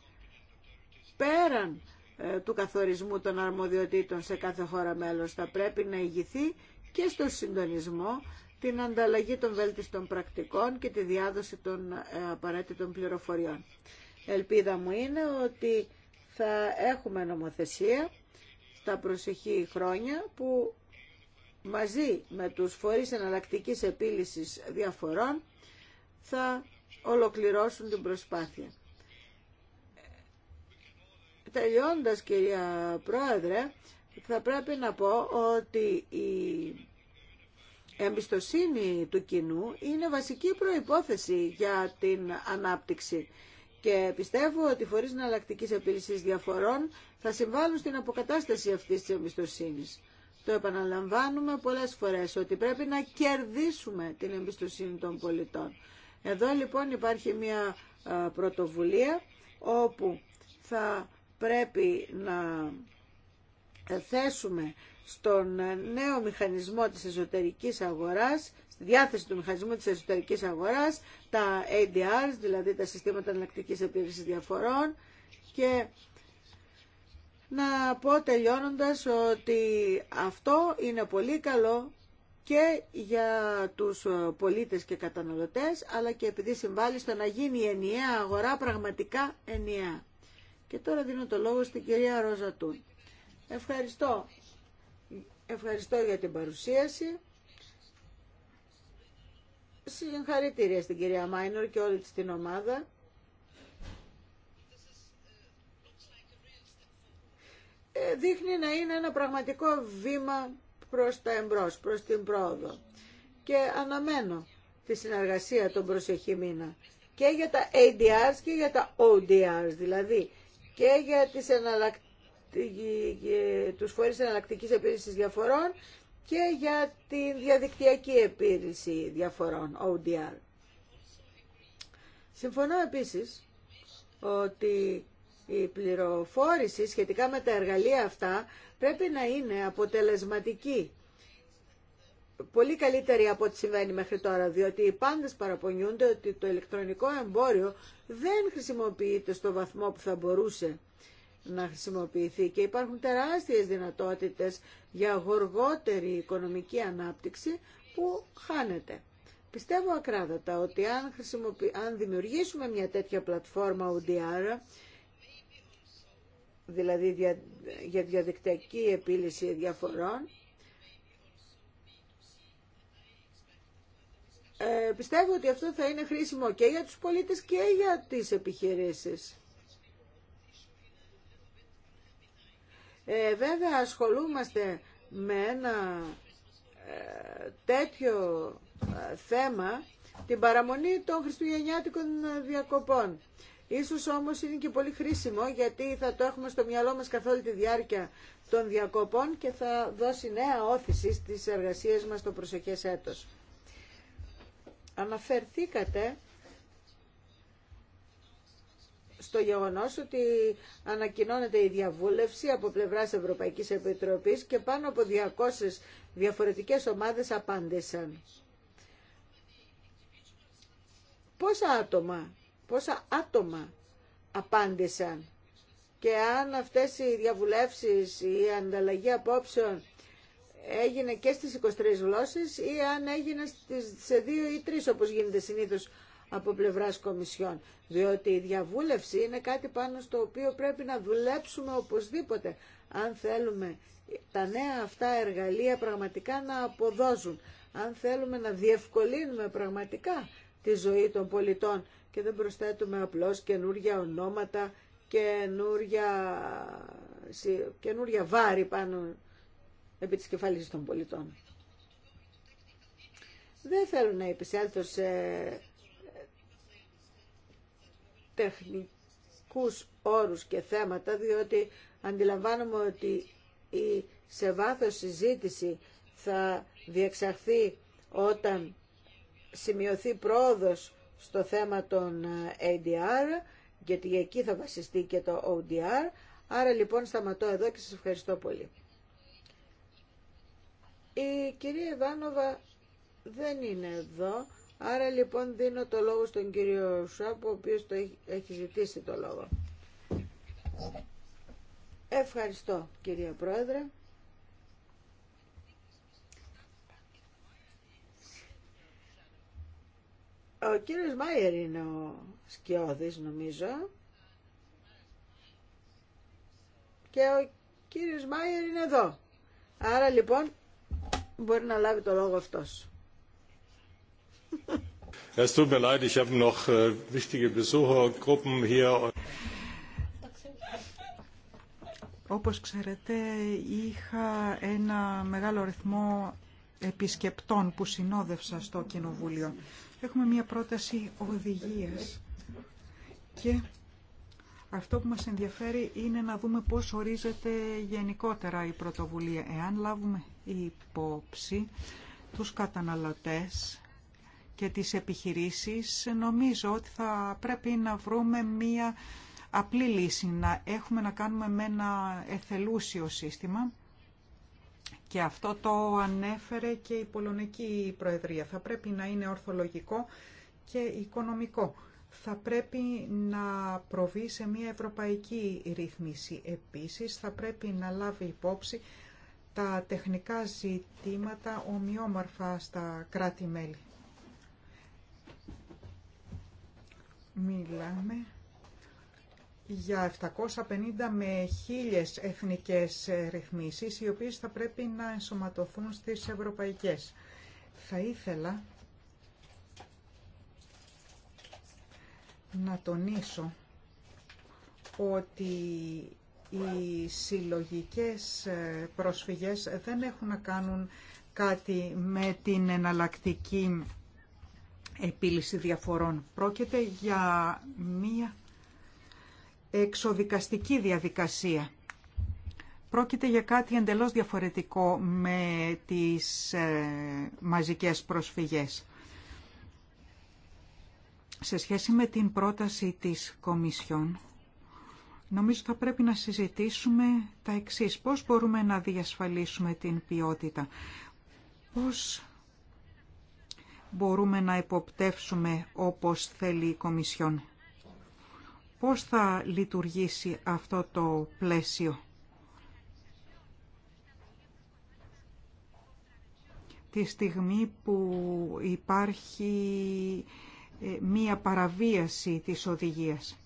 S1: πέραν ε, του καθορισμού των αρμοδιοτήτων σε κάθε χώρα μέλος. Θα πρέπει να ηγηθεί και στο συντονισμό την ανταλλαγή των βέλτιστων πρακτικών και τη διάδοση των ε, απαραίτητων πληροφοριών. Ελπίδα μου είναι ότι θα έχουμε νομοθεσία στα προσεχή χρόνια που μαζί με τους φορείς εναλλακτικής επίλυσης διαφορών θα ολοκληρώσουν την προσπάθεια. Τελειώντας κυρία Πρόεδρε, θα πρέπει να πω ότι η εμπιστοσύνη του κοινού είναι βασική προϋπόθεση για την ανάπτυξη και πιστεύω ότι φορείς εναλλακτικής επίλυσης διαφορών θα συμβάλλουν στην αποκατάσταση αυτής της εμπιστοσύνης. Το επαναλαμβάνουμε πολλές φορές ότι πρέπει να κερδίσουμε την εμπιστοσύνη των πολιτών. Εδώ λοιπόν υπάρχει μια πρωτοβουλία όπου θα πρέπει να ε, θέσουμε στον ε, νέο μηχανισμό της εσωτερικής αγοράς, στη διάθεση του μηχανισμού της εσωτερικής αγοράς, τα ADRs, δηλαδή τα συστήματα εναλλακτικής επίρρησης διαφορών και να πω τελειώνοντας ότι αυτό είναι πολύ καλό και για τους πολίτες και καταναλωτές, αλλά και επειδή συμβάλλει στο να γίνει η ενιαία αγορά πραγματικά ενιαία. Και τώρα δίνω το λόγο στην κυρία Ροζατούν. Ευχαριστώ. Ευχαριστώ για την παρουσίαση. Συγχαρητήρια στην κυρία Μάινορ και όλη της την ομάδα. Ε, δείχνει να είναι ένα πραγματικό βήμα προς τα εμπρός, προς την πρόοδο. Και αναμένω τη συνεργασία των προσεχή μήνα και για τα ADRs και για τα ODRs, δηλαδή και για τις εναλλακτικές ε, τους φορείς εναλλακτικής επίρρησης διαφορών και για τη διαδικτυακή επίρρηση διαφορών, ODR. Συμφωνώ επίσης ότι η πληροφόρηση σχετικά με τα εργαλεία αυτά πρέπει να είναι αποτελεσματική. Πολύ καλύτερη από ό,τι συμβαίνει μέχρι τώρα, διότι οι πάντες παραπονιούνται ότι το ηλεκτρονικό εμπόριο δεν χρησιμοποιείται στο βαθμό που θα μπορούσε να χρησιμοποιηθεί και υπάρχουν τεράστιες δυνατότητες για γοργότερη οικονομική ανάπτυξη που χάνεται. Πιστεύω ακράδατα ότι αν, αν δημιουργήσουμε μια τέτοια πλατφόρμα ODR, δηλαδή για διαδικτυακή επίλυση διαφορών. Ε, πιστεύω ότι αυτό θα είναι χρήσιμο και για τους πολίτες και για τις επιχειρήσεις. Ε, βέβαια ασχολούμαστε με ένα ε, τέτοιο ε, θέμα την παραμονή των χριστουγεννιάτικων διακοπών. Ίσως όμως είναι και πολύ χρήσιμο γιατί θα το έχουμε στο μυαλό μας καθ' όλη τη διάρκεια των διακοπών και θα δώσει νέα όθηση στις εργασίες μας το προσεχές έτος. Αναφερθήκατε στο γεγονός ότι ανακοινώνεται η διαβούλευση από πλευράς Ευρωπαϊκής Επιτροπής και πάνω από 200 διαφορετικές ομάδες απάντησαν. Πόσα άτομα πόσα άτομα απάντησαν και αν αυτές οι διαβουλεύσεις, η ανταλλαγή απόψεων έγινε και στις 23 γλώσσες ή αν έγινε σε δύο ή τρεις όπως γίνεται συνήθως από πλευράς Κομισιόν. Διότι η διαβούλευση είναι κάτι πάνω στο οποίο πρέπει να δουλέψουμε οπωσδήποτε αν θέλουμε τα νέα κομισιων διοτι η διαβουλευση εργαλεία πραγματικά να αποδώσουν, αν θέλουμε να διευκολύνουμε πραγματικά τη ζωή των πολιτών και δεν προσθέτουμε απλώς καινούργια ονόματα, καινούργια, καινούργια βάρη πάνω επί της κεφαλής των πολιτών. Δεν θέλω να επισέλθω σε τεχνικούς όρους και θέματα, διότι αντιλαμβάνομαι ότι η σε βάθος συζήτηση θα διεξαχθεί όταν σημειωθεί πρόοδος στο θέμα των ε, ADR, γιατί εκεί θα βασιστεί και το ODR. Άρα λοιπόν σταματώ εδώ και σας ευχαριστώ πολύ. Η κυρία Ιβάνοβα δεν είναι εδώ, άρα λοιπόν δίνω το λόγο στον κύριο Σάπο, ο οποίος το έχει ζητήσει το λόγο. Ευχαριστώ κυρία Πρόεδρε. Ο κύριος Μάιερ είναι ο σκιώδης νομίζω. Και ο κύριος Μάιερ είναι εδώ. Άρα λοιπόν μπορεί να λάβει το λόγο αυτός.
S2: Es tut mir leid, ich habe noch äh, wichtige Besuchergruppen hier.
S4: Όπως ξέρετε, είχα ένα μεγάλο ρυθμό επισκεπτών που συνόδευσα στο Κοινοβούλιο. Έχουμε μία πρόταση οδηγίας και αυτό που μας ενδιαφέρει είναι να δούμε πώς ορίζεται γενικότερα η πρωτοβουλία. Εάν λάβουμε υπόψη τους καταναλωτές και τις επιχειρήσεις, νομίζω ότι θα πρέπει να βρούμε μία απλή λύση, να έχουμε να κάνουμε με ένα εθελούσιο σύστημα και αυτό το ανέφερε και η Πολωνική Προεδρία. Θα πρέπει να είναι ορθολογικό και οικονομικό. Θα πρέπει να προβεί σε μια ευρωπαϊκή ρύθμιση. Επίσης, θα πρέπει να λάβει υπόψη τα τεχνικά ζητήματα ομοιόμορφα στα κράτη-μέλη. Μιλάμε για 750 με 1000 εθνικές ρυθμίσεις, οι οποίες θα πρέπει να ενσωματωθούν στις ευρωπαϊκές. Θα ήθελα να τονίσω ότι οι συλλογικές προσφυγές δεν έχουν να κάνουν κάτι με την εναλλακτική επίλυση διαφορών. Πρόκειται για μία εξοδικαστική διαδικασία. Πρόκειται για κάτι εντελώς διαφορετικό με τις ε, μαζικές προσφυγές. Σε σχέση με την πρόταση της Κομισιόν, νομίζω θα πρέπει να συζητήσουμε τα εξής. Πώς μπορούμε να διασφαλίσουμε την ποιότητα. Πώς μπορούμε να υποπτεύσουμε όπως θέλει η Κομισιόν. Πώς θα λειτουργήσει αυτό το πλαίσιο. Τη στιγμή που υπάρχει ε, μία παραβίαση της οδηγίας.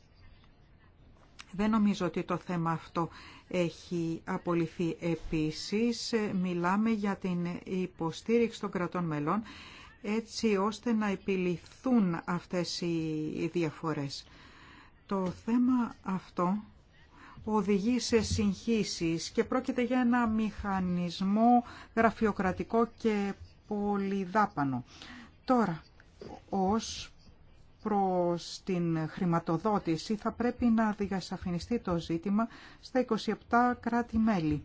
S4: Δεν νομίζω ότι το θέμα αυτό έχει απολυθεί. Επίσης, ε, μιλάμε για την υποστήριξη των κρατών μελών, έτσι ώστε να επιληθούν αυτές οι διαφορές. Το θέμα αυτό οδηγεί σε συγχύσεις και πρόκειται για ένα μηχανισμό γραφειοκρατικό και πολυδάπανο. Τώρα, ως προς την χρηματοδότηση θα πρέπει να διασαφινιστεί το ζήτημα στα 27 κράτη-μέλη.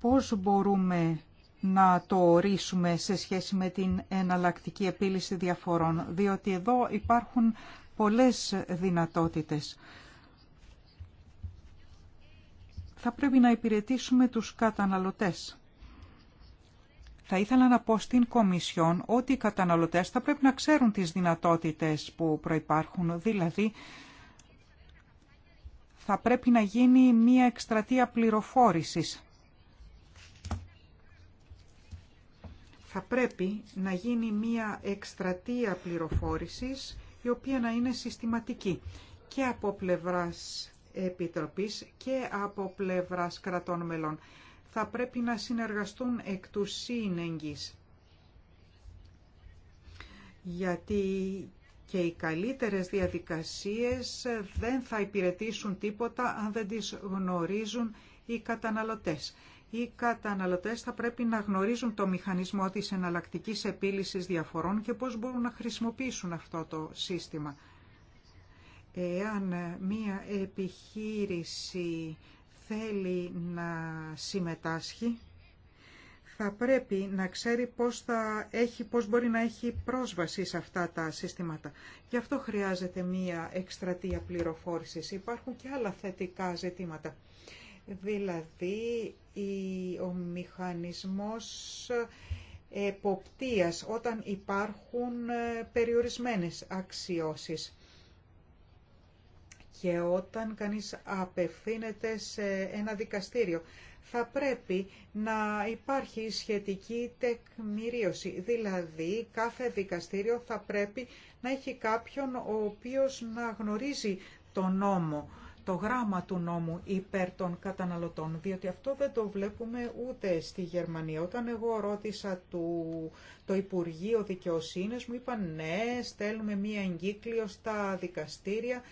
S4: Πώς μπορούμε να το ορίσουμε σε σχέση με την εναλλακτική επίλυση διαφορών, διότι εδώ υπάρχουν πολλές δυνατότητες. Θα πρέπει να υπηρετήσουμε τους καταναλωτές. Θα ήθελα να πω στην Κομισιόν ότι οι καταναλωτές θα πρέπει να ξέρουν τις δυνατότητες που προϋπάρχουν, δηλαδή θα πρέπει να γίνει μία εκστρατεία πληροφόρησης θα πρέπει να γίνει μία εκστρατεία πληροφόρησης η οποία να είναι συστηματική και από πλευράς Επιτροπής και από πλευράς κρατών μελών. Θα πρέπει να συνεργαστούν εκ του Γιατί και οι καλύτερες διαδικασίες δεν θα υπηρετήσουν τίποτα αν δεν τις γνωρίζουν οι καταναλωτές οι καταναλωτές θα πρέπει να γνωρίζουν το μηχανισμό της εναλλακτική επίλυσης διαφορών και πώς μπορούν να χρησιμοποιήσουν αυτό το σύστημα. Εάν μία επιχείρηση θέλει να συμμετάσχει, θα πρέπει να ξέρει πώς, θα έχει, πώς μπορεί να έχει πρόσβαση σε αυτά τα συστήματα. Γι' αυτό χρειάζεται μία εκστρατεία πληροφόρησης. Υπάρχουν και άλλα θετικά ζητήματα δηλαδή ο μηχανισμός εποπτείας όταν υπάρχουν ε, περιορισμένες αξιώσεις και όταν κανείς απευθύνεται σε ένα δικαστήριο. Θα πρέπει να υπάρχει σχετική τεκμηρίωση, δηλαδή κάθε δικαστήριο θα πρέπει να έχει κάποιον ο οποίος να γνωρίζει τον νόμο το γράμμα του νόμου υπέρ των καταναλωτών, διότι αυτό δεν το βλέπουμε ούτε στη Γερμανία. Όταν εγώ ρώτησα του, το Υπουργείο Δικαιοσύνης μου είπαν ναι, στέλνουμε μία εγκύκλιο στα δικαστήρια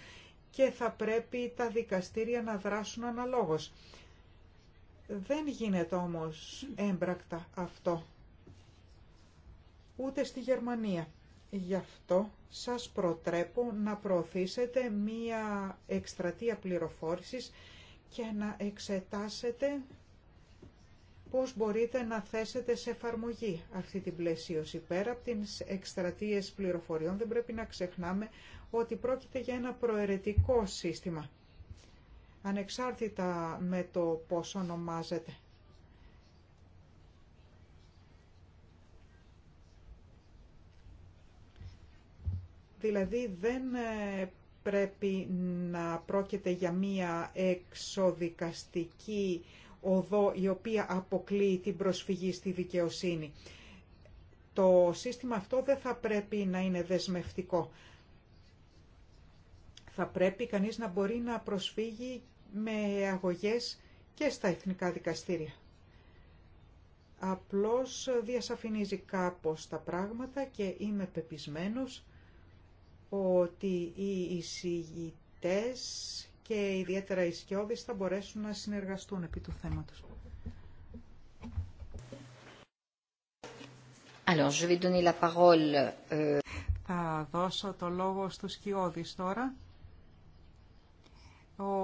S4: και θα πρέπει τα δικαστήρια να δράσουν αναλόγως. Δεν γίνεται όμως έμπρακτα αυτό, ούτε στη Γερμανία. Γι' αυτό σας προτρέπω να προωθήσετε μία εκστρατεία πληροφόρησης και να εξετάσετε πώς μπορείτε να θέσετε σε εφαρμογή αυτή την πλαισίωση. Πέρα από τις εκστρατείες πληροφοριών δεν πρέπει να ξεχνάμε ότι πρόκειται για ένα προαιρετικό σύστημα, ανεξάρτητα με το πώς ονομάζεται. Δηλαδή δεν ε, πρέπει να πρόκειται για μία εξοδικαστική οδό η οποία αποκλείει την προσφυγή στη δικαιοσύνη. Το σύστημα αυτό δεν θα πρέπει να είναι δεσμευτικό. Θα πρέπει κανείς να μπορεί να προσφύγει με αγωγές και στα εθνικά δικαστήρια. Απλώς διασαφηνίζει κάπως τα πράγματα και είμαι πεπισμένος ότι οι εισηγητές και ιδιαίτερα οι σκιώδεις θα μπορέσουν να συνεργαστούν επί του θέματος.
S3: Alors, je vais donner la euh,
S4: Θα δώσω το λόγο στους σκιώδεις τώρα. Ο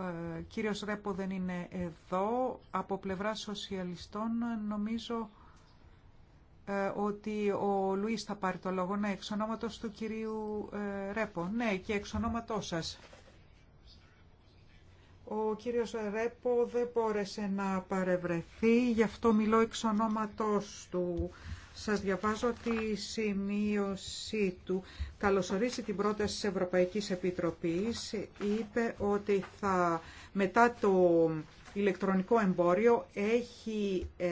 S4: ε, κύριος Ρέπο δεν είναι εδώ. Από πλευρά σοσιαλιστών νομίζω ε, ότι ο Λουίς θα πάρει το λόγο. Ναι, εξ του κυρίου ε, Ρέπο. Ναι, και εξ ονόματός σας. Ο κύριος Ρέπο δεν μπόρεσε να παρευρεθεί, γι' αυτό μιλώ εξ ονόματός του. Σας διαβάζω τη σημείωσή του. Καλωσορίσει την πρόταση της Ευρωπαϊκής Επιτροπής. Είπε ότι θα, μετά το ηλεκτρονικό εμπόριο, έχει ε,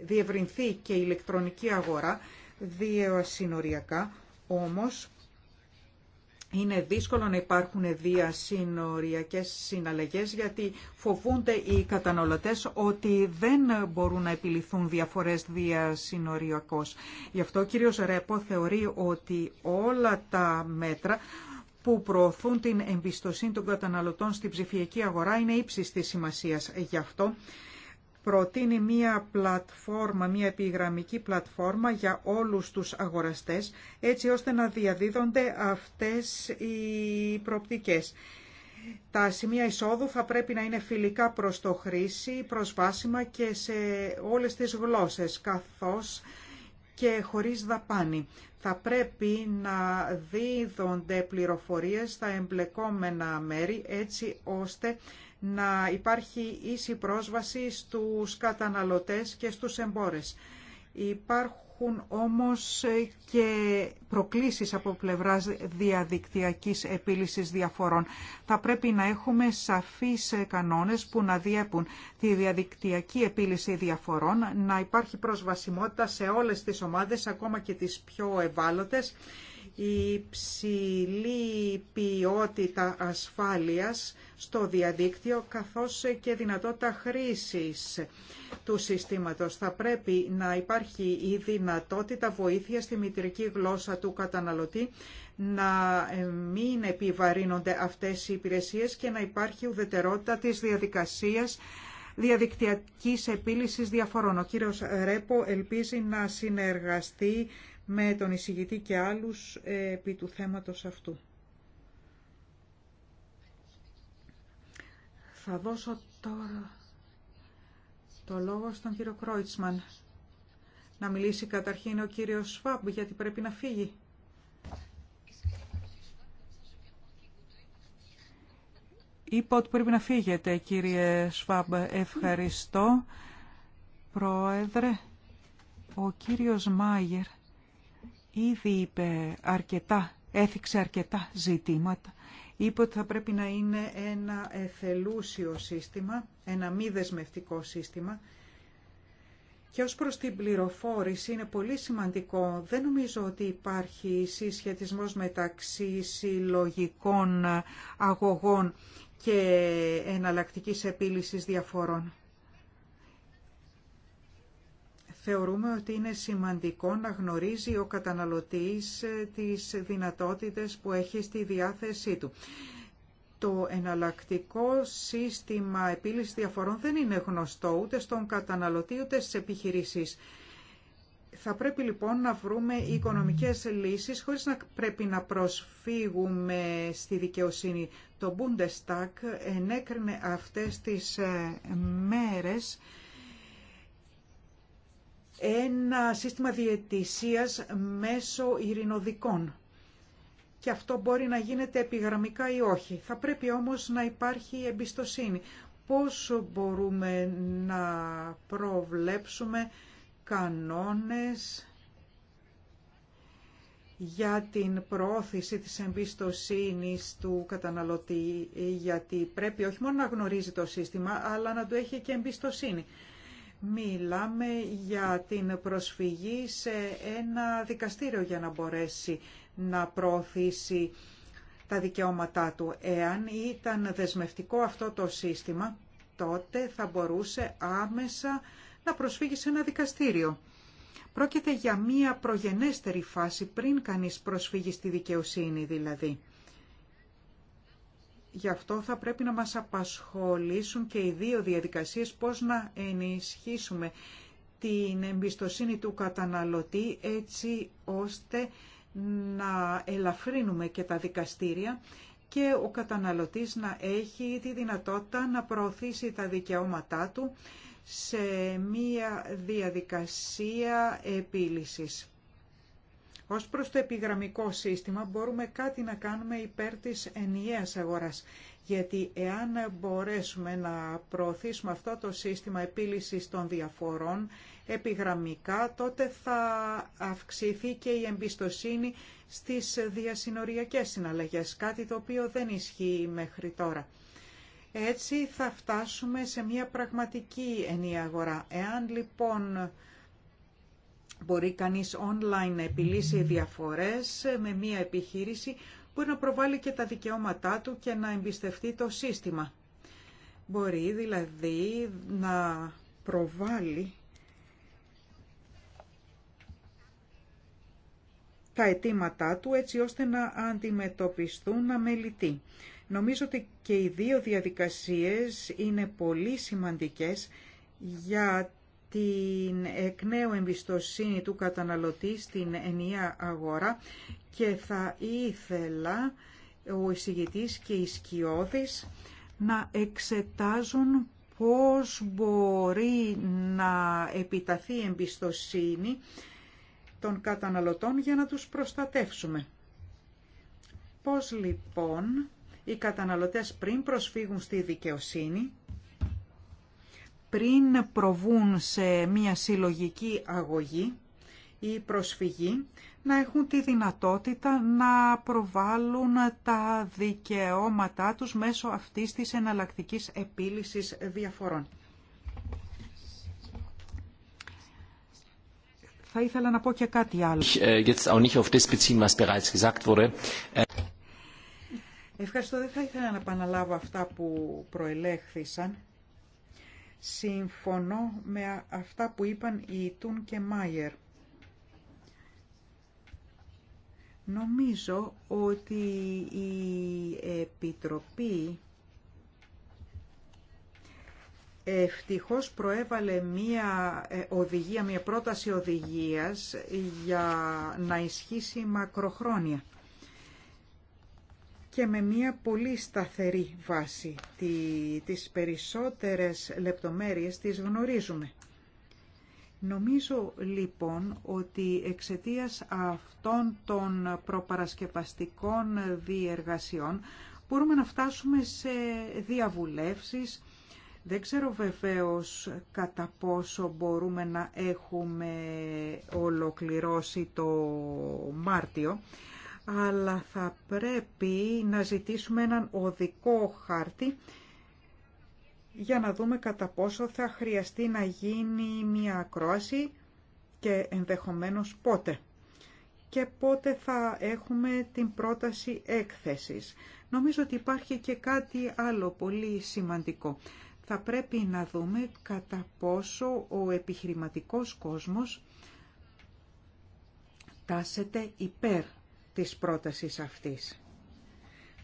S4: διευρυνθεί και η ηλεκτρονική αγορά διασυνοριακά, όμως είναι δύσκολο να υπάρχουν διασυνοριακές συναλλαγές γιατί φοβούνται οι καταναλωτές ότι δεν μπορούν να επιληθούν διαφορές διασυνοριακώς. Γι' αυτό ο κύριος Ρέπο θεωρεί ότι όλα τα μέτρα που προωθούν την εμπιστοσύνη των καταναλωτών στην ψηφιακή αγορά είναι ύψης της σημασίας. Γι' αυτό προτείνει μία πλατφόρμα, μία επιγραμμική πλατφόρμα για όλους τους αγοραστές, έτσι ώστε να διαδίδονται αυτές οι προπτικές. Τα σημεία εισόδου θα πρέπει να είναι φιλικά προς το χρήση, προσβάσιμα και σε όλες τις γλώσσες, καθώς και χωρίς δαπάνη θα πρέπει να δίδονται πληροφορίες στα εμπλεκόμενα μέρη έτσι ώστε να υπάρχει ίση πρόσβαση στους καταναλωτές και στους εμπόρες. Υπάρχουν Υπάρχουν όμως και προκλήσεις από πλευράς διαδικτυακής επίλυσης διαφορών. Θα πρέπει να έχουμε σαφείς κανόνες που να διέπουν τη διαδικτυακή επίλυση διαφορών, να υπάρχει προσβασιμότητα σε όλες τις ομάδες, ακόμα και τις πιο ευάλωτες υψηλή ποιότητα ασφάλειας στο διαδίκτυο καθώς και δυνατότητα χρήσης του συστήματος. Θα πρέπει να υπάρχει η δυνατότητα βοήθεια στη μητρική γλώσσα του καταναλωτή να μην επιβαρύνονται αυτές οι υπηρεσίες και να υπάρχει ουδετερότητα της διαδικασίας διαδικτυακής επίλυσης διαφορών. Ο κύριος Ρέπο ελπίζει να συνεργαστεί με τον εισηγητή και άλλους επί του θέματος αυτού. Θα δώσω τώρα το λόγο στον κύριο Κρόιτσμαν. Να μιλήσει καταρχήν ο κύριος Σφάμπ γιατί πρέπει να φύγει. Είπα ότι πρέπει να φύγετε κύριε Σφάμπ. Ευχαριστώ. Πρόεδρε, ο κύριος Μάγερ ήδη είπε αρκετά, έθιξε αρκετά ζητήματα. Είπε ότι θα πρέπει να είναι ένα εθελούσιο σύστημα, ένα μη δεσμευτικό σύστημα. Και ως προς την πληροφόρηση είναι πολύ σημαντικό. Δεν νομίζω ότι υπάρχει συσχετισμός μεταξύ συλλογικών αγωγών και εναλλακτικής επίλυσης διαφορών θεωρούμε ότι είναι σημαντικό να γνωρίζει ο καταναλωτής ε, τις δυνατότητες που έχει στη διάθεσή του. Το εναλλακτικό σύστημα επίλυσης διαφορών δεν είναι γνωστό ούτε στον καταναλωτή ούτε στις επιχειρήσεις. Θα πρέπει λοιπόν να βρούμε οικονομικές λύσεις χωρίς να πρέπει να προσφύγουμε στη δικαιοσύνη. Το Bundestag ενέκρινε αυτές τις ε, μέρες ένα σύστημα διαιτησίας μέσω ειρηνοδικών. Και αυτό μπορεί να γίνεται επιγραμμικά ή όχι. Θα πρέπει όμως να υπάρχει εμπιστοσύνη. Πώς μπορούμε να προβλέψουμε κανόνες για την προώθηση της εμπιστοσύνης του καταναλωτή, γιατί πρέπει όχι μόνο να γνωρίζει το σύστημα, αλλά να του έχει και εμπιστοσύνη. Μιλάμε για την προσφυγή σε ένα δικαστήριο για να μπορέσει να προωθήσει τα δικαιώματά του. Εάν ήταν δεσμευτικό αυτό το σύστημα, τότε θα μπορούσε άμεσα να προσφύγει σε ένα δικαστήριο. Πρόκειται για μία προγενέστερη φάση πριν κανείς προσφύγει στη δικαιοσύνη δηλαδή. Γι' αυτό θα πρέπει να μας απασχολήσουν και οι δύο διαδικασίες πώς να ενισχύσουμε την εμπιστοσύνη του καταναλωτή έτσι ώστε να ελαφρύνουμε και τα δικαστήρια και ο καταναλωτής να έχει τη δυνατότητα να προωθήσει τα δικαιώματά του σε μία διαδικασία επίλυσης. Ως προς το επιγραμμικό σύστημα μπορούμε κάτι να κάνουμε υπέρ της ενιαίας αγοράς. Γιατί εάν μπορέσουμε να προωθήσουμε αυτό το σύστημα επίλυσης των διαφορών επιγραμμικά, τότε θα αυξηθεί και η εμπιστοσύνη στις διασυνοριακές συναλλαγές, κάτι το οποίο δεν ισχύει μέχρι τώρα. Έτσι θα φτάσουμε σε μια πραγματική ενιαία αγορά. Εάν λοιπόν Μπορεί κανείς online να επιλύσει διαφορές με μία επιχείρηση, που να προβάλλει και τα δικαιώματά του και να εμπιστευτεί το σύστημα. Μπορεί δηλαδή να προβάλλει τα αιτήματά του έτσι ώστε να αντιμετωπιστούν αμελητοί. Νομίζω ότι και οι δύο διαδικασίες είναι πολύ σημαντικές για την εκ νέου εμπιστοσύνη του καταναλωτή στην ενιαία αγορά και θα ήθελα ο εισηγητής και οι σκιώδεις να εξετάζουν πώς μπορεί να επιταθεί η εμπιστοσύνη των καταναλωτών για να τους προστατεύσουμε. Πώς λοιπόν οι καταναλωτές πριν προσφύγουν στη δικαιοσύνη πριν προβούν σε μια συλλογική αγωγή ή προσφυγή, να έχουν τη δυνατότητα να προβάλλουν τα δικαιώματά τους μέσω αυτής της εναλλακτικής επίλυσης διαφορών. Θα ήθελα να πω και κάτι άλλο. Ευχαριστώ. Δεν θα ήθελα να επαναλάβω αυτά που προελέχθησαν. Συμφωνώ με αυτά που είπαν οι Τούν και Μάιερ. Νομίζω ότι η Επιτροπή ευτυχώς προέβαλε μία ε, οδηγία, μία πρόταση οδηγίας για να ισχύσει μακροχρόνια και με μία πολύ σταθερή βάση. Τι, τις περισσότερες λεπτομέρειες τις γνωρίζουμε. Νομίζω λοιπόν ότι εξαιτίας αυτών των προπαρασκευαστικών διεργασιών μπορούμε να φτάσουμε σε διαβουλεύσεις. Δεν ξέρω βεβαίως κατά πόσο μπορούμε να έχουμε ολοκληρώσει το Μάρτιο, αλλά θα πρέπει να ζητήσουμε έναν οδικό χάρτη για να δούμε κατά πόσο θα χρειαστεί να γίνει μια ακρόαση και ενδεχομένως πότε. Και πότε θα έχουμε την πρόταση έκθεσης. Νομίζω ότι υπάρχει και κάτι άλλο πολύ σημαντικό. Θα πρέπει να δούμε κατά πόσο ο επιχειρηματικός κόσμος τάσεται υπέρ της πρότασης αυτής.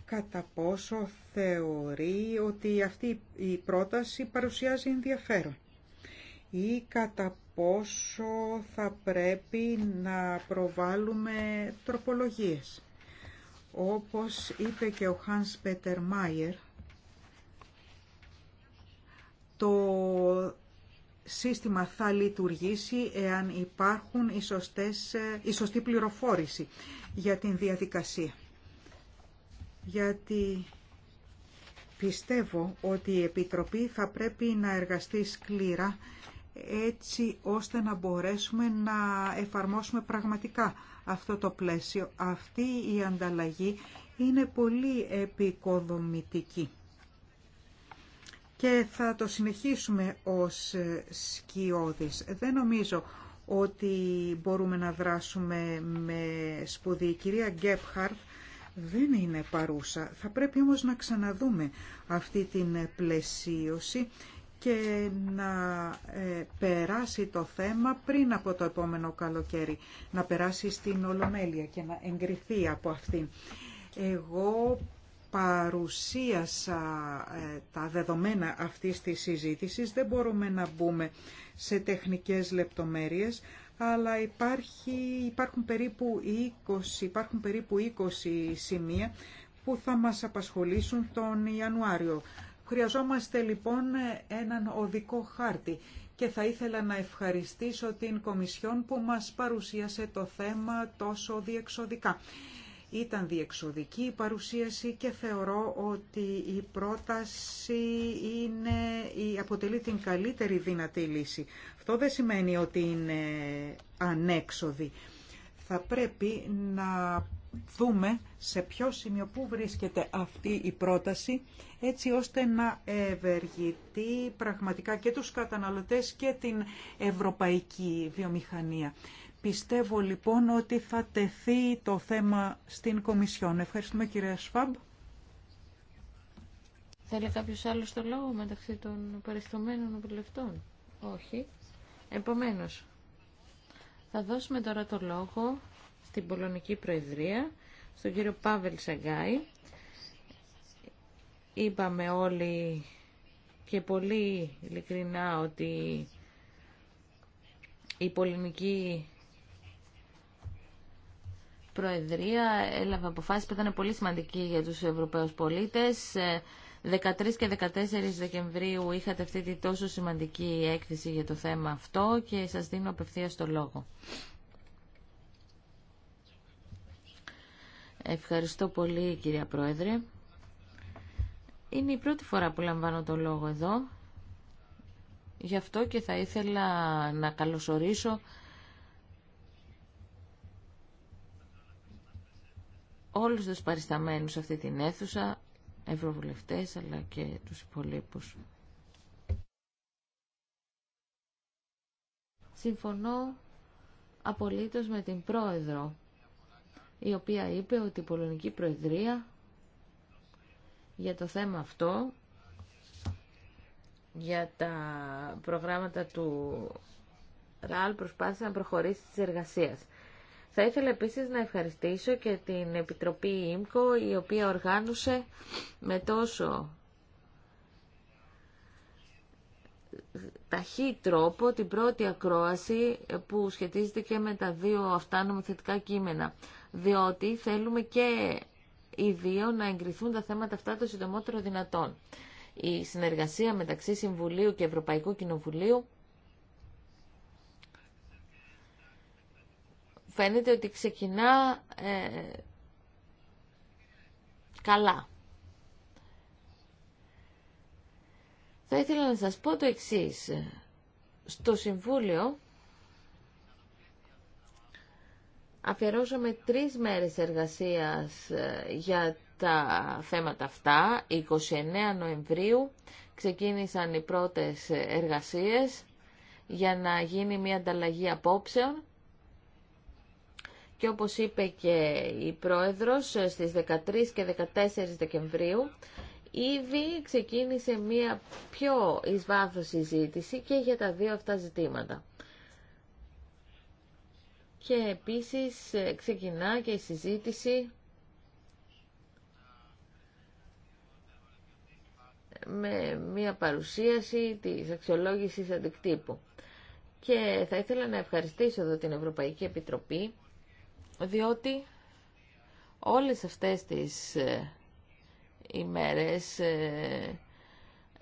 S4: Κατά πόσο θεωρεί ότι αυτή η πρόταση παρουσιάζει ενδιαφέρον ή κατά πόσο θα πρέπει να προβάλλουμε τροπολογίες. Όπως είπε και ο Hans Peter Mayer, το σύστημα θα λειτουργήσει εάν υπάρχουν οι σωστές, η σωστή πληροφόρηση για την διαδικασία. Γιατί πιστεύω ότι η Επιτροπή θα πρέπει να εργαστεί σκλήρα έτσι ώστε να μπορέσουμε να εφαρμόσουμε πραγματικά αυτό το πλαίσιο. Αυτή η ανταλλαγή είναι πολύ επικοδομητική και θα το συνεχίσουμε ως σκιώδης. Δεν νομίζω ότι μπορούμε να δράσουμε με σπουδή. Η κυρία Γκέπχαρτ δεν είναι παρούσα. Θα πρέπει όμως να ξαναδούμε αυτή την πλαισίωση και να ε, περάσει το θέμα πριν από το επόμενο καλοκαίρι. Να περάσει στην Ολομέλεια και να εγκριθεί από αυτήν. Εγώ παρουσίασα ε, τα δεδομένα αυτής της συζήτησης. Δεν μπορούμε να μπούμε σε τεχνικές λεπτομέρειες, αλλά υπάρχει, υπάρχουν, περίπου 20, υπάρχουν περίπου 20 σημεία που θα μας απασχολήσουν τον Ιανουάριο. Χρειαζόμαστε λοιπόν έναν οδικό χάρτη και θα ήθελα να ευχαριστήσω την Κομισιόν που μας παρουσίασε το θέμα τόσο διεξοδικά. Ήταν διεξοδική η παρουσίαση και θεωρώ ότι η πρόταση είναι, η αποτελεί την καλύτερη δυνατή λύση. Αυτό δεν σημαίνει ότι είναι ανέξοδη. Θα πρέπει να δούμε σε ποιο σημείο που βρίσκεται αυτή η πρόταση έτσι ώστε να ευεργητεί πραγματικά και τους καταναλωτές και την ευρωπαϊκή βιομηχανία. Πιστεύω λοιπόν ότι θα τεθεί το θέμα στην Κομισιόν. Ευχαριστούμε κυρία Σφαμπ.
S2: Θέλει κάποιο άλλο το λόγο μεταξύ των παρεστομένων βουλευτών. Όχι. Επομένω. θα δώσουμε τώρα το λόγο στην Πολωνική Προεδρία, στον κύριο Πάβελ Σαγκάη. Είπαμε όλοι και πολύ ειλικρινά ότι η Πολωνική Προεδρία έλαβα αποφάσεις που ήταν πολύ σημαντική για τους Ευρωπαίους πολίτες. 13 ε, και 14 Δεκεμβρίου είχατε αυτή τη τόσο σημαντική έκθεση για το θέμα αυτό και σας δίνω απευθεία το λόγο. Ευχαριστώ πολύ κυρία Πρόεδρε. Είναι η πρώτη φορά που λαμβάνω το λόγο εδώ. Γι' αυτό και θα ήθελα να καλωσορίσω όλους τους παρισταμένους σε αυτή την αίθουσα, ευρωβουλευτές αλλά και τους υπολείπους. Συμφωνώ απολύτως με την πρόεδρο, η οποία είπε ότι η Πολωνική Προεδρία για το θέμα αυτό, για τα προγράμματα του ΡΑΛ προσπάθησε να προχωρήσει τις εργασίες. Θα ήθελα επίσης να ευχαριστήσω και την Επιτροπή ΙΜΚΟ, η οποία οργάνωσε με τόσο ταχύ τρόπο την πρώτη ακρόαση που σχετίζεται και με τα δύο αυτά νομοθετικά κείμενα. Διότι θέλουμε και οι δύο να εγκριθούν τα θέματα αυτά το συντομότερο δυνατόν. Η συνεργασία μεταξύ Συμβουλίου και Ευρωπαϊκού Κοινοβουλίου φαίνεται ότι ξεκινά ε, καλά. Θα ήθελα να σας πω το εξής. Στο Συμβούλιο αφιερώσαμε τρεις μέρες εργασίας ε, για τα θέματα αυτά. 29 Νοεμβρίου ξεκίνησαν οι πρώτες εργασίες για να γίνει μια ανταλλαγή απόψεων και όπως είπε και η Πρόεδρος στις 13 και 14 Δεκεμβρίου ήδη ξεκίνησε μία πιο εις βάθος συζήτηση και για τα δύο αυτά ζητήματα. Και επίσης ε, ξεκινά και η συζήτηση με μία παρουσίαση της αξιολόγησης αντικτύπου. Και θα ήθελα να ευχαριστήσω εδώ την Ευρωπαϊκή Επιτροπή διότι όλες αυτές τις ε, ημέρες ε,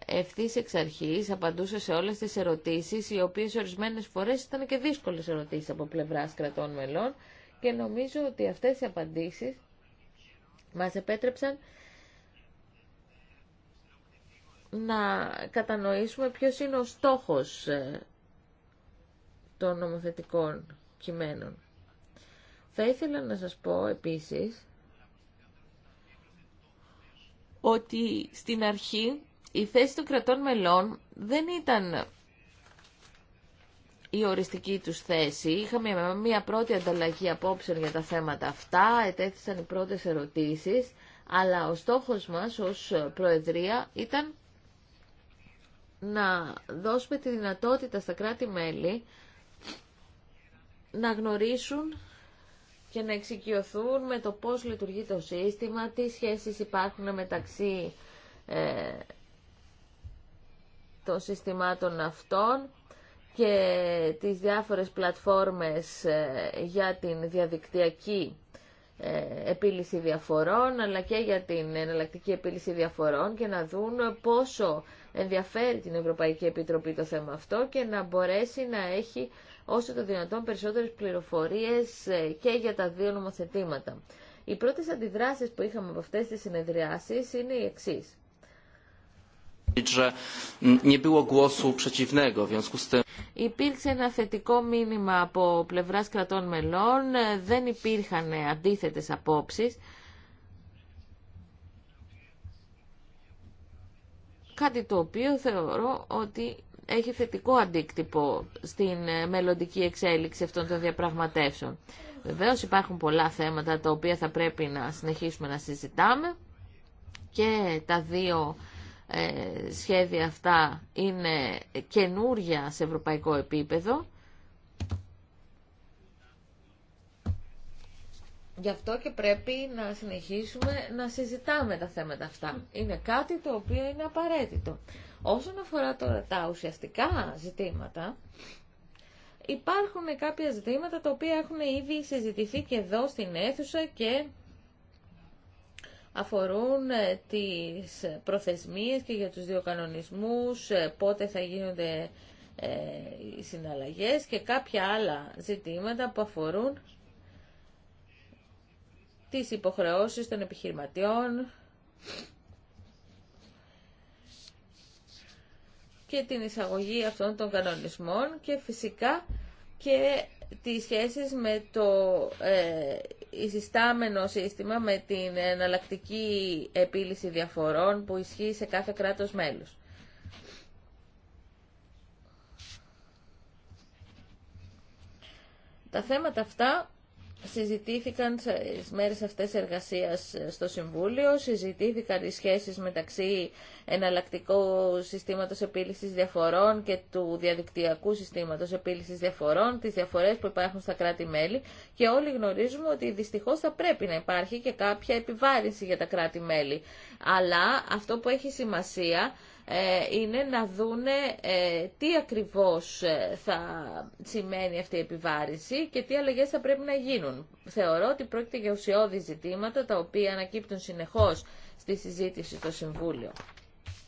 S2: ευθύς εξ αρχής απαντούσε σε όλες τις ερωτήσεις, οι οποίες ορισμένες φορές ήταν και δύσκολες ερωτήσεις από πλευράς κρατών μελών και νομίζω ότι αυτές οι απαντήσεις μας επέτρεψαν να κατανοήσουμε ποιος είναι ο στόχος ε, των νομοθετικών κειμένων. Θα ήθελα να σας πω επίσης ότι στην αρχή η θέση των κρατών μελών δεν ήταν η οριστική τους θέση. Είχαμε μια πρώτη ανταλλαγή απόψεων για τα θέματα αυτά, ετέθησαν οι πρώτες ερωτήσεις, αλλά ο στόχος μας ως Προεδρία ήταν να δώσουμε τη δυνατότητα στα κράτη-μέλη να γνωρίσουν και να εξοικειωθούν με το πώς λειτουργεί το σύστημα, τι σχέσεις υπάρχουν μεταξύ ε, των συστημάτων αυτών και τις διάφορες πλατφόρμες ε, για την διαδικτυακή ε, επίλυση διαφορών αλλά και για την εναλλακτική επίλυση διαφορών και να δουν πόσο ενδιαφέρει την Ευρωπαϊκή Επιτροπή το θέμα αυτό και να μπορέσει να έχει όσο το δυνατόν περισσότερες πληροφορίες ε, και για τα δύο νομοθετήματα. Οι πρώτες αντιδράσεις που είχαμε από αυτές τις συνεδριάσεις είναι οι εξής. Mm, Υπήρξε ένα θετικό μήνυμα από πλευράς κρατών μελών, ε, δεν υπήρχαν αντίθετες απόψεις. Κάτι το οποίο θεωρώ ότι έχει θετικό αντίκτυπο στην ε, μελλοντική εξέλιξη αυτών των διαπραγματεύσεων. Βεβαίω υπάρχουν πολλά θέματα τα οποία θα πρέπει να συνεχίσουμε να συζητάμε και τα δύο ε, σχέδια αυτά είναι καινούρια σε ευρωπαϊκό επίπεδο. Γι' αυτό και πρέπει να συνεχίσουμε να συζητάμε τα θέματα αυτά. Είναι κάτι το οποίο είναι απαραίτητο. Όσον αφορά τώρα τα ουσιαστικά ζητήματα, υπάρχουν κάποια ζητήματα τα οποία έχουν ήδη συζητηθεί και εδώ στην αίθουσα και αφορούν ε, τις προθεσμίες και για τους δύο κανονισμούς, ε, πότε θα γίνονται ε, οι συναλλαγές και κάποια άλλα ζητήματα που αφορούν τις υποχρεώσεις των επιχειρηματιών και την εισαγωγή αυτών των κανονισμών και φυσικά και τις σχέσεις με το ε, σύστημα με την εναλλακτική επίλυση διαφορών που ισχύει σε κάθε κράτος μέλος. Τα θέματα αυτά Συζητήθηκαν στις μέρες αυτές εργασίας στο Συμβούλιο, συζητήθηκαν οι σχέσεις μεταξύ εναλλακτικού συστήματος επίλυσης διαφορών και του διαδικτυακού συστήματος επίλυσης διαφορών, τις διαφορές που υπάρχουν στα κράτη-μέλη και όλοι γνωρίζουμε ότι δυστυχώς θα πρέπει να υπάρχει και κάποια επιβάρυνση για τα κράτη-μέλη. Αλλά αυτό που έχει σημασία ε, είναι να δούνε ε, τι ακριβώς ε, θα σημαίνει αυτή η επιβάρηση και τι αλλαγές θα πρέπει να γίνουν. Θεωρώ ότι πρόκειται για ουσιώδη ζητήματα τα οποία ανακύπτουν συνεχώς στη συζήτηση στο Συμβούλιο.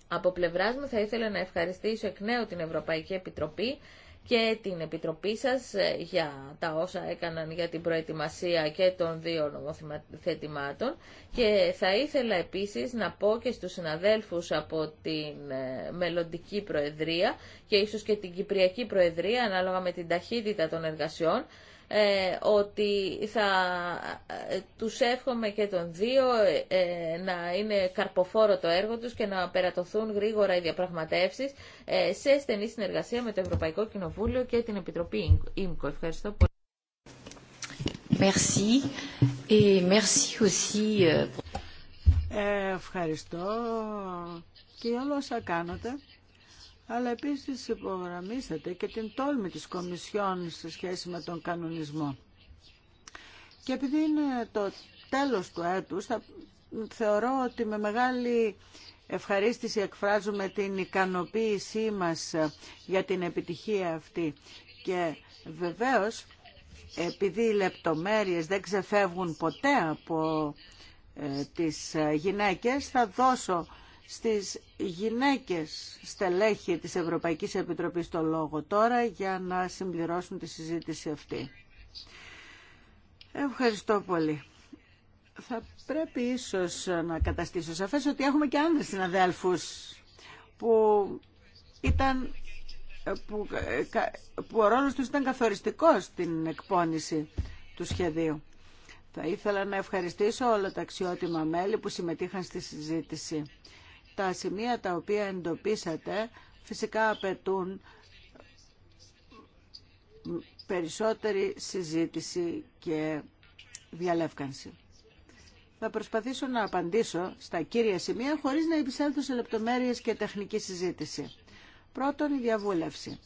S2: Από πλευράς μου θα ήθελα να ευχαριστήσω εκ νέου την Ευρωπαϊκή Επιτροπή και την Επιτροπή σας ε, για τα όσα έκαναν για την προετοιμασία και των δύο νομοθετημάτων και θα ήθελα επίσης να πω και στους συναδέλφους από την ε, μελλοντική Προεδρία και ίσως και την Κυπριακή Προεδρία ανάλογα με την ταχύτητα των εργασιών ε, ότι θα ε, τους εύχομαι και τον δύο ε, να είναι καρποφόρο το έργο τους και να περατωθούν γρήγορα οι διαπραγματεύσεις σε στενή συνεργασία με το Ευρωπαϊκό Κοινοβούλιο και την Επιτροπή ΙΜΚΟ. Ευχαριστώ πολύ. Merci. Et merci aussi...
S1: Euh, ευχαριστώ και όλα όσα κάνατε αλλά επίσης υπογραμμίσατε και την τόλμη της Κομισιόν σε σχέση με τον κανονισμό. Και επειδή είναι το τέλος του έτους, θα θεωρώ ότι με μεγάλη ευχαρίστηση εκφράζουμε την ικανοποίησή μας ε, για την επιτυχία αυτή. Και βεβαίως, επειδή οι λεπτομέρειες δεν ξεφεύγουν ποτέ από ε, τις ε, γυναίκες, θα δώσω στις γυναίκες στελέχη της Ευρωπαϊκής Επιτροπής το λόγο τώρα για να συμπληρώσουν τη συζήτηση αυτή. Ευχαριστώ πολύ. Θα πρέπει ίσως να καταστήσω σαφές ότι έχουμε και άνδρες συναδέλφους που ήταν που, που ο ρόλος τους ήταν καθοριστικός στην εκπόνηση του σχεδίου. Θα ήθελα να ευχαριστήσω όλα τα αξιότιμα μέλη που συμμετείχαν στη συζήτηση τα σημεία τα οποία εντοπίσατε φυσικά απαιτούν περισσότερη συζήτηση και διαλεύκανση. Θα προσπαθήσω να απαντήσω στα κύρια σημεία χωρίς να επισέλθω σε λεπτομέρειες και τεχνική συζήτηση. Πρώτον, η διαβούλευση.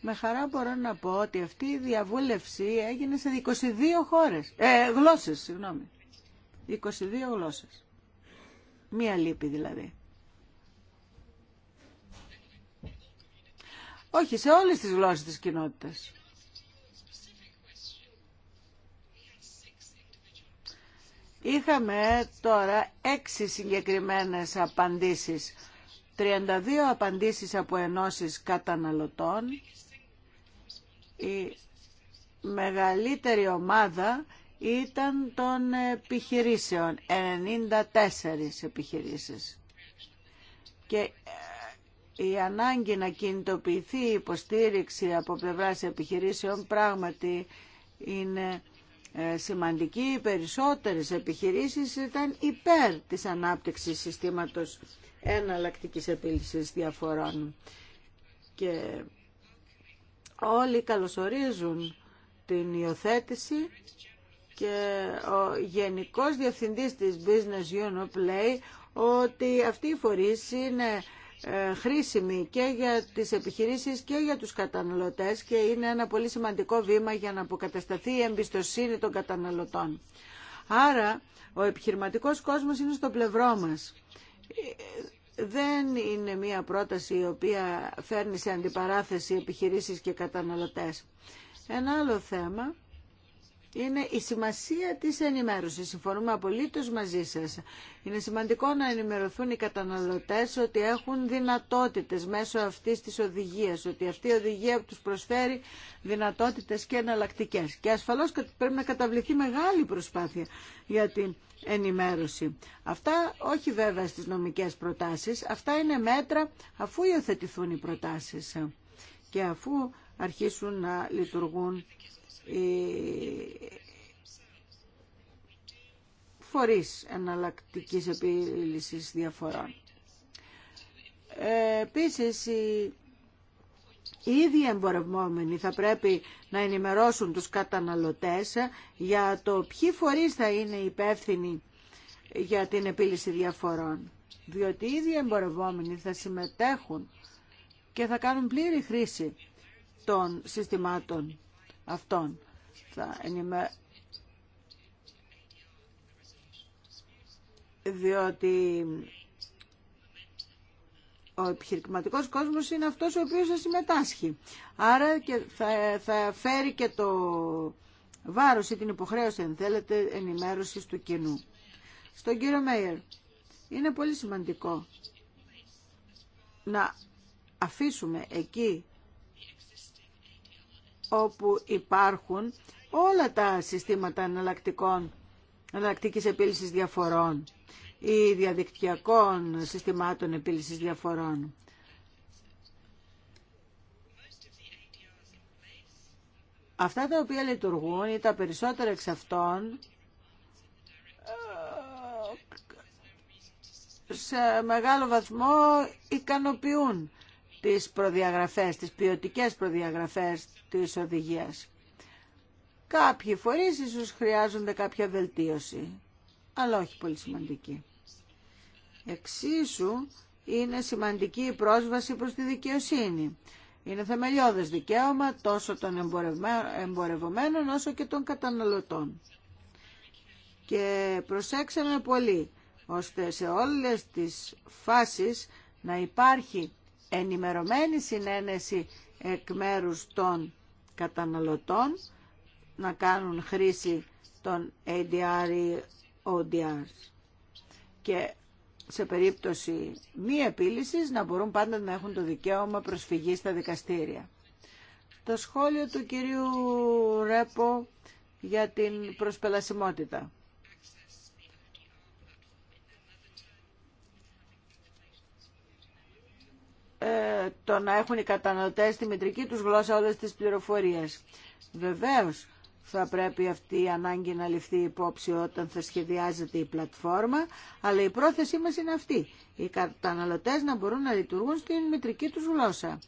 S1: Με χαρά μπορώ να πω ότι αυτή η διαβούλευση έγινε σε 22 χώρες, ε, γλώσσες, συγγνώμη. 22 γλώσσες. Μία λύπη δηλαδή. Όχι, σε όλες τις γλώσσες της κοινότητας. Είχαμε τώρα έξι συγκεκριμένες απαντήσεις. 32 απαντήσεις από ενώσεις καταναλωτών. Η μεγαλύτερη ομάδα ήταν των επιχειρήσεων, 94 επιχειρήσεις. Και η ανάγκη να κινητοποιηθεί η υποστήριξη από πλευράς επιχειρήσεων πράγματι είναι ε, σημαντική. Οι περισσότερες επιχειρήσεις ήταν υπέρ της ανάπτυξης συστήματος εναλλακτική επίλυσης διαφορών. Και όλοι καλωσορίζουν την υιοθέτηση και ο Γενικός Διευθυντής της Business Europe λέει ότι αυτή οι φορείς είναι ε, χρήσιμη και για τις επιχειρήσεις και για τους καταναλωτές και είναι ένα πολύ σημαντικό βήμα για να αποκατασταθεί η εμπιστοσύνη των καταναλωτών. Άρα, ο επιχειρηματικός κόσμος είναι στο πλευρό μας. Δεν είναι μια πρόταση η οποία φέρνει σε αντιπαράθεση επιχειρήσεις και καταναλωτές. Ένα άλλο θέμα είναι η σημασία της ενημέρωσης. Συμφωνούμε απολύτως μαζί σας. Είναι σημαντικό να ενημερωθούν οι καταναλωτές ότι έχουν δυνατότητες μέσω αυτής της οδηγίας, ότι αυτή η οδηγία τους προσφέρει δυνατότητες και εναλλακτικέ. Και ασφαλώς πρέπει να καταβληθεί μεγάλη προσπάθεια για την ενημέρωση. Αυτά όχι βέβαια στις νομικές προτάσεις, αυτά είναι μέτρα αφού υιοθετηθούν οι προτάσεις και αφού αρχίσουν να λειτουργούν φορείς εναλλακτικής επίλυσης διαφορών. Ε, επίσης, οι ίδιοι εμπορευμόμενοι θα πρέπει να ενημερώσουν τους καταναλωτές για το ποιοι φορείς θα είναι υπεύθυνοι για την επίλυση διαφορών. Διότι οι ίδιοι εμπορευόμενοι θα συμμετέχουν και θα κάνουν πλήρη χρήση των συστημάτων αυτών. Θα ενημε... Διότι ο επιχειρηματικός κόσμος είναι αυτός ο οποίος θα συμμετάσχει. Άρα και θα, θα φέρει και το βάρος ή την υποχρέωση, αν θέλετε, ενημέρωσης του κοινού. Στον κύριο Μέιερ, είναι πολύ σημαντικό να αφήσουμε εκεί όπου υπάρχουν όλα τα συστήματα εναλλακτικών, εναλλακτικής επίλυσης διαφορών ή διαδικτυακών συστημάτων επίλυσης διαφορών. Αυτά τα οποία λειτουργούν ή τα περισσότερα εξ αυτών ε, σε μεγάλο βαθμό ικανοποιούν τις προδιαγραφές, τις ποιοτικές προδιαγραφές της οδηγίας. Κάποιοι φορείς ίσως χρειάζονται κάποια βελτίωση, αλλά όχι πολύ σημαντική. Εξίσου είναι σημαντική η πρόσβαση προς τη δικαιοσύνη. Είναι θεμελιώδες δικαίωμα τόσο των εμπορευμένων όσο και των καταναλωτών. Και προσέξαμε πολύ ώστε σε όλες τις φάσεις να υπάρχει ενημερωμένη συνένεση εκ μέρους των καταναλωτών να κάνουν χρήση των ADR ή ODR. Και σε περίπτωση μη επίλυσης να μπορούν πάντα να έχουν το δικαίωμα προσφυγής στα δικαστήρια. Το σχόλιο του κυρίου Ρέπο για την προσπελασιμότητα. Ε, το να έχουν οι καταναλωτές τη μητρική τους γλώσσα όλες τις πληροφορίες. Βεβαίως θα πρέπει αυτή η ανάγκη να ληφθεί υπόψη όταν θα σχεδιάζεται η πλατφόρμα, αλλά η πρόθεσή μας είναι αυτή. Οι καταναλωτές να μπορούν να λειτουργούν στην μητρική τους γλώσσα.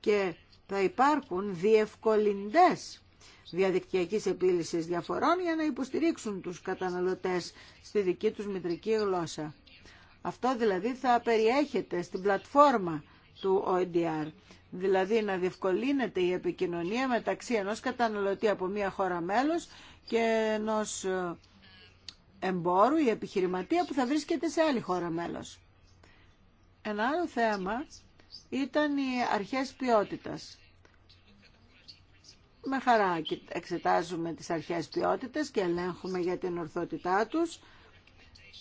S1: Και θα υπάρχουν διευκολυντές διαδικτυακής επίλυσης διαφορών για να υποστηρίξουν τους καταναλωτές στη δική τους μητρική γλώσσα. Αυτό δηλαδή θα περιέχεται στην πλατφόρμα του ODR. Δηλαδή να διευκολύνεται η επικοινωνία μεταξύ ενός καταναλωτή από μία χώρα μέλος και ενός ε, εμπόρου ή επιχειρηματία που θα βρίσκεται σε άλλη χώρα μέλος. Ένα άλλο θέμα ήταν οι αρχές ποιότητας. Με χαρά εξετάζουμε τις αρχές ποιότητας και ελέγχουμε για την ορθότητά τους.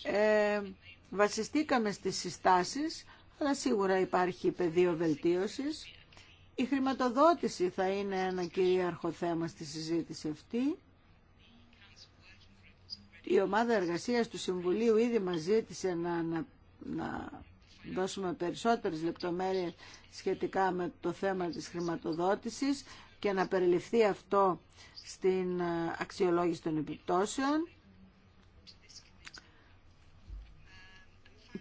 S1: Ε, βασιστήκαμε στις συστάσεις αλλά σίγουρα υπάρχει πεδίο βελτίωσης. Η χρηματοδότηση θα είναι ένα κυρίαρχο θέμα στη συζήτηση αυτή. Η ομάδα εργασίας του Συμβουλίου ήδη μας ζήτησε να, να, να δώσουμε περισσότερες λεπτομέρειες σχετικά με το θέμα της χρηματοδότησης και να περιληφθεί αυτό στην ε, αξιολόγηση των επιπτώσεων.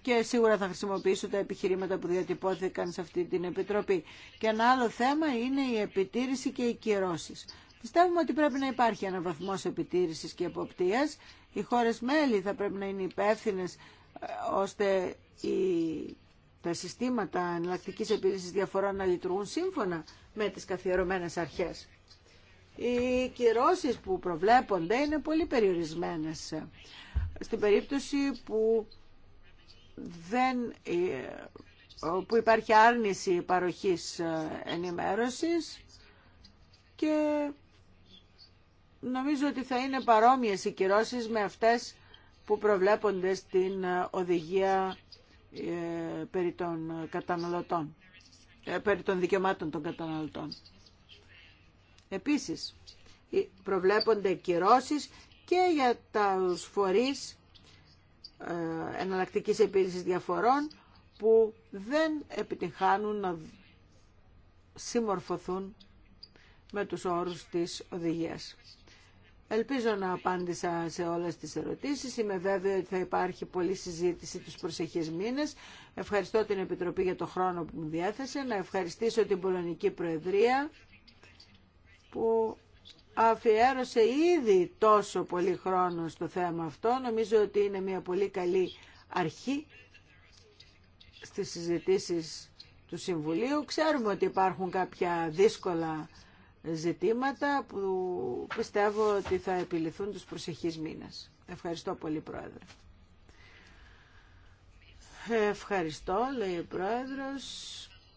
S1: και σίγουρα θα χρησιμοποιήσω τα επιχειρήματα που διατυπώθηκαν σε αυτή την Επιτροπή. Και ένα άλλο θέμα είναι η επιτήρηση και οι κυρώσει. Πιστεύουμε ότι πρέπει να υπάρχει ένα βαθμό επιτήρηση και εποπτεία. Οι χώρε μέλη θα πρέπει να είναι υπεύθυνε ε, ώστε τα συστήματα εναλλακτική επίλυση διαφορών να λειτουργούν σύμφωνα με τι καθιερωμένε αρχέ. Οι κυρώσει που προβλέπονται είναι πολύ περιορισμένε Στην περίπτωση που δεν, ε, που υπάρχει άρνηση παροχής ε, ενημέρωσης και νομίζω ότι θα είναι παρόμοιες οι κυρώσεις με αυτές που προβλέπονται στην ε, οδηγία περί των καταναλωτών, περί των δικαιωμάτων των καταναλωτών. Επίσης, προβλέπονται κυρώσεις και για τα φορείς ε, εναλλακτικής επίλυσης διαφορών που δεν επιτυχάνουν να συμμορφωθούν με τους όρους της οδηγίας. Ελπίζω να απάντησα σε όλες τις ερωτήσεις. Είμαι βέβαιη ότι θα υπάρχει πολλή συζήτηση τους προσεχείς μήνες. Ευχαριστώ την Επιτροπή για το χρόνο που μου διέθεσε. Να ευχαριστήσω την Πολωνική Προεδρία που αφιέρωσε ήδη τόσο πολύ χρόνο στο θέμα αυτό. Νομίζω ότι είναι μια πολύ καλή αρχή στις συζητήσεις του Συμβουλίου. Ξέρουμε ότι υπάρχουν κάποια δύσκολα ζητήματα που πιστεύω ότι θα επιληθούν τους προσεχείς μήνες. Ευχαριστώ πολύ, Πρόεδρε. Ευχαριστώ, λέει ο Πρόεδρος.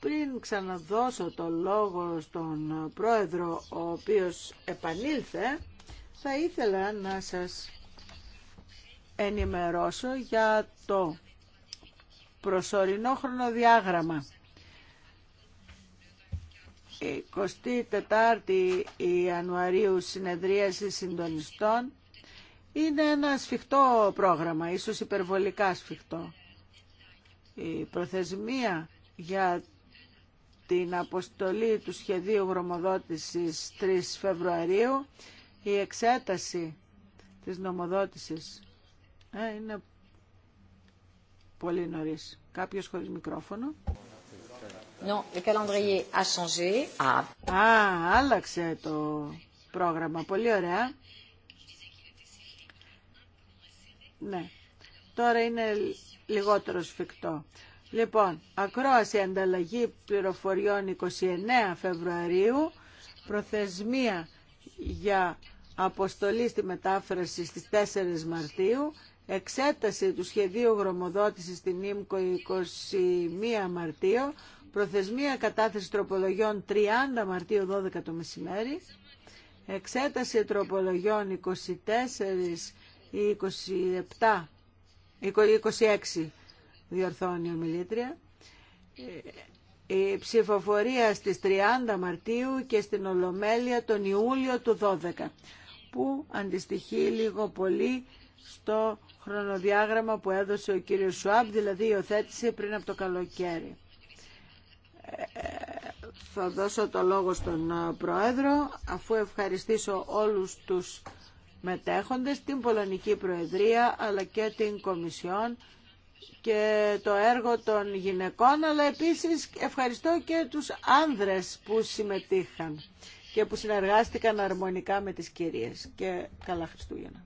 S1: Πριν ξαναδώσω το λόγο στον πρόεδρο, ο οποίος επανήλθε, θα ήθελα να σας ενημερώσω για το προσωρινό χρονοδιάγραμμα. 24η Ιανουαρίου συνεδρίαση συντονιστών είναι ένα σφιχτό πρόγραμμα, ίσως υπερβολικά σφιχτό. Η προθεσμία για την αποστολή του σχεδίου γρομοδότησης 3 Φεβρουαρίου η εξέταση της νομοδότησης ε, είναι πολύ νωρίς. Κάποιος χωρίς μικρόφωνο. Non, le calendrier a Α, άλλαξε το πρόγραμμα. Πολύ ωραία. Ναι. Τώρα είναι λιγότερο σφιχτό. Λοιπόν, ακρόαση ανταλλαγή πληροφοριών 29 Φεβρουαρίου, προθεσμία για αποστολή στη μετάφραση στις 4 Μαρτίου, εξέταση του σχεδίου γρομοδότησης στην ΙΜΚΟ 21 Μαρτίου, προθεσμία κατάθεση τροπολογιών 30 Μαρτίου 12 το μεσημέρι, εξέταση τροπολογιών 24 ή 27 26 διορθώνει ομιλήτρια. Ε, η ψηφοφορία στις 30 Μαρτίου και στην Ολομέλεια τον Ιούλιο του 12 που αντιστοιχεί λίγο πολύ στο χρονοδιάγραμμα που έδωσε ο κύριος Σουάμπ, δηλαδή υιοθέτησε πριν από το καλοκαίρι. Ε, θα δώσω το λόγο στον ε, Πρόεδρο, αφού ευχαριστήσω όλους τους μετέχοντες, την Πολωνική Προεδρία αλλά και την Κομισιόν και το έργο των γυναικών, αλλά επίσης ευχαριστώ και τους άνδρες που συμμετείχαν και που συνεργάστηκαν αρμονικά με τις κυρίες. Και καλά Χριστούγεννα.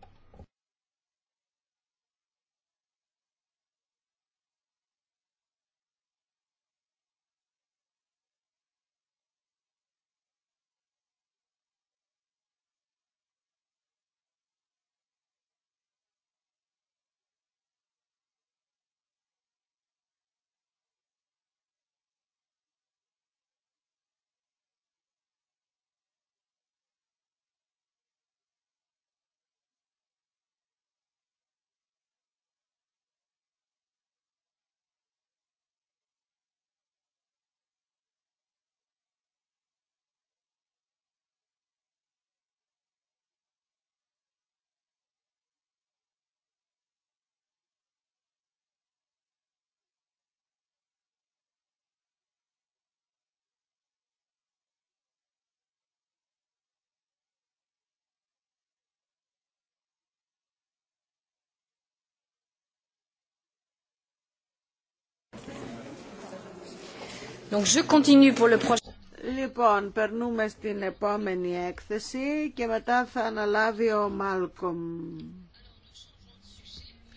S1: Λοιπόν, περνούμε στην επόμενη έκθεση και μετά θα αναλάβει ο Μάλκομ.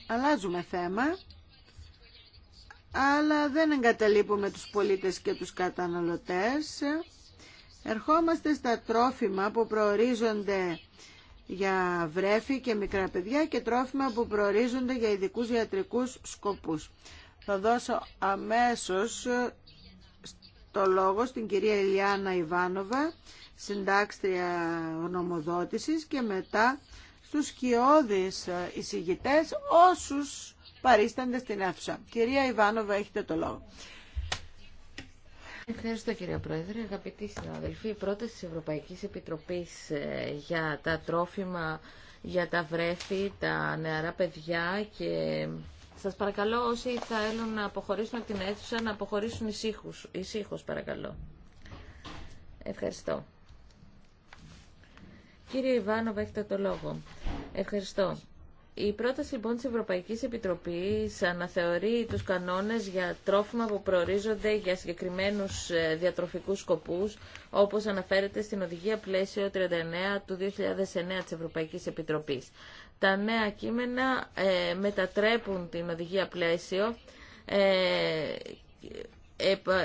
S1: Αλλάζουμε θέμα, αλλά δεν εγκαταλείπουμε τους πολίτες και τους καταναλωτές. Ερχόμαστε στα τρόφιμα που προορίζονται για βρέφη και μικρά παιδιά και τρόφιμα που προορίζονται για ειδικούς ιατρικούς σκοπούς. Θα δώσω αμέσως το λόγο στην κυρία Ηλιάνα Ιβάνοβα, συντάξτρια γνωμοδότησης και μετά στους σκιώδεις ε, εισηγητές όσους παρίστανται στην αίθουσα. Κυρία Ιβάνοβα, έχετε το λόγο.
S2: Ευχαριστώ κυρία Πρόεδρε. Αγαπητοί συνάδελφοι, η πρόταση της Ευρωπαϊκής Επιτροπής ε, για τα τρόφιμα, για τα βρέφη, τα νεαρά παιδιά και σας παρακαλώ όσοι θέλουν να αποχωρήσουν από την αίθουσα να αποχωρήσουν ησύχους, παρακαλώ. Ευχαριστώ. Κύριε Ιβάνοβα, έχετε το λόγο. Ευχαριστώ. Η πρόταση λοιπόν της Ευρωπαϊκής Επιτροπής αναθεωρεί τους κανόνες για τρόφιμα που προορίζονται για συγκεκριμένους ε, διατροφικούς σκοπούς, όπως αναφέρεται στην Οδηγία Πλαίσιο 39 του 2009 της Ευρωπαϊκής Επιτροπής τα νέα κείμενα ε, μετατρέπουν την οδηγία πλαίσιο ε,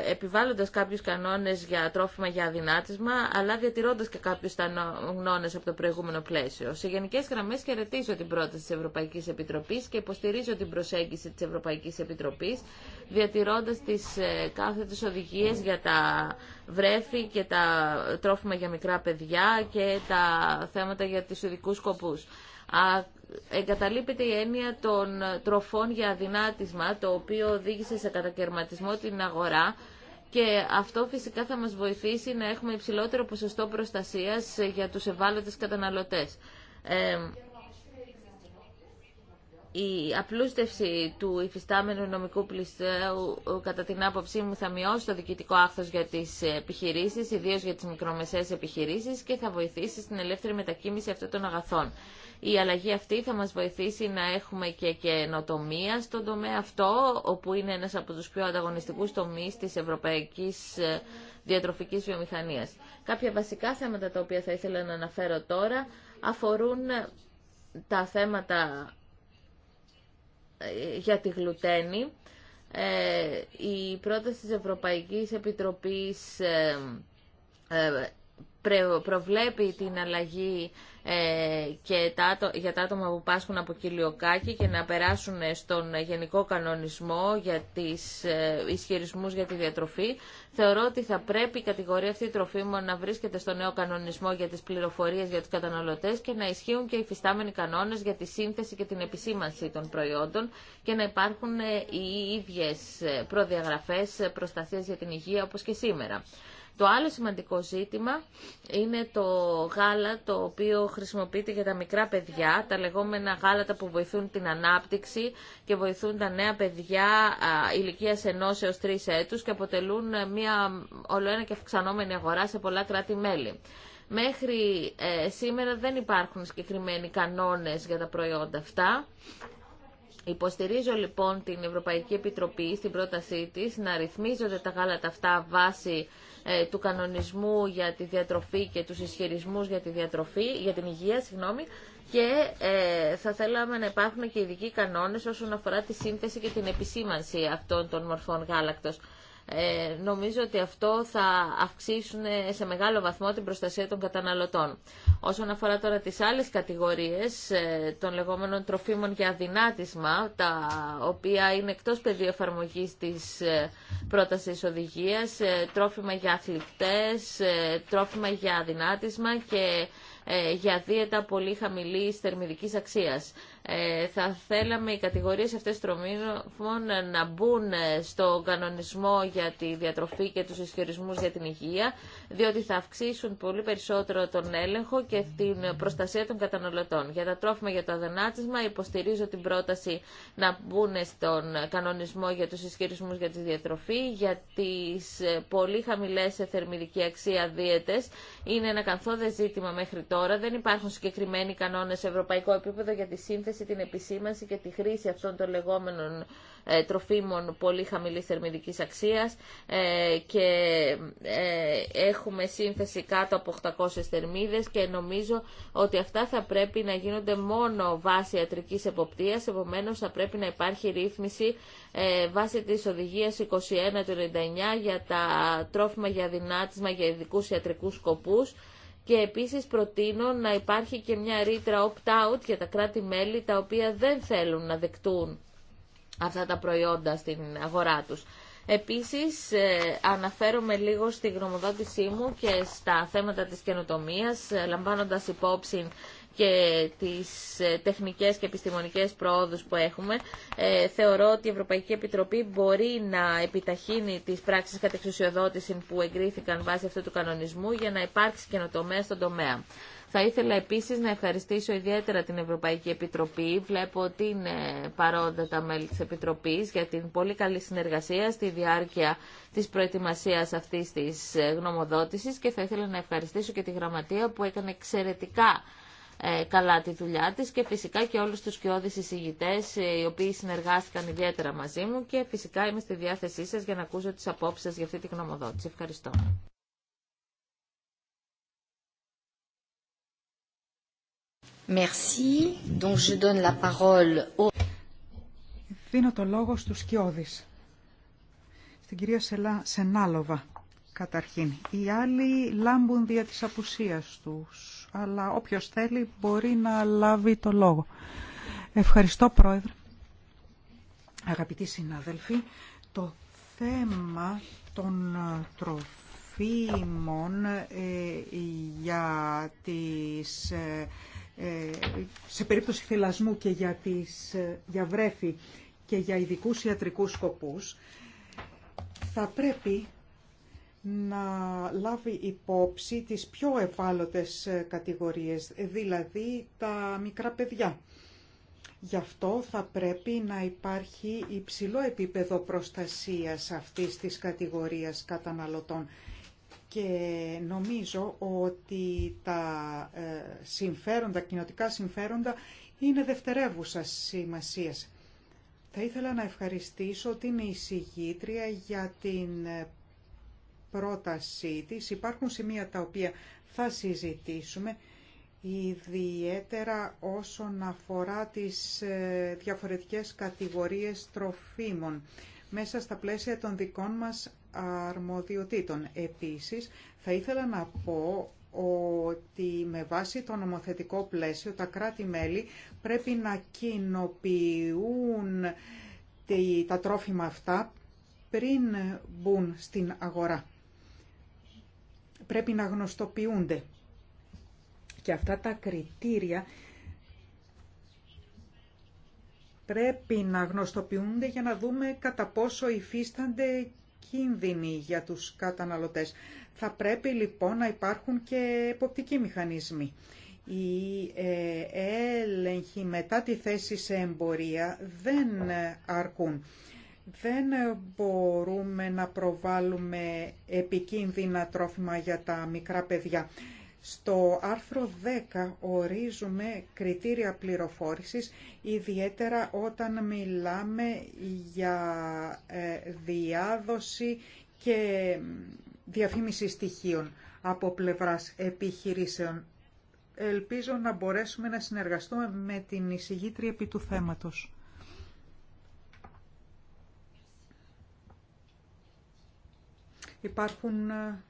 S2: επιβάλλοντας κάποιους κανόνες για τρόφιμα για αδυνάτισμα, αλλά διατηρώντας και κάποιους κανόνες από το προηγούμενο πλαίσιο. Σε γενικές γραμμές χαιρετίζω την πρόταση της Ευρωπαϊκής Επιτροπής και υποστηρίζω την προσέγγιση της Ευρωπαϊκής Επιτροπής, διατηρώντας τις ε, κάθετες οδηγίες για τα βρέφη και τα τρόφιμα για μικρά παιδιά και τα θέματα για τις ειδικού σκοπούς εγκαταλείπεται η έννοια των τροφών για αδυνάτισμα, το οποίο οδήγησε σε κατακαιρματισμό την αγορά και αυτό φυσικά θα μας βοηθήσει να έχουμε υψηλότερο ποσοστό προστασίας για τους ευάλωτες καταναλωτές. Ε, η απλούστευση του υφιστάμενου νομικού πλησίου κατά την άποψή μου θα μειώσει το διοικητικό άχθος για τις επιχειρήσεις, ιδίως για τις μικρομεσαίες επιχειρήσεις και θα βοηθήσει στην ελεύθερη μετακίνηση αυτών των αγαθών. Η αλλαγή αυτή θα μας βοηθήσει να έχουμε και καινοτομία στον τομέα αυτό, όπου είναι ένας από τους πιο ανταγωνιστικούς τομείς της ευρωπαϊκής ε, διατροφικής βιομηχανίας. Κάποια βασικά θέματα τα οποία θα ήθελα να αναφέρω τώρα αφορούν ε, τα θέματα ε, για τη γλουτένη. η πρόταση της Ευρωπαϊκής Επιτροπής προβλέπει την αλλαγή ε, και τα, για τα άτομα που πάσχουν από κοιλιοκάκι και να περάσουν στον γενικό κανονισμό για τις ε, ισχυρισμούς για τη διατροφή. Θεωρώ ότι θα πρέπει η κατηγορία αυτή τροφίμων να βρίσκεται στο νέο κανονισμό για τις πληροφορίες για τους καταναλωτές και να ισχύουν και οι φυστάμενοι κανόνες για τη σύνθεση και την επισήμανση των προϊόντων και να υπάρχουν ε, οι ίδιες ε, προδιαγραφές προστασίας για την υγεία όπως και σήμερα. Το άλλο σημαντικό ζήτημα είναι το γάλα το οποίο χρησιμοποιείται για τα μικρά παιδιά, τα λεγόμενα γάλατα που βοηθούν την ανάπτυξη και βοηθούν τα νέα παιδιά ηλικία ενό έω τρει έτου και αποτελούν ε, μια ολοένα και αυξανόμενη αγορά σε πολλά κράτη-μέλη. Μέχρι ε, σήμερα δεν υπάρχουν συγκεκριμένοι κανόνες για τα προϊόντα αυτά. Υποστηρίζω λοιπόν την Ευρωπαϊκή Επιτροπή στην πρότασή της να ρυθμίζονται τα γάλατα αυτά βάσει ε, του κανονισμού για τη διατροφή και τους ισχυρισμούς για τη διατροφή, για την υγεία, συγγνώμη, και ε, θα θέλαμε να υπάρχουν και ειδικοί κανόνες όσον αφορά τη σύνθεση και την επισήμανση αυτών των μορφών γάλακτος. Ε, νομίζω ότι αυτό θα αυξήσουν ε, σε μεγάλο βαθμό την προστασία των καταναλωτών. Όσον αφορά τώρα τις άλλες κατηγορίες ε, των λεγόμενων τροφίμων για αδυνάτισμα, τα οποία είναι εκτός πεδίου εφαρμογή της ε, πρότασης οδηγίας, τρόφιμα για αθλητές, τρόφιμα για αδυνάτισμα και για δίαιτα πολύ χαμηλής θερμιδικής αξίας. Ε, θα θέλαμε οι κατηγορίες αυτές τρομήνων να μπουν στο κανονισμό για τη διατροφή και τους ισχυρισμούς για την υγεία, διότι θα αυξήσουν πολύ περισσότερο τον έλεγχο και την προστασία των καταναλωτών. Για τα τρόφιμα για το αδενάτισμα υποστηρίζω την πρόταση να μπουν στον κανονισμό για τους ισχυρισμούς για τη διατροφή, για τις πολύ χαμηλές σε θερμιδική αξία δίαιτες. Είναι ένα καθόδε ζήτημα μέχρι τώρα. Δεν υπάρχουν συγκεκριμένοι κανόνες σε ευρωπαϊκό επίπεδο για τη σύνθεση την επισήμανση και τη χρήση αυτών των λεγόμενων ε, τροφίμων πολύ χαμηλής θερμιδικής αξίας ε, και ε, έχουμε σύνθεση κάτω από 800 θερμίδες και νομίζω ότι αυτά θα πρέπει να γίνονται μόνο βάσει ιατρικής εποπτείας, επομένως θα πρέπει να υπάρχει ρύθμιση βάσει της οδηγίας 21 του 99 για τα τρόφιμα για δυνάτισμα για ειδικού ιατρικούς σκοπούς και επίσης προτείνω να υπάρχει και μια ρήτρα opt-out για τα κράτη-μέλη τα οποία δεν θέλουν να δεκτούν αυτά τα προϊόντα στην αγορά τους. Επίσης, ε, αναφέρομαι λίγο στη γνωμοδότησή μου και στα θέματα της καινοτομίας, ε, λαμβάνοντας υπόψη και τις ε, τεχνικές και επιστημονικές προόδους που έχουμε, ε, θεωρώ ότι η Ευρωπαϊκή Επιτροπή μπορεί να επιταχύνει τις πράξεις κατεξουσιοδότηση που εγκρίθηκαν βάσει αυτού του κανονισμού για να υπάρξει καινοτομία στον τομέα. Θα ήθελα επίσης να ευχαριστήσω ιδιαίτερα την Ευρωπαϊκή Επιτροπή. Βλέπω ότι είναι παρόντα τα μέλη της Επιτροπής για την πολύ καλή συνεργασία στη διάρκεια της προετοιμασίας αυτής της ε, γνωμοδότησης και θα ήθελα να ευχαριστήσω και τη Γραμματεία που έκανε εξαιρετικά ε, καλά τη δουλειά της και φυσικά και όλους τους κοιόδης εισηγητές ε, οι οποίοι συνεργάστηκαν ιδιαίτερα μαζί μου και φυσικά είμαι στη διάθεσή σας για να ακούσω τις απόψεις σας για αυτή τη γνωμοδότηση. Ευχαριστώ.
S3: Merci. Donc je donne la parole au... Δίνω το
S4: λόγο στους Κιώδης. Στην κυρία Σελά, Σενάλοβα, καταρχήν. Οι άλλοι λάμπουν δια της απουσίας τους αλλά όποιος θέλει μπορεί να λάβει το λόγο. Ευχαριστώ, Πρόεδρε. Αγαπητοί συνάδελφοι, το θέμα των τροφίμων ε, για τις, ε, ε, σε περίπτωση θυλασμού και για, τις, για βρέφη και για ειδικού ιατρικούς σκοπούς θα πρέπει να λάβει υπόψη τις πιο ευάλωτες ε, κατηγορίες, δηλαδή τα μικρά παιδιά. Γι' αυτό θα πρέπει να υπάρχει υψηλό επίπεδο προστασίας αυτής της κατηγορίας καταναλωτών. Και νομίζω ότι τα ε, συμφέροντα, κοινοτικά συμφέροντα είναι δευτερεύουσα σημασίας. Θα ήθελα να ευχαριστήσω την εισηγήτρια για την ε, πρότασή Υπάρχουν σημεία τα οποία θα συζητήσουμε, ιδιαίτερα όσον αφορά τις ε, διαφορετικές κατηγορίες τροφίμων μέσα στα πλαίσια των δικών μας αρμοδιοτήτων. Επίσης, θα ήθελα να πω ότι με βάση το νομοθετικό πλαίσιο τα κράτη-μέλη πρέπει να κοινοποιούν τα τρόφιμα αυτά πριν μπουν στην αγορά πρέπει να γνωστοποιούνται. Και αυτά τα κριτήρια πρέπει να γνωστοποιούνται για να δούμε κατά πόσο υφίστανται κίνδυνοι για τους καταναλωτές. Θα πρέπει λοιπόν να υπάρχουν και εποπτικοί μηχανισμοί. Οι ε, έλεγχοι μετά τη θέση σε εμπορία δεν ε, αρκούν δεν μπορούμε να προβάλλουμε επικίνδυνα τρόφιμα για τα μικρά παιδιά. Στο άρθρο 10 ορίζουμε κριτήρια πληροφόρησης, ιδιαίτερα όταν μιλάμε για ε, διάδοση και διαφήμιση στοιχείων από πλευράς επιχειρήσεων. Ελπίζω να μπορέσουμε να συνεργαστούμε με την εισηγήτρια επί του θέματος. Υπάρχουν ε,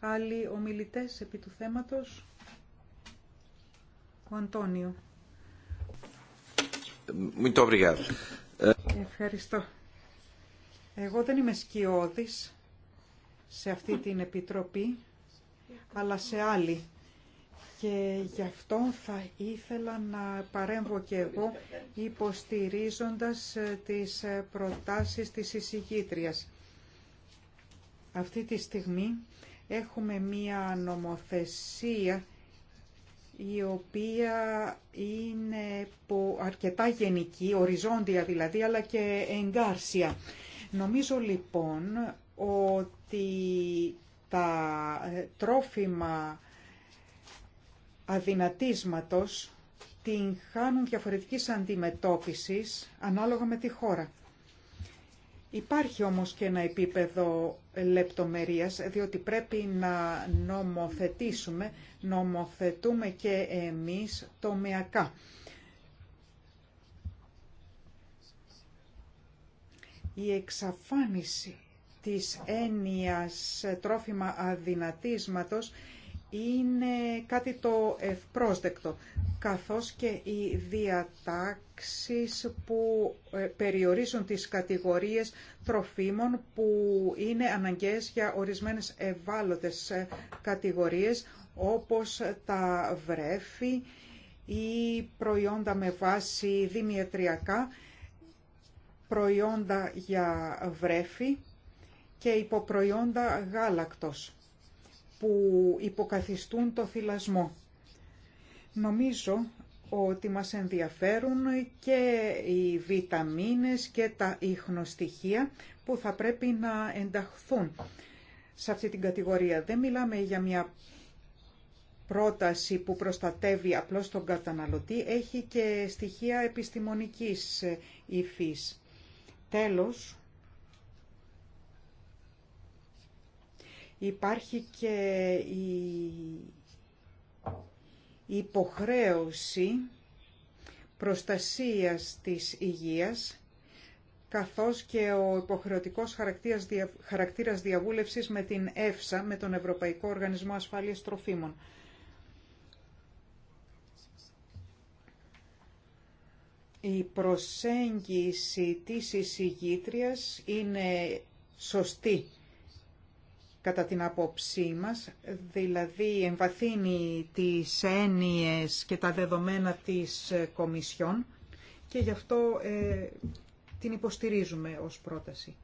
S4: άλλοι ομιλητές επί του θέματος. Ο Αντώνιο. Ευχαριστώ. Εγώ δεν είμαι σκιώδης σε αυτή την επιτροπή, αλλά σε άλλη. Και γι' αυτό θα ήθελα να παρέμβω και εγώ υποστηρίζοντας ε, τις ε, προτάσεις της εισηγήτριας. Αυτή τη στιγμή έχουμε μία νομοθεσία η οποία είναι αρκετά γενική, οριζόντια δηλαδή, αλλά και εγκάρσια. Νομίζω λοιπόν ότι τα ε, τρόφιμα αδυνατίσματος την χάνουν διαφορετικής αντιμετώπισης ανάλογα με τη χώρα. Υπάρχει όμως και ένα επίπεδο λεπτομερίας, διότι πρέπει να νομοθετήσουμε, νομοθετούμε και εμείς τομεακά. Η εξαφάνιση της έννοιας τρόφιμα αδυνατίσματος είναι κάτι το ευπρόσδεκτο, καθώς και οι διατάξεις που ε, περιορίζουν τις κατηγορίες τροφίμων που είναι αναγκαίες για ορισμένες ευάλωτες ε, κατηγορίες, όπως τα βρέφη ή προϊόντα με βάση δημιετριακά, προϊόντα για βρέφη και υποπροϊόντα γάλακτος που υποκαθιστούν το θυλασμό. Νομίζω ότι μας ενδιαφέρουν και οι βιταμίνες και τα ίχνοστοιχεία που θα πρέπει να ενταχθούν σε αυτή την κατηγορία. Δεν μιλάμε για μια πρόταση που προστατεύει απλώς τον καταναλωτή, έχει και στοιχεία επιστημονικής υφής. Τέλος, Υπάρχει και η υποχρέωση προστασίας της υγείας καθώς και ο υποχρεωτικός χαρακτήρας διαβούλευσης με την ΕΦΣΑ, με τον Ευρωπαϊκό Οργανισμό Ασφάλειας Τροφίμων. Η προσέγγιση της εισηγήτριας είναι σωστή κατά την απόψή μας, δηλαδή εμβαθύνει τις έννοιες και τα δεδομένα της ε, Κομισιόν και γι' αυτό ε, την υποστηρίζουμε ως πρόταση.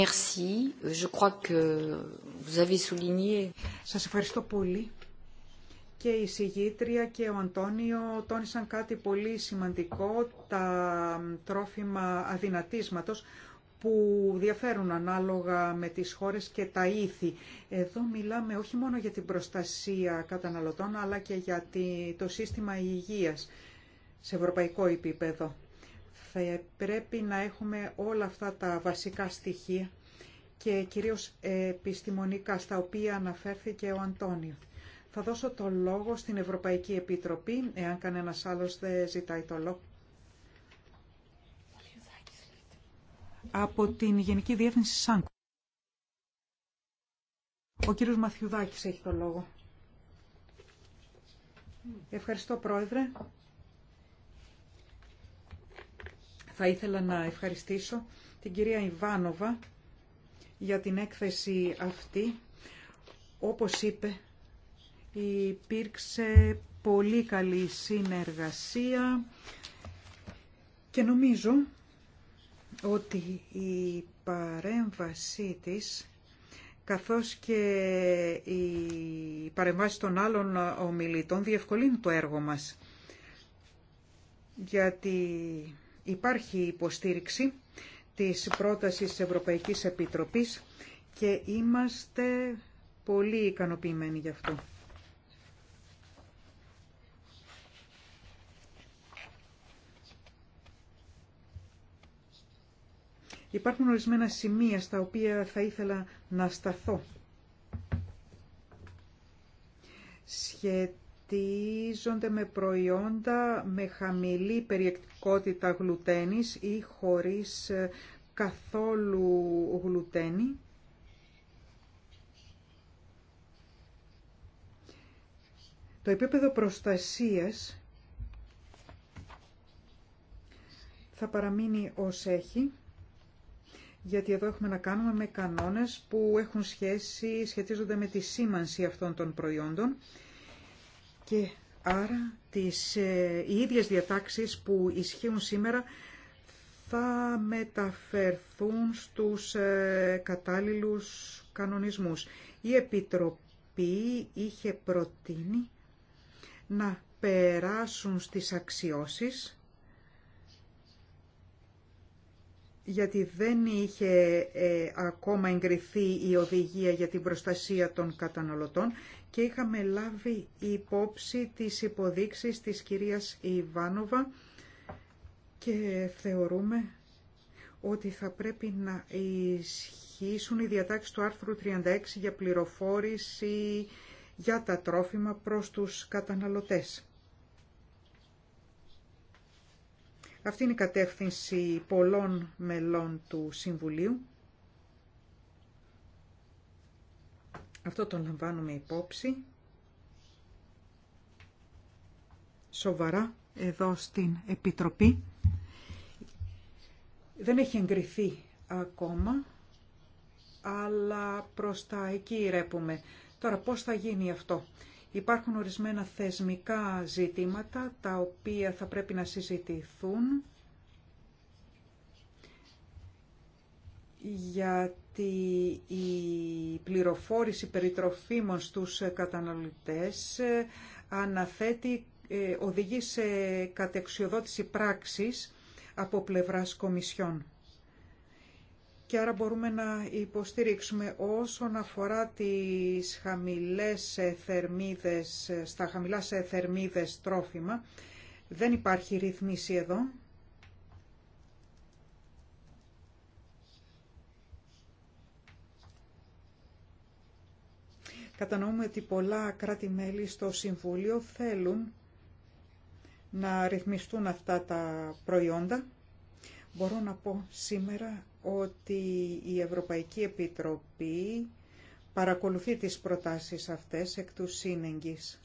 S1: Merci.
S4: Σας ευχαριστώ πολύ και η συγγήτρια και ο Αντώνιο τόνισαν κάτι πολύ σημαντικό, τα τρόφιμα αδυνατίσματος που διαφέρουν ανάλογα με τις χώρες και τα ήθη. Εδώ μιλάμε όχι μόνο για την προστασία καταναλωτών, αλλά και για το σύστημα υγείας σε ευρωπαϊκό επίπεδο. Θα πρέπει να έχουμε όλα αυτά τα βασικά στοιχεία και κυρίως επιστημονικά στα οποία αναφέρθηκε ο Αντώνιο. Θα δώσω το λόγο στην Ευρωπαϊκή Επιτροπή, εάν κανένας άλλος δεν ζητάει το λόγο. Από την Γενική Διεύθυνση ΣΑΝΚΟ. Ο κύριος Μαθιουδάκης έχει το λόγο. Ευχαριστώ, Πρόεδρε. Θα ήθελα να ευχαριστήσω την κυρία Ιβάνοβα για την έκθεση αυτή. Όπως είπε, Υπήρξε πολύ καλή συνεργασία και νομίζω ότι η παρέμβασή της καθώς και η παρεμβάση των άλλων ομιλητών διευκολύνει το έργο μας. Γιατί υπάρχει υποστήριξη της πρότασης της Ευρωπαϊκής Επιτροπής και είμαστε πολύ ικανοποιημένοι γι' αυτό. Υπάρχουν ορισμένα σημεία στα οποία θα ήθελα να σταθώ. Σχετίζονται με προϊόντα με χαμηλή περιεκτικότητα γλουτένης ή χωρίς ε, καθόλου γλουτένη. Το επίπεδο προστασίας θα παραμείνει ως έχει γιατί εδώ έχουμε να κάνουμε με κανόνες που έχουν σχέση, σχετίζονται με τη σήμανση αυτών των προϊόντων και άρα τις, ε, οι ίδιες διατάξεις που ισχύουν σήμερα θα μεταφερθούν στους ε, κατάλληλους κανονισμούς. Η Επιτροπή είχε προτείνει να περάσουν στις αξιώσεις γιατί δεν είχε ε, ακόμα εγκριθεί η οδηγία για την προστασία των καταναλωτών και είχαμε λάβει υπόψη τις υποδείξεις της κυρίας Ιβάνοβα και θεωρούμε ότι θα πρέπει να ισχύσουν οι διατάξεις του άρθρου 36 για πληροφόρηση για τα τρόφιμα προς τους καταναλωτές. Αυτή είναι η κατεύθυνση πολλών μελών του Συμβουλίου. Αυτό το λαμβάνουμε υπόψη. Σοβαρά εδώ στην Επιτροπή. Δεν έχει εγκριθεί ακόμα, αλλά προς τα εκεί ρέπουμε. Τώρα πώς θα γίνει αυτό. Υπάρχουν ορισμένα θεσμικά ζητήματα τα οποία θα πρέπει να συζητηθούν γιατί η πληροφόρηση περί τροφίμων στους καταναλωτές ε, αναθέτει, ε, οδηγεί σε κατεξιοδότηση πράξης από πλευράς κομισιών και άρα μπορούμε να υποστηρίξουμε όσον αφορά τις χαμηλές ε, θερμίδες, ε, στα χαμηλά σε θερμίδες τρόφιμα. Δεν υπάρχει ρυθμίση εδώ. Κατανοούμε ότι πολλά κράτη-μέλη στο Συμβούλιο θέλουν να ρυθμιστούν αυτά τα προϊόντα. Μπορώ να πω σήμερα ότι η Ευρωπαϊκή Επιτροπή παρακολουθεί τις προτάσεις αυτές εκ του σύνεγγης.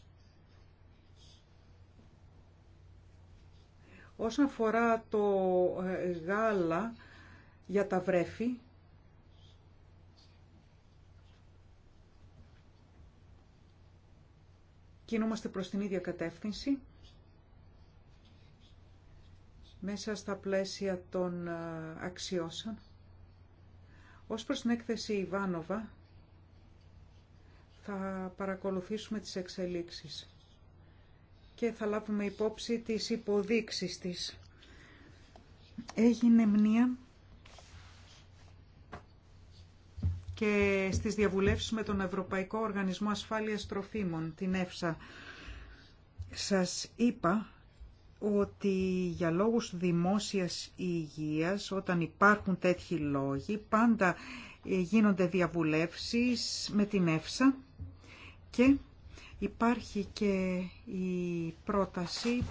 S4: Όσον αφορά το ε, γάλα για τα βρέφη, κινούμαστε προς την ίδια κατεύθυνση μέσα στα πλαίσια των ε, αξιώσεων. Ως προς την έκθεση Ιβάνοβα, θα παρακολουθήσουμε τις εξελίξεις και θα λάβουμε υπόψη τις υποδείξεις της. Έγινε μνήα και στις διαβουλεύσεις με τον Ευρωπαϊκό Οργανισμό Ασφάλειας Τροφίμων, την ΕΦΣΑ. Σας είπα ότι για λόγους δημόσιας υγείας, όταν υπάρχουν τέτοιοι λόγοι, πάντα ε, γίνονται διαβουλεύσεις με την ΕΦΣΑ και υπάρχει και η πρόταση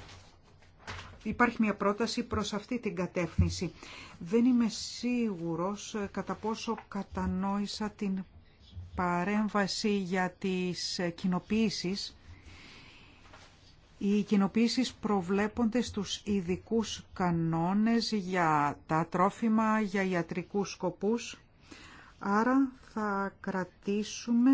S4: Υπάρχει μια πρόταση προς αυτή την κατεύθυνση. Δεν είμαι σίγουρος ε, κατά πόσο κατανόησα την παρέμβαση για τις ε, κοινοποίησεις οι κοινοποίησεις προβλέπονται στους ειδικού κανόνες για τα τρόφιμα, για ιατρικούς σκοπούς. Άρα θα κρατήσουμε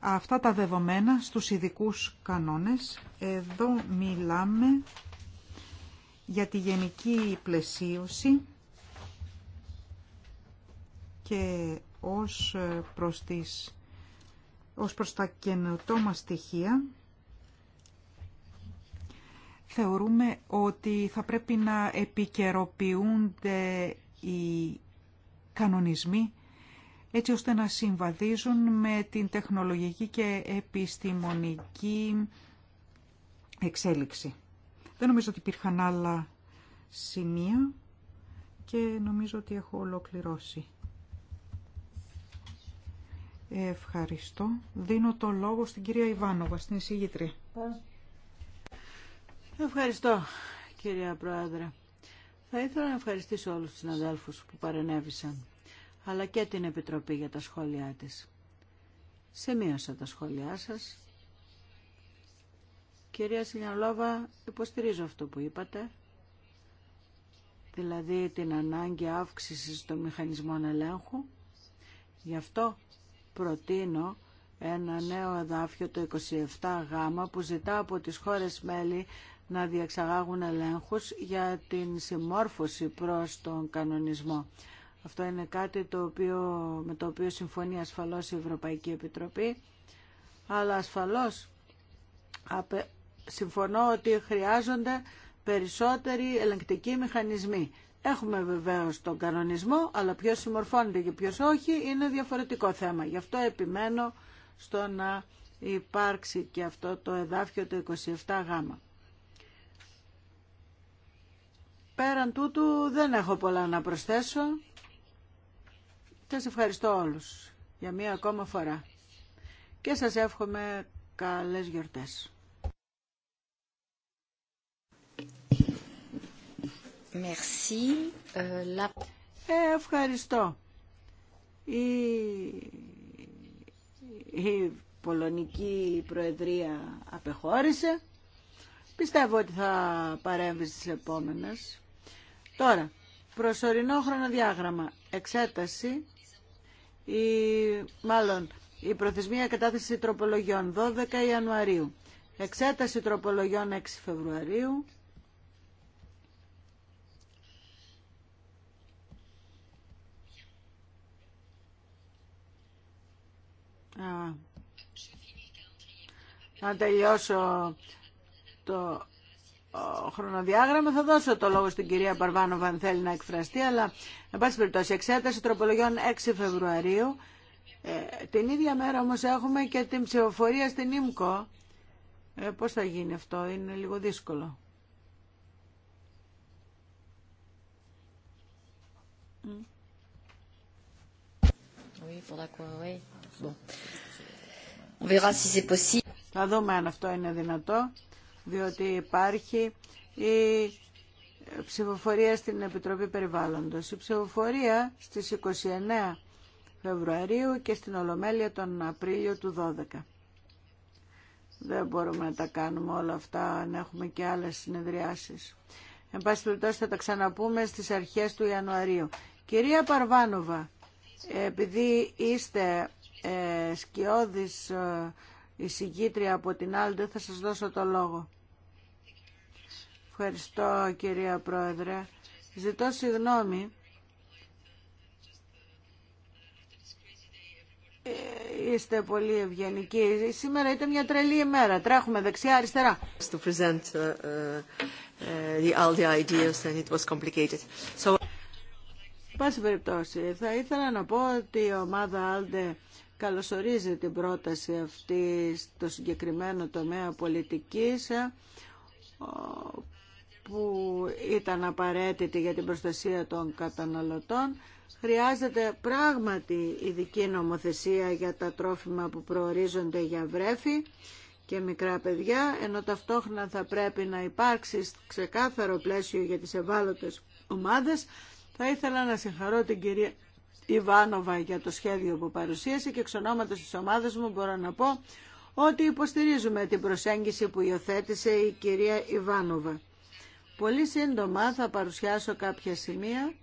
S4: αυτά τα δεδομένα στους ειδικού κανόνες. Εδώ μιλάμε για τη γενική πλαισίωση και ως προς τις ως προς τα καινοτόμα στοιχεία, θεωρούμε ότι θα πρέπει να επικαιροποιούνται οι κανονισμοί έτσι ώστε να συμβαδίζουν με την τεχνολογική και επιστημονική εξέλιξη. Δεν νομίζω ότι υπήρχαν άλλα σημεία και νομίζω ότι έχω ολοκληρώσει. Ευχαριστώ. Δίνω το λόγο στην κυρία Ιβάνοβα, στην εισηγήτρια.
S1: Ευχαριστώ, κυρία Πρόεδρε. Θα ήθελα να ευχαριστήσω όλους τους συναδέλφους που παρενέβησαν, αλλά και την Επιτροπή για τα σχόλιά της. Σημείωσα τα σχόλιά σας. Κυρία Σινιαλόβα, υποστηρίζω αυτό που είπατε, δηλαδή την ανάγκη αύξησης των μηχανισμών ελέγχου. Γι' αυτό προτείνω ένα νέο εδάφιο το 27Γ που ζητά από τις χώρες μέλη να διεξαγάγουν ελέγχους για την συμμόρφωση προς τον κανονισμό. Αυτό είναι κάτι το οποίο, με το οποίο συμφωνεί ασφαλώς η Ευρωπαϊκή Επιτροπή, αλλά ασφαλώς συμφωνώ ότι χρειάζονται περισσότεροι ελεγκτικοί μηχανισμοί Έχουμε βεβαίω τον κανονισμό, αλλά ποιο συμμορφώνεται και ποιο όχι είναι διαφορετικό θέμα. Γι' αυτό επιμένω στο να υπάρξει και αυτό το εδάφιο το 27 γ Πέραν τούτου δεν έχω πολλά να προσθέσω. Σας ευχαριστώ όλους για μία ακόμα φορά. Και σας εύχομαι καλές γιορτές. Euh, ε, ευχαριστώ. Η... η Πολωνική Προεδρία απεχώρησε. Πιστεύω ότι θα παρέμβει στις επόμενες. Τώρα, προσωρινό χρονοδιάγραμμα. Εξέταση, η, μάλλον η προθεσμία κατάθεση τροπολογιών 12 Ιανουαρίου. Εξέταση τροπολογιών 6 Φεβρουαρίου. Α, να τελειώσω το χρονοδιάγραμμα. Θα δώσω το λόγο στην κυρία Παρβάνοβα αν θέλει να εκφραστεί, αλλά εν πάση περιπτώσει εξέταση τροπολογιών 6 Φεβρουαρίου. Ε, την ίδια μέρα όμως έχουμε και την ψηφοφορία στην ΙΜΚΟ. Ε, πώς θα γίνει αυτό, είναι λίγο δύσκολο.
S2: Mm. Oui,
S1: θα δούμε αν αυτό είναι δυνατό, διότι υπάρχει η ψηφοφορία στην Επιτροπή Περιβάλλοντος. Η ψηφοφορία στις 29 Φεβρουαρίου και στην Ολομέλεια τον Απρίλιο του 12. Δεν μπορούμε να τα κάνουμε όλα αυτά αν έχουμε και άλλες συνεδριάσεις. Εν πάση περιπτώσει θα τα ξαναπούμε στις αρχές του Ιανουαρίου. Κυρία Παρβάνοβα, επειδή είστε ε, σκιώδης ε, εισηγήτρια από την άλλη, δεν θα σας δώσω το λόγο. Ευχαριστώ κυρία Πρόεδρε. Ζητώ συγγνώμη. Ε, είστε πολύ ευγενικοί. Σήμερα ήταν μια τρελή ημέρα. Τρέχουμε δεξιά-αριστερά. Uh, uh, uh, πάση περιπτώσει, θα ήθελα να πω ότι η ομάδα Άλντε καλωσορίζει την πρόταση αυτή στο συγκεκριμένο τομέα πολιτικής ε, που ήταν απαραίτητη για την προστασία των καταναλωτών. Χρειάζεται πράγματι ειδική νομοθεσία για τα τρόφιμα που προορίζονται για βρέφη και μικρά παιδιά, ενώ ταυτόχρονα θα πρέπει να υπάρξει ξεκάθαρο πλαίσιο για τις ευάλωτες ομάδες. Θα ήθελα να συγχαρώ την κυρία Ιβάνοβα για το σχέδιο που παρουσίασε και εξ ονόματος της ομάδας μου μπορώ να πω ότι υποστηρίζουμε την προσέγγιση που υιοθέτησε η κυρία Ιβάνοβα. Πολύ σύντομα θα παρουσιάσω κάποια σημεία.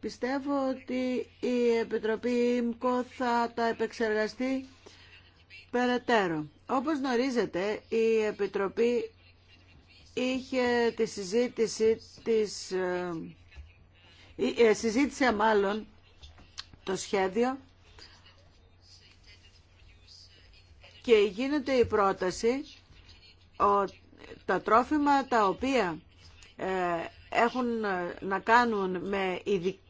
S1: Πιστεύω ότι η Επιτροπή ΙΜΚΟ θα τα επεξεργαστεί περαιτέρω. Όπως γνωρίζετε, η Επιτροπή είχε τη συζήτηση της... Ε, ε, συζήτησε μάλλον το σχέδιο και γίνεται η πρόταση τα τρόφιμα τα οποία ε, έχουν να κάνουν με ειδική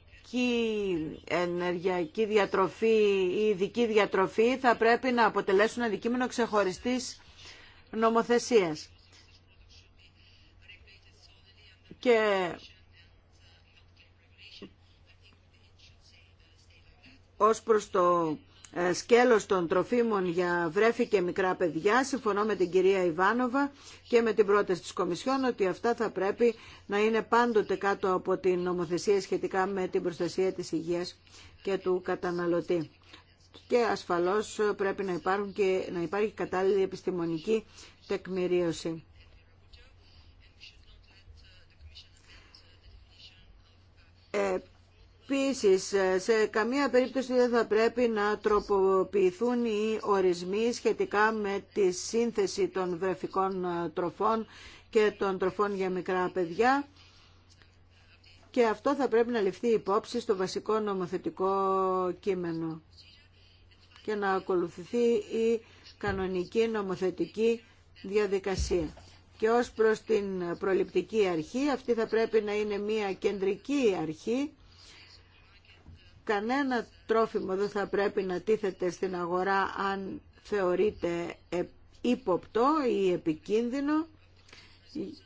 S1: ενεργειακή διατροφή ή ειδική διατροφή θα πρέπει να αποτελέσουν αντικείμενο ξεχωριστής νομοθεσίας. Και ως προς το ε, σκέλος των τροφίμων για βρέφη και μικρά παιδιά. Συμφωνώ με την κυρία Ιβάνοβα και με την πρόταση της Κομισιόν ότι αυτά θα πρέπει να είναι πάντοτε κάτω από την νομοθεσία σχετικά με την προστασία της υγείας και του καταναλωτή. Και ασφαλώς πρέπει να, υπάρχουν και, να υπάρχει κατάλληλη επιστημονική τεκμηρίωση. Ε, Επίσης, ε, σε καμία περίπτωση δεν θα πρέπει να τροποποιηθούν οι ορισμοί σχετικά με τη σύνθεση των βρεφικών ε, τροφών και των τροφών για μικρά παιδιά και αυτό θα πρέπει να ληφθεί υπόψη στο βασικό νομοθετικό κείμενο και να ακολουθηθεί η κανονική νομοθετική διαδικασία. Και ως προς την προληπτική αρχή, αυτή θα πρέπει να είναι μια κεντρική αρχή κανένα τρόφιμο δεν θα πρέπει να τίθεται στην αγορά αν θεωρείται ύποπτο ή επικίνδυνο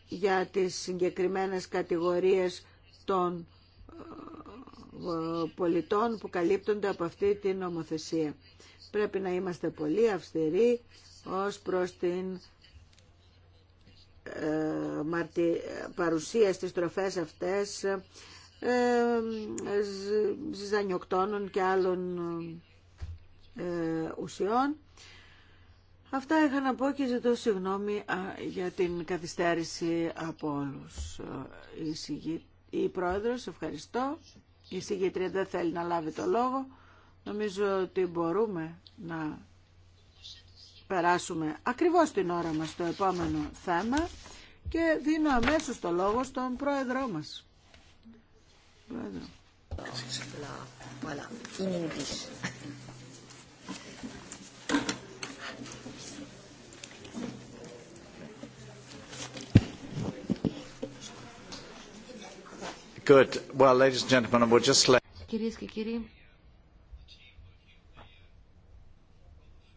S1: για τις συγκεκριμένες κατηγορίες των ε, πολιτών που καλύπτονται από αυτή την νομοθεσία. Πρέπει να είμαστε πολύ αυστηροί ως προς την ε, παρουσία στις τροφές αυτές ε, ε, ζυζανιοκτώνων και άλλων ε, ουσιών. Αυτά είχα να πω και ζητώ συγγνώμη για την καθυστέρηση από όλους. Η, Πρόεδρος, ευχαριστώ. Η συγγήτρια δεν θέλει να λάβει το λόγο. Νομίζω ότι μπορούμε να περάσουμε ακριβώς την ώρα μας στο επόμενο θέμα και δίνω αμέσως το λόγο στον Πρόεδρό μας.
S3: Κυρίε
S2: Κυρίες και κύριοι,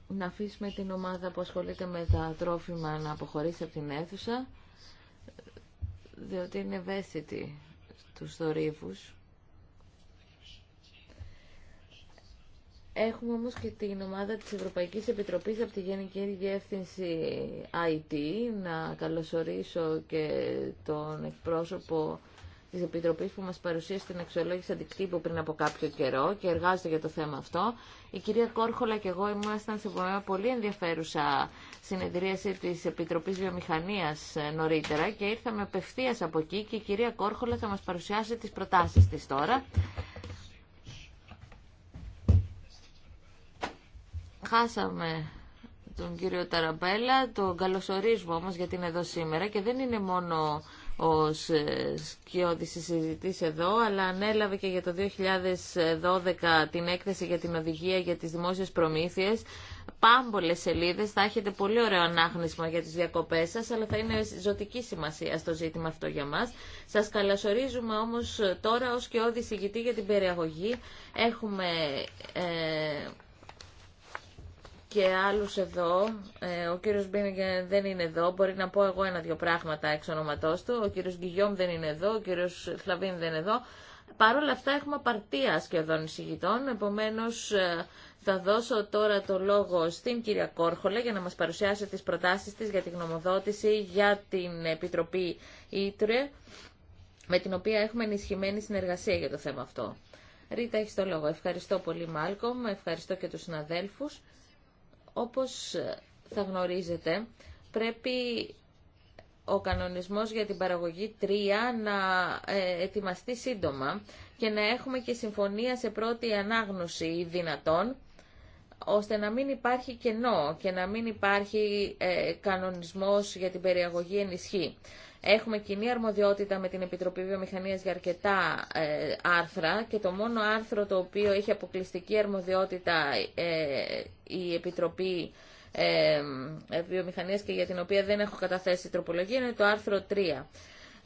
S2: να αφήσουμε την ομάδα που ασχολείται με τα τρόφιμα να αποχωρήσει από την αίθουσα, διότι είναι ευαίσθητη τους θορύβους. Έχουμε όμως και την ομάδα της Ευρωπαϊκής Επιτροπής από τη Γενική Διεύθυνση IT. Να καλωσορίσω και τον εκπρόσωπο της Επιτροπής που μας παρουσίασε την αξιολόγηση αντικτύπου πριν από κάποιο καιρό και εργάζεται για το θέμα αυτό. Η κυρία Κόρχολα και εγώ ήμασταν σε μια πολύ ενδιαφέρουσα συνεδρίαση της Επιτροπής Βιομηχανίας ε, νωρίτερα και ήρθαμε απευθεία από εκεί και η κυρία Κόρχολα θα μας παρουσιάσει τις προτάσεις της τώρα. Χάσαμε τον κύριο Ταραμπέλα, τον καλωσορίζουμε όμως γιατί είναι εδώ σήμερα και δεν είναι μόνο ως ο ε, συζητής εδώ, αλλά ανέλαβε και για το 2012 την έκθεση για την οδηγία για τις δημόσιες προμήθειες. Πάμπολες σελίδε. θα έχετε πολύ ωραίο ανάγνωσμα για τι διακοπέ σα, αλλά θα είναι ζωτική σημασία στο ζήτημα αυτό για μας. Σας καλωσορίζουμε όμως τώρα ως σκιώδη συζητή για την περιαγωγή. Έχουμε... Ε, και άλλους εδώ. Ε, ο κύριος Μπίνιγκεν δεν είναι εδώ. Μπορεί να πω εγώ ένα-δυο πράγματα εξ ονοματός του. Ο κύριος Γκυγιόμ δεν είναι εδώ. Ο κύριος Σλαβίν δεν είναι εδώ. Παρ' όλα αυτά έχουμε απαρτία σχεδόν εισηγητών, επομένως ε, θα δώσω τώρα το λόγο στην κυρία Κόρχολα για να μας παρουσιάσει τις προτάσεις της για τη γνωμοδότηση για την Επιτροπή Ήτρε, με την οποία έχουμε ενισχυμένη συνεργασία για το θέμα αυτό. Ρίτα, έχει το λόγο. Ευχαριστώ πολύ Μάλκομ, ευχαριστώ και τους συναδέλφους. Όπως θα γνωρίζετε, πρέπει ο κανονισμός για την παραγωγή 3 να ε, ετοιμαστεί σύντομα και να έχουμε και συμφωνία σε πρώτη ανάγνωση δυνατών, ώστε να μην υπάρχει κενό και να μην υπάρχει ε, κανονισμός για την περιαγωγή ενισχύ. Έχουμε κοινή αρμοδιότητα με την Επιτροπή Βιομηχανίας για αρκετά ε, άρθρα και το μόνο άρθρο το οποίο έχει αποκλειστική αρμοδιότητα ε, η Επιτροπή ε, Βιομηχανίας και για την οποία δεν έχω καταθέσει τροπολογία είναι το άρθρο 3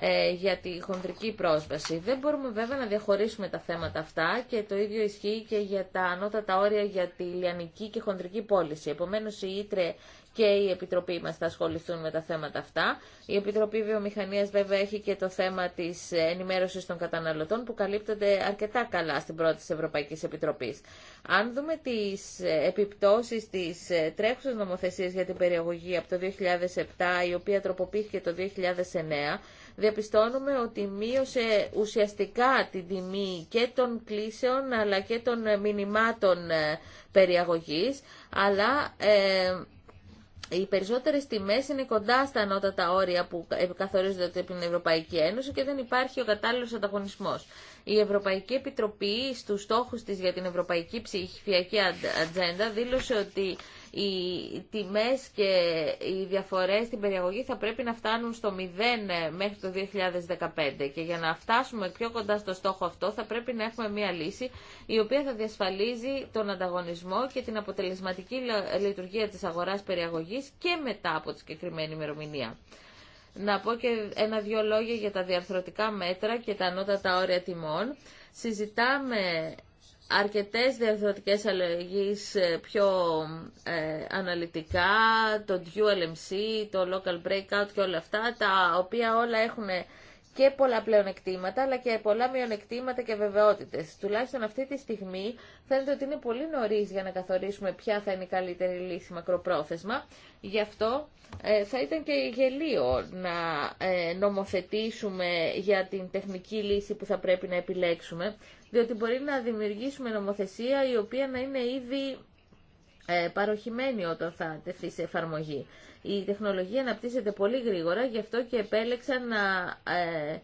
S2: ε, για τη χοντρική πρόσβαση. Δεν μπορούμε βέβαια να διαχωρίσουμε τα θέματα αυτά και το ίδιο ισχύει και για τα ανώτατα όρια για τη λιανική και χοντρική πώληση. Επομένως η ΙΤΡΕ και η Επιτροπή μας θα ασχοληθούν με τα θέματα αυτά. Η Επιτροπή Βιομηχανίας βέβαια έχει και το θέμα της ενημέρωσης των καταναλωτών που καλύπτονται αρκετά καλά στην πρώτη της Ευρωπαϊκής Επιτροπής. Αν δούμε τις επιπτώσεις της τρέχουσας νομοθεσίας για την περιαγωγή από το 2007, η οποία τροποποιήθηκε το 2009, διαπιστώνουμε ότι μείωσε ουσιαστικά την τιμή και των κλήσεων αλλά και των μηνυμάτων ε, περιαγωγής, αλλά... Ε, οι περισσότερε τιμέ είναι κοντά στα ανώτατα όρια που ε, καθορίζονται από την Ευρωπαϊκή Ένωση και δεν υπάρχει ο κατάλληλο ανταγωνισμό. Η Ευρωπαϊκή Επιτροπή στους στόχους της για την Ευρωπαϊκή Ψηφιακή Ατζέντα δήλωσε ότι οι τιμές και οι διαφορές στην περιαγωγή θα πρέπει να φτάνουν στο 0 ε, μέχρι το 2015 και για να φτάσουμε πιο κοντά στο στόχο αυτό θα πρέπει να έχουμε μια λύση η οποία θα διασφαλίζει τον ανταγωνισμό και την αποτελεσματική λειτουργία της αγοράς περιαγωγής και μετά από τη συγκεκριμένη ημερομηνία. Να πω και ένα-δυο λόγια για τα διαρθρωτικά μέτρα και τα ανώτατα όρια τιμών. Συζητάμε αρκετές διαδοτικές αλλαγές ε, πιο ε, αναλυτικά, το dual MC, το local breakout και όλα αυτά, τα οποία όλα έχουν και πολλά πλεονεκτήματα, αλλά και πολλά μειονεκτήματα και βεβαιότητε. Τουλάχιστον αυτή τη στιγμή φαίνεται ότι είναι πολύ νωρί για να καθορίσουμε ποια θα είναι η καλύτερη λύση μακροπρόθεσμα. Γι' αυτό ε, θα ήταν και γελίο να ε, νομοθετήσουμε για την τεχνική λύση που θα πρέπει να επιλέξουμε, διότι μπορεί να δημιουργήσουμε νομοθεσία η οποία να είναι ήδη ε, παροχημένη όταν θα τεθεί σε εφαρμογή. Η τεχνολογία αναπτύσσεται πολύ γρήγορα, γι' αυτό και επέλεξαν να ε,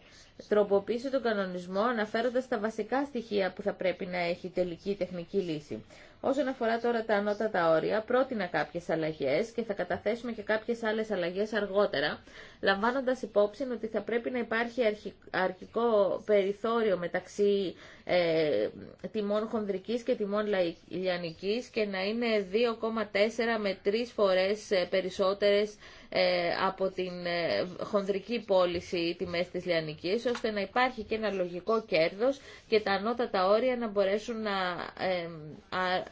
S2: τροποποιήσω τον κανονισμό αναφέροντας τα βασικά στοιχεία που θα πρέπει να έχει τελική τεχνική λύση. Όσον αφορά τώρα τα ανώτατα όρια, πρότεινα κάποιες αλλαγέ και θα καταθέσουμε και κάποιες άλλες αλλαγέ αργότερα, λαμβάνοντας υπόψη ότι θα πρέπει να υπάρχει αρχικό περιθώριο μεταξύ ε, τιμών χονδρικής και τιμών λαϊλιανική και να είναι 2,4 με 3 φορές ε, περισσότερες ε, από την ε, χονδρική πώληση τιμές της Λιανικής, ώστε να υπάρχει και ένα λογικό κέρδος και τα ανώτατα όρια να μπορέσουν να ε,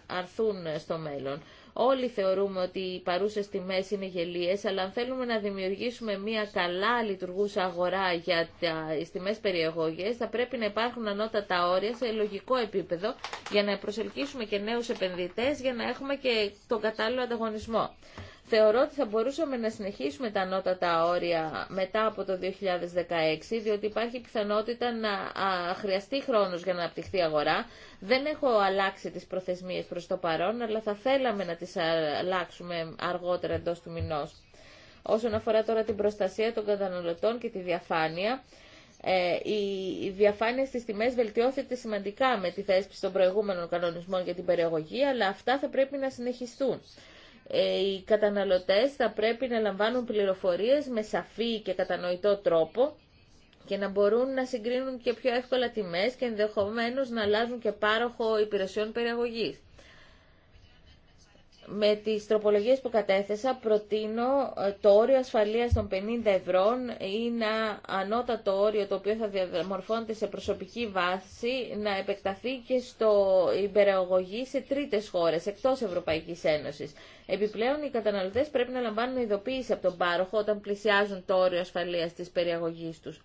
S2: αρθούν στο μέλλον. Όλοι θεωρούμε ότι οι παρούσε τιμέ είναι γελίε, αλλά αν θέλουμε να δημιουργήσουμε μια καλά λειτουργούσα αγορά για τις τιμές περιεγωγές, θα πρέπει να υπάρχουν ανώτατα όρια σε λογικό επίπεδο για να προσελκύσουμε και νέου επενδυτέ για να έχουμε και τον κατάλληλο ανταγωνισμό. Θεωρώ ότι θα μπορούσαμε να συνεχίσουμε τα ανώτατα όρια μετά από το 2016, διότι υπάρχει πιθανότητα να χρειαστεί χρόνος για να αναπτυχθεί αγορά. Δεν έχω αλλάξει τις προθεσμίες προς το παρόν, αλλά θα θέλαμε να τις αλλάξουμε αργότερα εντό του μηνός. Όσον αφορά τώρα την προστασία των καταναλωτών και τη διαφάνεια, ε, η διαφάνεια στις τιμές βελτιώθηκε σημαντικά με τη θέσπιση των προηγούμενων κανονισμών για την περιογωγή, αλλά αυτά θα πρέπει να συνεχιστούν. Ε, οι καταναλωτές θα πρέπει να λαμβάνουν πληροφορίες με σαφή και κατανοητό τρόπο και να μπορούν να συγκρίνουν και πιο εύκολα τιμές και ενδεχομένως να αλλάζουν και πάροχο υπηρεσιών περιαγωγής. Με τις τροπολογίες που κατέθεσα προτείνω ε, το όριο ασφαλείας των 50 ευρώ ή ένα ανώτατο όριο το οποίο θα διαμορφώνεται σε προσωπική βάση να επεκταθεί και στο υπεραγωγή σε τρίτες χώρες εκτός Ευρωπαϊκής Ένωσης. Επιπλέον οι καταναλωτές πρέπει να λαμβάνουν ειδοποίηση από τον πάροχο όταν πλησιάζουν το όριο ασφαλείας της περιαγωγής τους.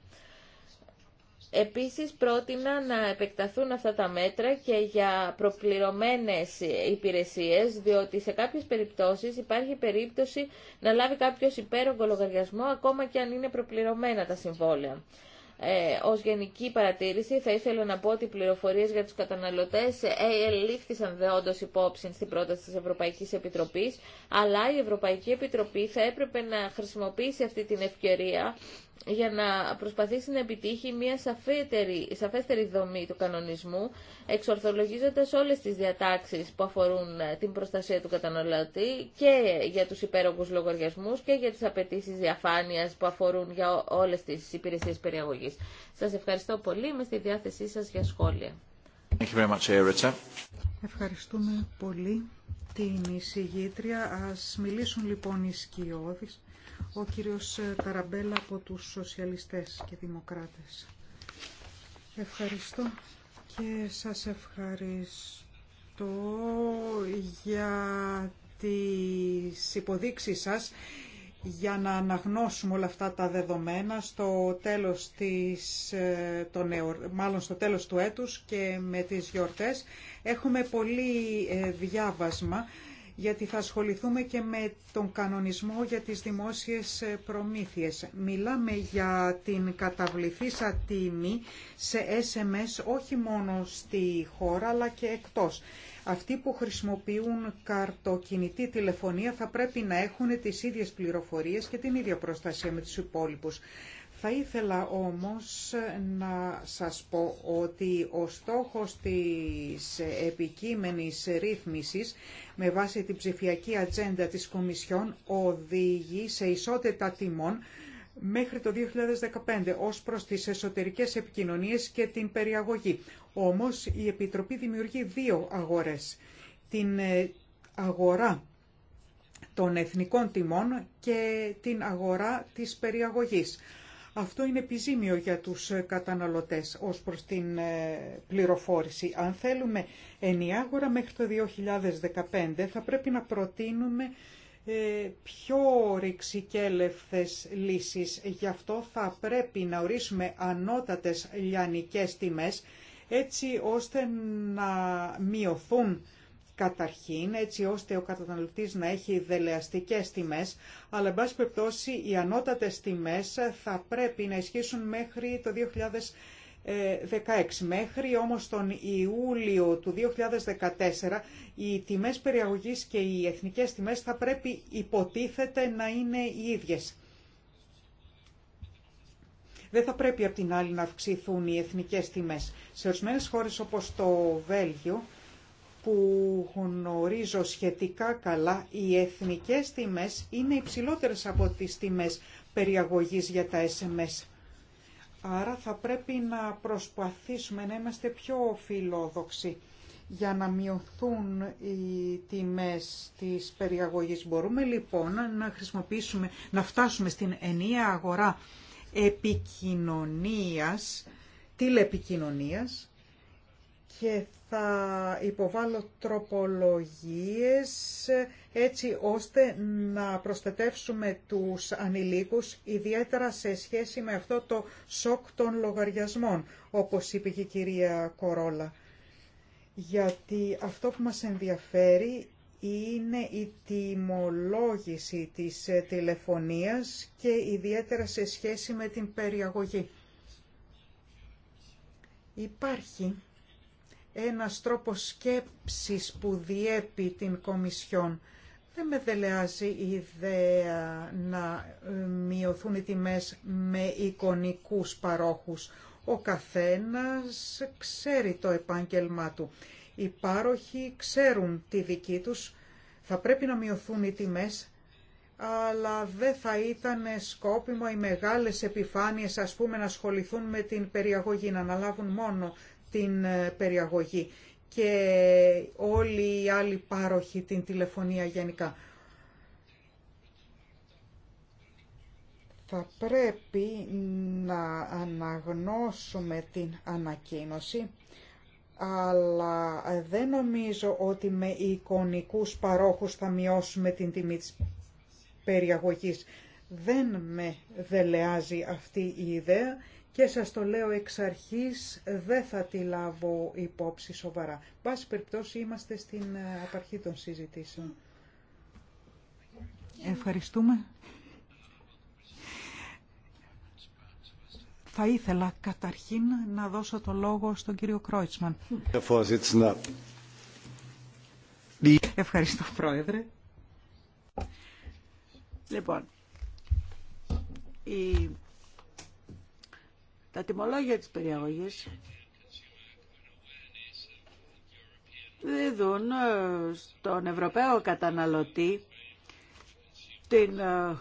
S2: Επίσης πρότεινα να επεκταθούν αυτά τα μέτρα και για προπληρωμένες υπηρεσίες, διότι σε κάποιες περιπτώσεις υπάρχει περίπτωση να λάβει κάποιος υπέρογκο λογαριασμό, ακόμα και αν είναι προπληρωμένα τα συμβόλαια. Ε, ως γενική παρατήρηση θα ήθελα να πω ότι οι πληροφορίες για τους καταναλωτές ε, ελήφθησαν δεόντως υπόψη στην πρόταση της Ευρωπαϊκής Επιτροπής, αλλά η Ευρωπαϊκή Επιτροπή θα έπρεπε να χρησιμοποιήσει αυτή την ευκαιρία για να προσπαθήσει να επιτύχει μια σαφέτερη, σαφέστερη δομή του κανονισμού, εξορθολογίζοντας όλες τις διατάξεις που αφορούν ε, την προστασία του καταναλωτή και για τους υπέρογους λογαριασμούς και για τις απαιτήσεις διαφάνειας που αφορούν για όλες τις υπηρεσίες περιαγωγής. Σας ευχαριστώ πολύ, είμαι στη διάθεσή σας για σχόλια. Ε,
S4: Ευχαριστούμε πολύ την εισηγήτρια. Ας μιλήσουν λοιπόν οι σκιώδεις ο κύριος ε, Ταραμπέλα από τους Σοσιαλιστές και Δημοκράτες. Ευχαριστώ και σας ευχαριστώ για τις υποδείξεις σας για να αναγνώσουμε όλα αυτά τα δεδομένα στο τέλος, της, ε, το νέο, μάλλον στο τέλος του έτους και με τις γιορτές. Έχουμε πολύ ε, διάβασμα γιατί θα ασχοληθούμε και με τον κανονισμό για τις δημόσιες προμήθειες. Μιλάμε για την καταβληθήσα τιμή σε SMS όχι μόνο στη χώρα αλλά και εκτός. Αυτοί που χρησιμοποιούν καρτοκινητή τηλεφωνία θα πρέπει να έχουν τις ίδιες πληροφορίες και την ίδια προστασία με τους υπόλοιπους. Θα ήθελα όμως να σας πω ότι ο στόχος της επικείμενης ρύθμισης με βάση την ψηφιακή ατζέντα της Κομισιόν οδηγεί σε ισότητα τιμών μέχρι το 2015 ως προς τις εσωτερικές επικοινωνίες και την περιαγωγή. Όμως η Επιτροπή δημιουργεί δύο αγορές. Την ε, αγορά των εθνικών τιμών και την αγορά της περιαγωγής. Αυτό είναι επιζήμιο για τους καταναλωτές ως προς την ε, πληροφόρηση. Αν θέλουμε ενιάγορα μέχρι το 2015 θα πρέπει να προτείνουμε ε, πιο ρηξικέλευθες λύσεις. Γι' αυτό θα πρέπει να ορίσουμε ανώτατες λιανικές τιμές έτσι ώστε να μειωθούν καταρχήν έτσι ώστε ο καταναλωτής να έχει δελεαστικές τιμές, αλλά εν πάση περιπτώσει οι ανώτατες τιμές θα πρέπει να ισχύσουν μέχρι το 2016. Μέχρι όμως τον Ιούλιο του 2014 οι τιμές περιαγωγής και οι εθνικές τιμές θα πρέπει υποτίθεται να είναι οι ίδιες. Δεν θα πρέπει απ' την άλλη να αυξηθούν οι εθνικές τιμές. Σε ορισμένες χώρες όπως το Βέλγιο που γνωρίζω σχετικά καλά, οι εθνικές τιμές είναι υψηλότερες από τις τιμές περιαγωγής για τα SMS. Άρα θα πρέπει να προσπαθήσουμε να είμαστε πιο φιλόδοξοι για να μειωθούν οι τιμές της περιαγωγής. Μπορούμε λοιπόν να χρησιμοποιήσουμε, να φτάσουμε στην ενιαία αγορά επικοινωνίας, τηλεπικοινωνίας, και θα υποβάλω τροπολογίες έτσι ώστε να προστατεύσουμε τους ανηλίκους ιδιαίτερα σε σχέση με αυτό το σοκ των λογαριασμών όπως είπε και η κυρία Κορόλα. Γιατί αυτό που μας ενδιαφέρει είναι η τιμολόγηση της τηλεφωνίας και ιδιαίτερα σε σχέση με την περιαγωγή. Υπάρχει ένας τρόπος σκέψης που διέπει την Κομισιόν. Δεν με δελεάζει η ιδέα να ε, μειωθούν οι τιμές με εικονικούς παρόχους. Ο καθένας ξέρει το επάγγελμά του. Οι πάροχοι ξέρουν τη δική τους. Θα πρέπει να μειωθούν οι τιμές, αλλά δεν θα ήταν σκόπιμο οι μεγάλες επιφάνειες, ας πούμε, να ασχοληθούν με την περιαγωγή, να αναλάβουν μόνο την ε, περιαγωγή και όλοι οι άλλοι πάροχοι την τηλεφωνία γενικά. Θα πρέπει να αναγνώσουμε την ανακοίνωση, αλλά δεν νομίζω ότι με εικονικούς παρόχους θα μειώσουμε την τιμή της περιαγωγής. Δεν με δελεάζει αυτή η ιδέα και σας το λέω εξ αρχής, δεν θα τη λάβω υπόψη σοβαρά. Πάση περιπτώσει είμαστε στην ε, απαρχή των συζητήσεων. Ευχαριστούμε. Θα ήθελα καταρχήν να δώσω το λόγο στον κύριο Κρόιτσμαν. Ευχαριστώ,
S1: Πρόεδρε. Λοιπόν, η τα τιμολόγια της περιαγωγής δίδουν ε, στον Ευρωπαίο καταναλωτή την ε,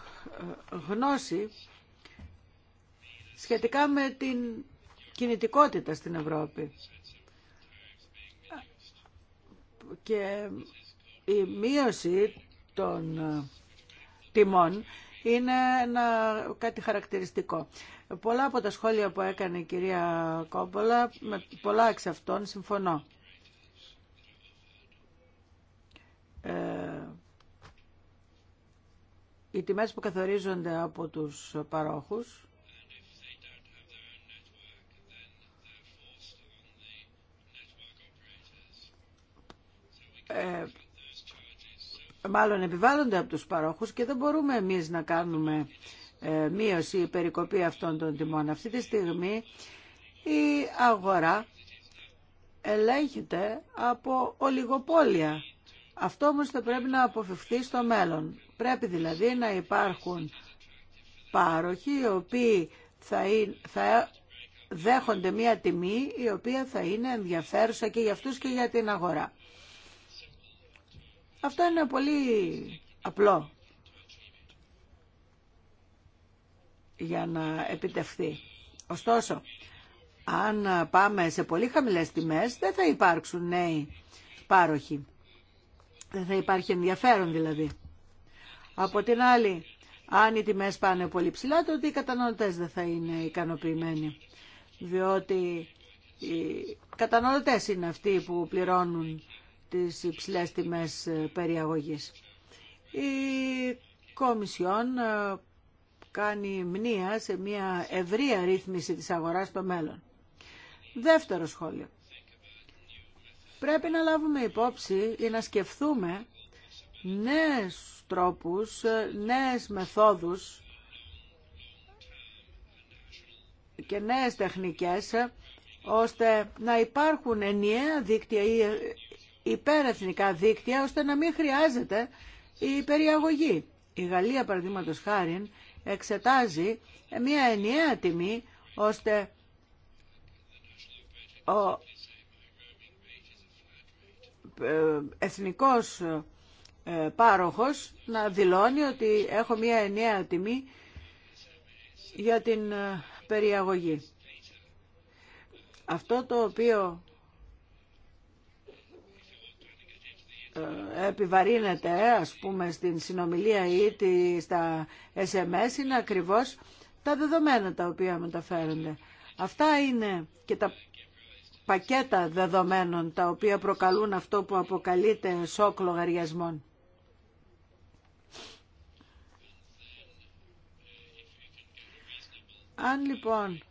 S1: γνώση σχετικά με την κινητικότητα στην Ευρώπη. Και η μείωση των ε, τιμών είναι κάτι χαρακτηριστικό. Πολλά από τα σχόλια που έκανε η κυρία Κόμπολα, με πολλά εξ αυτών συμφωνώ. Ε, οι τιμές που καθορίζονται από τους παρόχους ε, μάλλον επιβάλλονται από τους παρόχους και δεν μπορούμε εμείς να κάνουμε ε, μείωση, η περικοπή αυτών των τιμών. Αυτή τη στιγμή η αγορά ελέγχεται από ολιγοπόλια. Αυτό όμως θα πρέπει να αποφευχθεί στο μέλλον. Πρέπει δηλαδή να υπάρχουν πάροχοι οι οποίοι θα, είναι, θα δέχονται μία τιμή η οποία θα είναι ενδιαφέρουσα και για αυτούς και για την αγορά. Αυτό είναι πολύ απλό για να επιτευχθεί. Ωστόσο, αν πάμε σε πολύ χαμηλές τιμές, δεν θα υπάρξουν νέοι πάροχοι. Δεν θα υπάρχει ενδιαφέρον δηλαδή. Από την άλλη, αν οι τιμές πάνε πολύ ψηλά, τότε οι κατανοητές δεν θα είναι ικανοποιημένοι. Διότι οι κατανοητές είναι αυτοί που πληρώνουν τις υψηλές τιμές ε, περιαγωγής. Η Κομισιόν ε, κάνει μνήα σε μια ευρεία ρύθμιση της αγοράς στο μέλλον. Δεύτερο σχόλιο. Πρέπει να λάβουμε υπόψη ή να σκεφτούμε νέες τρόπους, νέες μεθόδους και νέες τεχνικές ώστε να υπάρχουν ενιαία δίκτυα ή υπερεθνικά δίκτυα ώστε να μην χρειάζεται η περιαγωγή. Η Γαλλία, παραδείγματος χάρη, εξετάζει μια ενιαία τιμή ώστε ο εθνικός ε, πάροχος να δηλώνει ότι έχω μια ενιαία τιμή για την ε, περιαγωγή. Αυτό το οποίο Ε, επιβαρύνεται ας πούμε στην συνομιλία ή στα SMS είναι ακριβώς τα δεδομένα τα οποία μεταφέρονται. Αυτά είναι και τα πακέτα δεδομένων τα οποία προκαλούν αυτό που αποκαλείται σοκ λογαριασμών. Αν λοιπόν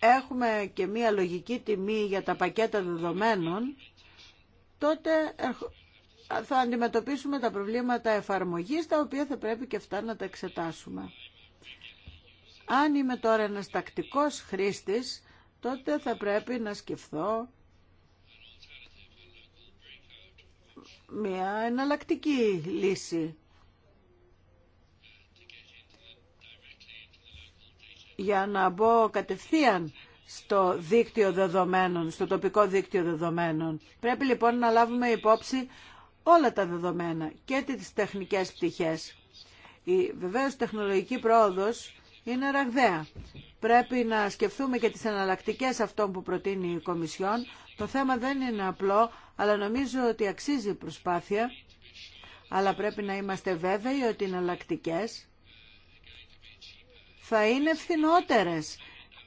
S1: έχουμε και μία λογική τιμή για τα πακέτα δεδομένων, τότε θα αντιμετωπίσουμε τα προβλήματα εφαρμογής, τα οποία θα πρέπει και αυτά να τα εξετάσουμε. Αν είμαι τώρα ένας τακτικός χρήστης, τότε θα πρέπει να σκεφτώ μια εναλλακτική λύση. Για να μπω κατευθείαν στο δίκτυο δεδομένων, στο τοπικό δίκτυο δεδομένων. Πρέπει λοιπόν να λάβουμε υπόψη όλα τα δεδομένα και τις τεχνικές πτυχές. Η βεβαίως τεχνολογική πρόοδος είναι ραγδαία. Πρέπει να σκεφτούμε και τις εναλλακτικέ αυτών που προτείνει η Κομισιόν. Το θέμα δεν είναι απλό, αλλά νομίζω ότι αξίζει προσπάθεια. Αλλά πρέπει να είμαστε βέβαιοι ότι οι εναλλακτικέ θα είναι φθηνότερες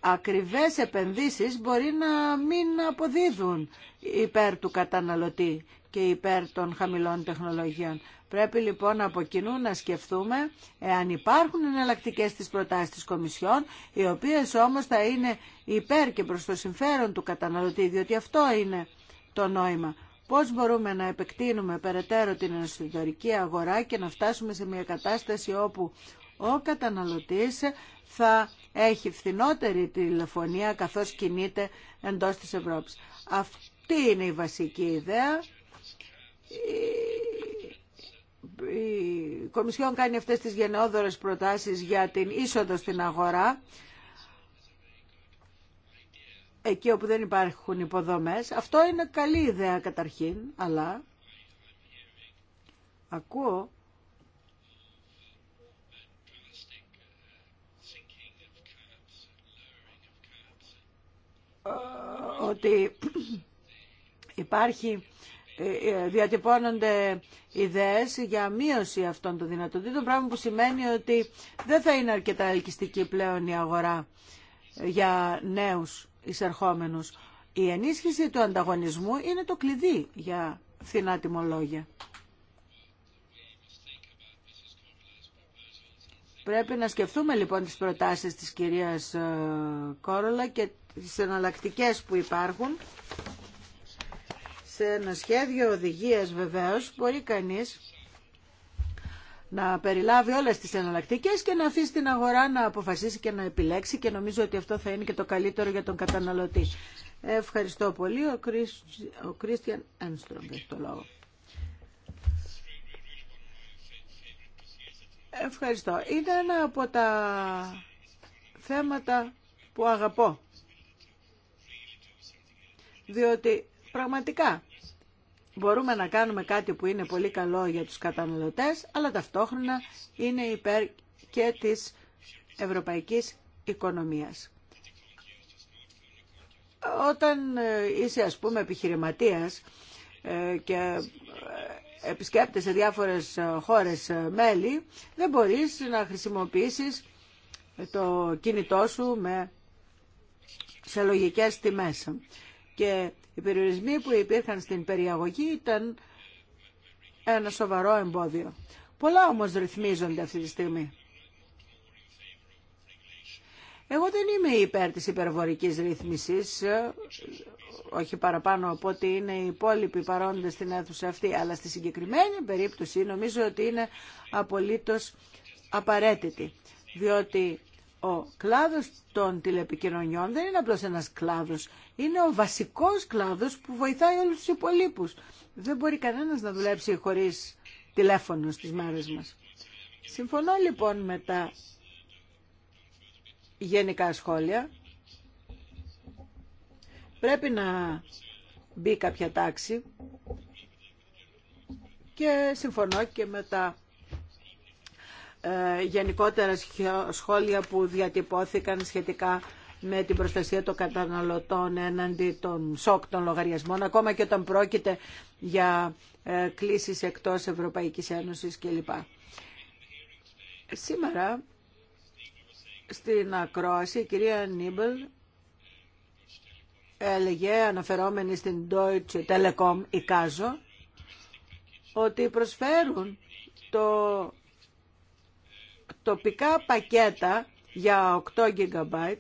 S1: ακριβές επενδύσεις μπορεί να μην αποδίδουν υπέρ του καταναλωτή και υπέρ των χαμηλών τεχνολογιών. Πρέπει λοιπόν από κοινού να σκεφτούμε εάν υπάρχουν εναλλακτικέ στις προτάσεις της Κομισιόν, οι οποίες όμως θα είναι υπέρ και προς το συμφέρον του καταναλωτή, διότι αυτό είναι το νόημα. Πώς μπορούμε να επεκτείνουμε περαιτέρω την εσωτερική αγορά και να φτάσουμε σε μια κατάσταση όπου ο καταναλωτής θα έχει φθηνότερη τηλεφωνία καθώς κινείται εντός της Ευρώπης. Αυτή είναι η βασική ιδέα. Η Κομισιόν κάνει αυτές τις γενναιόδορες προτάσεις για την είσοδο στην αγορά εκεί όπου δεν υπάρχουν υποδομές. Αυτό είναι καλή ιδέα καταρχήν, αλλά ακούω ότι υπάρχει ε, ε, διατυπώνονται ιδέες για μείωση αυτών των δυνατοτήτων, πράγμα που σημαίνει ότι δεν θα είναι αρκετά ελκυστική πλέον η αγορά για νέους εισερχόμενους. Η ενίσχυση του ανταγωνισμού είναι το κλειδί για φθηνά τιμολόγια. Πρέπει να σκεφτούμε λοιπόν τις προτάσεις της κυρίας ε, Κόρολα και τις εναλλακτικές που υπάρχουν σε ένα σχέδιο οδηγίας βεβαίως μπορεί κανείς να περιλάβει όλες τις εναλλακτικέ και να αφήσει την αγορά να αποφασίσει και να επιλέξει και νομίζω ότι αυτό θα είναι και το καλύτερο για τον καταναλωτή. Ευχαριστώ πολύ. Ο Κρίστιαν Ένστρομ έχει το λόγο.
S3: Ευχαριστώ.
S1: Είναι ένα από τα θέματα που αγαπώ διότι πραγματικά μπορούμε να κάνουμε κάτι που είναι πολύ καλό για τους καταναλωτές, αλλά ταυτόχρονα είναι υπέρ και της ευρωπαϊκής οικονομίας. Όταν ε, είσαι ας πούμε επιχειρηματίας ε, και ε, επισκέπτεσαι διάφορες χώρες μέλη, δεν μπορείς να χρησιμοποιήσεις το κινητό σου με σε λογικές τιμές και οι περιορισμοί που υπήρχαν στην περιαγωγή ήταν ένα σοβαρό εμπόδιο. Πολλά όμως ρυθμίζονται αυτή τη στιγμή. Εγώ δεν είμαι υπέρ της υπερβορικής ρύθμισης, όχι παραπάνω από ότι είναι οι υπόλοιποι παρόντες στην αίθουσα αυτή, αλλά στη συγκεκριμένη περίπτωση νομίζω ότι είναι απολύτως απαραίτητη, διότι ο κλάδος των τηλεπικοινωνιών δεν είναι απλώς ένας κλάδος. Είναι ο βασικός κλάδος που βοηθάει όλους τους υπολείπους. Δεν μπορεί κανένας να δουλέψει χωρίς τηλέφωνο στις μέρες μας. Συμφωνώ λοιπόν με τα γενικά σχόλια. Πρέπει να μπει κάποια τάξη και συμφωνώ και με τα ε, γενικότερα σχόλια που διατυπώθηκαν σχετικά με την προστασία των καταναλωτών έναντι των σοκ των λογαριασμών, ακόμα και όταν πρόκειται για ε, κλήσεις εκτός Ευρωπαϊκής Ένωσης κλπ. Σήμερα στην ακρόαση η κυρία Νίμπελ έλεγε, αναφερόμενη στην Deutsche Telekom, η Κάζο, ότι προσφέρουν το τοπικά πακέτα για 8 GB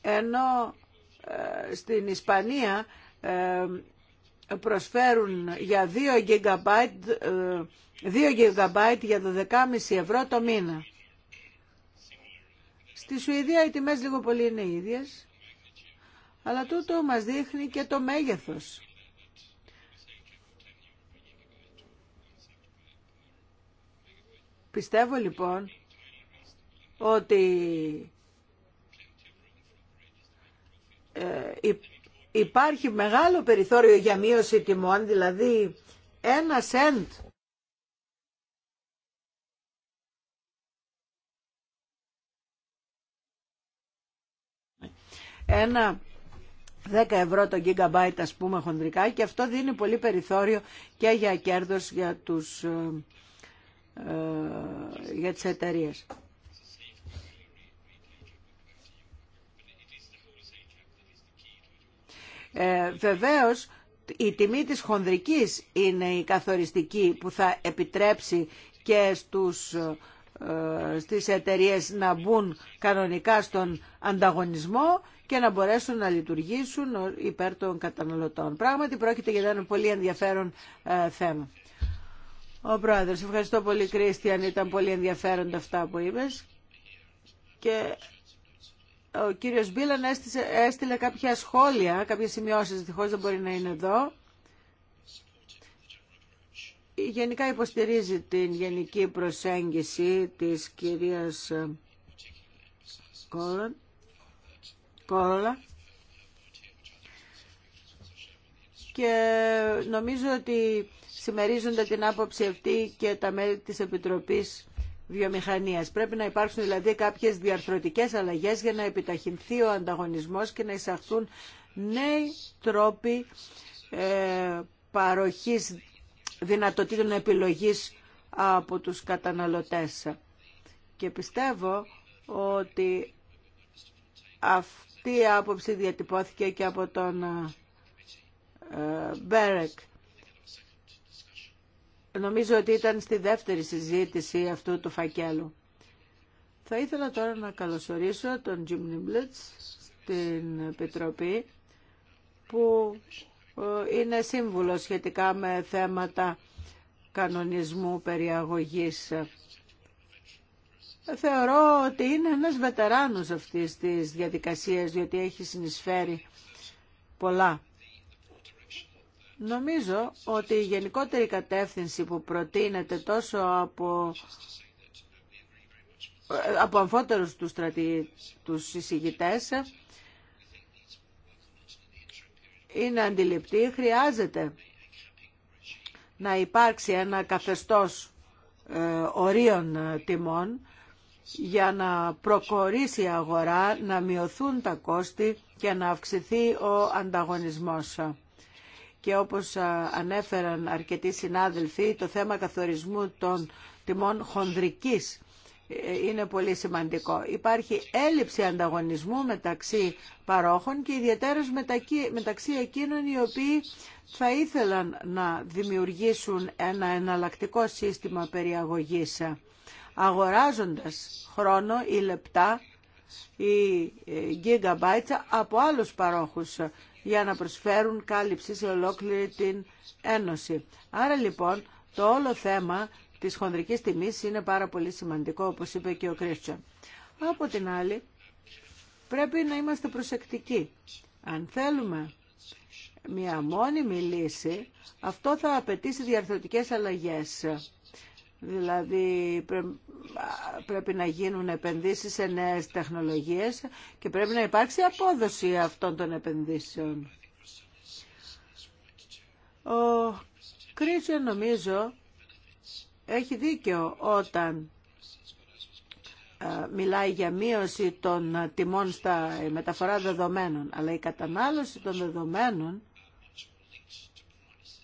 S1: ενώ ε, στην Ισπανία ε, προσφέρουν για 2 GB, 2 GB για 12,5 ευρώ το μήνα. Στη Σουηδία οι τιμές λίγο πολύ είναι ίδιες, αλλά τούτο μας δείχνει και το μέγεθος Πιστεύω λοιπόν ότι ε, υπάρχει μεγάλο περιθώριο για μείωση τιμών, δηλαδή ένα σέντ ένα 10 ευρώ το gigabyte ας πούμε χοντρικά και αυτό δίνει πολύ περιθώριο και για κέρδος για τους ε, ε, για τις εταιρείε. Ε, βεβαίως, η τιμή της χονδρικής είναι η καθοριστική που θα επιτρέψει και στους, ε, στις εταιρείες να μπουν κανονικά στον ανταγωνισμό και να μπορέσουν να λειτουργήσουν υπέρ των καταναλωτών. Πράγματι πρόκειται για ένα πολύ ενδιαφέρον ε, θέμα. Ο Πρόεδρος, ευχαριστώ πολύ Κρίστιαν, ήταν πολύ ενδιαφέροντα αυτά που είπες. Και ο κύριος Μπίλαν έστειλε κάποια σχόλια, κάποιες σημειώσεις, δυστυχώς δεν μπορεί να είναι εδώ. Γενικά υποστηρίζει την γενική προσέγγιση της κυρίας ε, Κόρολα. Και νομίζω ότι συμμερίζονται την άποψη αυτή και τα μέλη της Επιτροπής Βιομηχανίας. Πρέπει να υπάρξουν δηλαδή κάποιες διαρθρωτικές αλλαγές για να επιταχυνθεί ο ανταγωνισμός και να εισαχθούν νέοι τρόποι ε, παροχής δυνατοτήτων επιλογής από τους καταναλωτές. Και πιστεύω ότι αυτή η άποψη διατυπώθηκε και από τον ε, Μπέρεκ Νομίζω ότι ήταν στη δεύτερη συζήτηση αυτού του φακέλου. Θα ήθελα τώρα να καλωσορίσω τον Jim Nimblitz στην Επιτροπή που ε, είναι σύμβουλο σχετικά με θέματα κανονισμού περιαγωγής. Θεωρώ ότι είναι ένας βετεράνος αυτής της διαδικασίας, διότι έχει συνεισφέρει πολλά Νομίζω ότι η γενικότερη κατεύθυνση που προτείνεται τόσο από, από αμφότερους τους, στρατη, τους είναι αντιληπτή. Χρειάζεται να υπάρξει ένα καθεστώς ε, ορίων ε, τιμών για να προχωρήσει η αγορά, να μειωθούν τα κόστη και να αυξηθεί ο ανταγωνισμός και όπως ανέφεραν αρκετοί συνάδελφοι, το θέμα καθορισμού των τιμών χονδρικής ε, είναι πολύ σημαντικό. Υπάρχει έλλειψη ανταγωνισμού μεταξύ παρόχων και ιδιαίτερα μεταξύ εκείνων οι οποίοι θα ήθελαν να δημιουργήσουν ένα εναλλακτικό σύστημα περιαγωγής αγοράζοντας χρόνο ή λεπτά ή ε, gigabytes από άλλους παρόχους για να προσφέρουν κάλυψη σε ολόκληρη την Ένωση. Άρα λοιπόν το όλο θέμα της χονδρικής τιμής είναι πάρα πολύ σημαντικό όπως είπε και ο Κρίστιαν. Από την άλλη πρέπει να είμαστε προσεκτικοί. Αν θέλουμε μια μόνιμη λύση αυτό θα απαιτήσει διαρθρωτικές αλλαγές Δηλαδή πρέπει να γίνουν επενδύσεις σε νέες τεχνολογίες και πρέπει να υπάρξει απόδοση αυτών των επενδύσεων. Ο Κρίσιο νομίζω έχει δίκιο όταν ε, μιλάει για μείωση των τιμών στα μεταφορά δεδομένων, αλλά η κατανάλωση των δεδομένων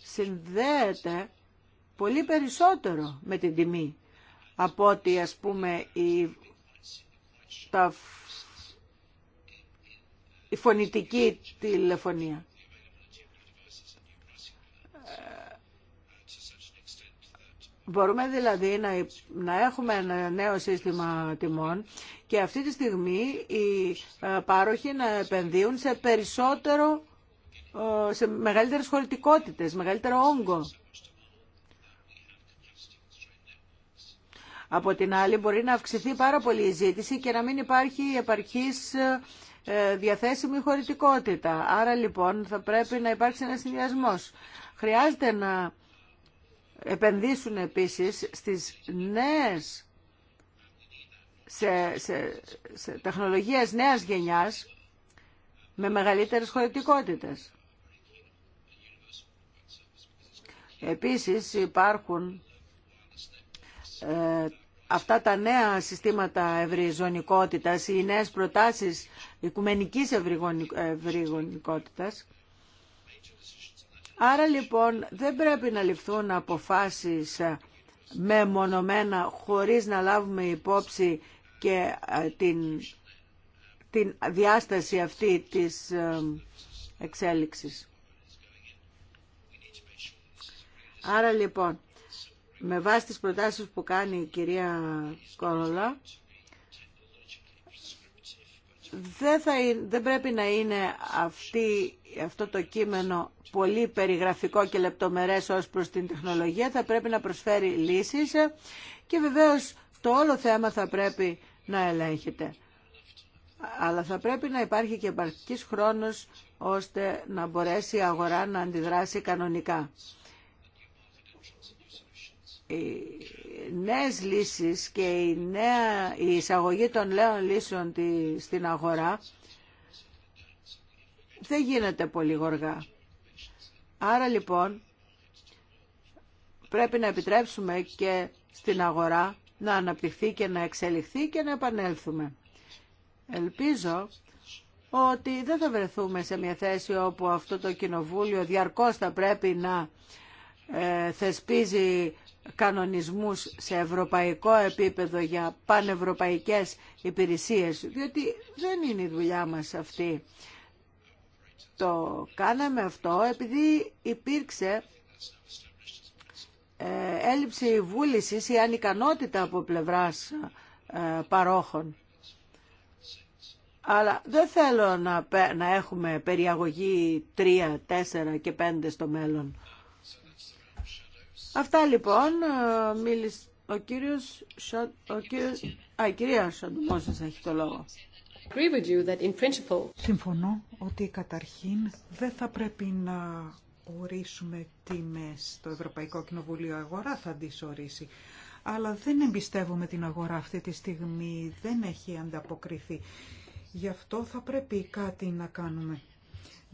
S1: συνδέεται πολύ περισσότερο με την τιμή από ότι ας πούμε η, τα, η φωνητική τηλεφωνία. Μπορούμε δηλαδή να, έχουμε ένα νέο σύστημα τιμών και αυτή τη στιγμή οι ε, πάροχοι να επενδύουν σε περισσότερο, ε, σε μεγαλύτερες χωρητικότητες, μεγαλύτερο όγκο. Από την άλλη μπορεί να αυξηθεί πάρα πολύ η ζήτηση και να μην υπάρχει επαρκής ε, διαθέσιμη χωρητικότητα. Άρα λοιπόν θα πρέπει να υπάρξει ένας συνδυασμό. Χρειάζεται να επενδύσουν επίσης στις νέες σε, σε, τεχνολογίες νέας γενιάς με μεγαλύτερες χωρητικότητες. Επίσης υπάρχουν ε, αυτά τα νέα συστήματα ευρυζωνικότητας, οι νέες προτάσεις οικουμενικής ευρυγωνικότητας. Άρα λοιπόν δεν πρέπει να ληφθούν αποφάσεις μεμονωμένα χωρίς να λάβουμε υπόψη και ε, την, την διάσταση αυτή της ε, εξέλιξης. Άρα λοιπόν με βάση τις προτάσεις που κάνει η κυρία Κόρολα, δεν, πρέπει να είναι αυτή, αυτό το κείμενο πολύ περιγραφικό και λεπτομερές ως προς την τεχνολογία. Θα πρέπει να προσφέρει λύσεις και βεβαίως το όλο θέμα θα πρέπει να ελέγχεται. Αλλά θα πρέπει να υπάρχει και επαρκής χρόνος ώστε να μπορέσει η αγορά να αντιδράσει κανονικά νέες λύσεις και η, νέα, η εισαγωγή των νέων λύσεων στην αγορά δεν γίνεται πολύ γοργά. Άρα λοιπόν πρέπει να επιτρέψουμε και στην αγορά να αναπτυχθεί και να εξελιχθεί και να επανέλθουμε. Ελπίζω ότι δεν θα βρεθούμε σε μια θέση όπου αυτό το κοινοβούλιο διαρκώς θα πρέπει να ε, θεσπίζει κανονισμούς σε ευρωπαϊκό επίπεδο για πανευρωπαϊκές υπηρεσίες, διότι δεν είναι η δουλειά μας αυτή. Το κάναμε αυτό επειδή υπήρξε ε, έλλειψη βούλησης ή ανικανότητα από πλευράς ε, παρόχων. Αλλά δεν θέλω να, έχουμε περιαγωγή 3, 4 και 5 στο μέλλον. Αυτά λοιπόν, ε, μίλησε ο κύριος, έχει το λόγο.
S4: Συμφωνώ ότι καταρχήν δεν θα πρέπει να ορίσουμε τιμές. Το Ευρωπαϊκό Κοινοβουλίο Αγορά θα τις ορίσει. Αλλά δεν εμπιστεύομαι την αγορά αυτή τη στιγμή, δεν έχει ανταποκριθεί. Γι' αυτό θα πρέπει κάτι να κάνουμε.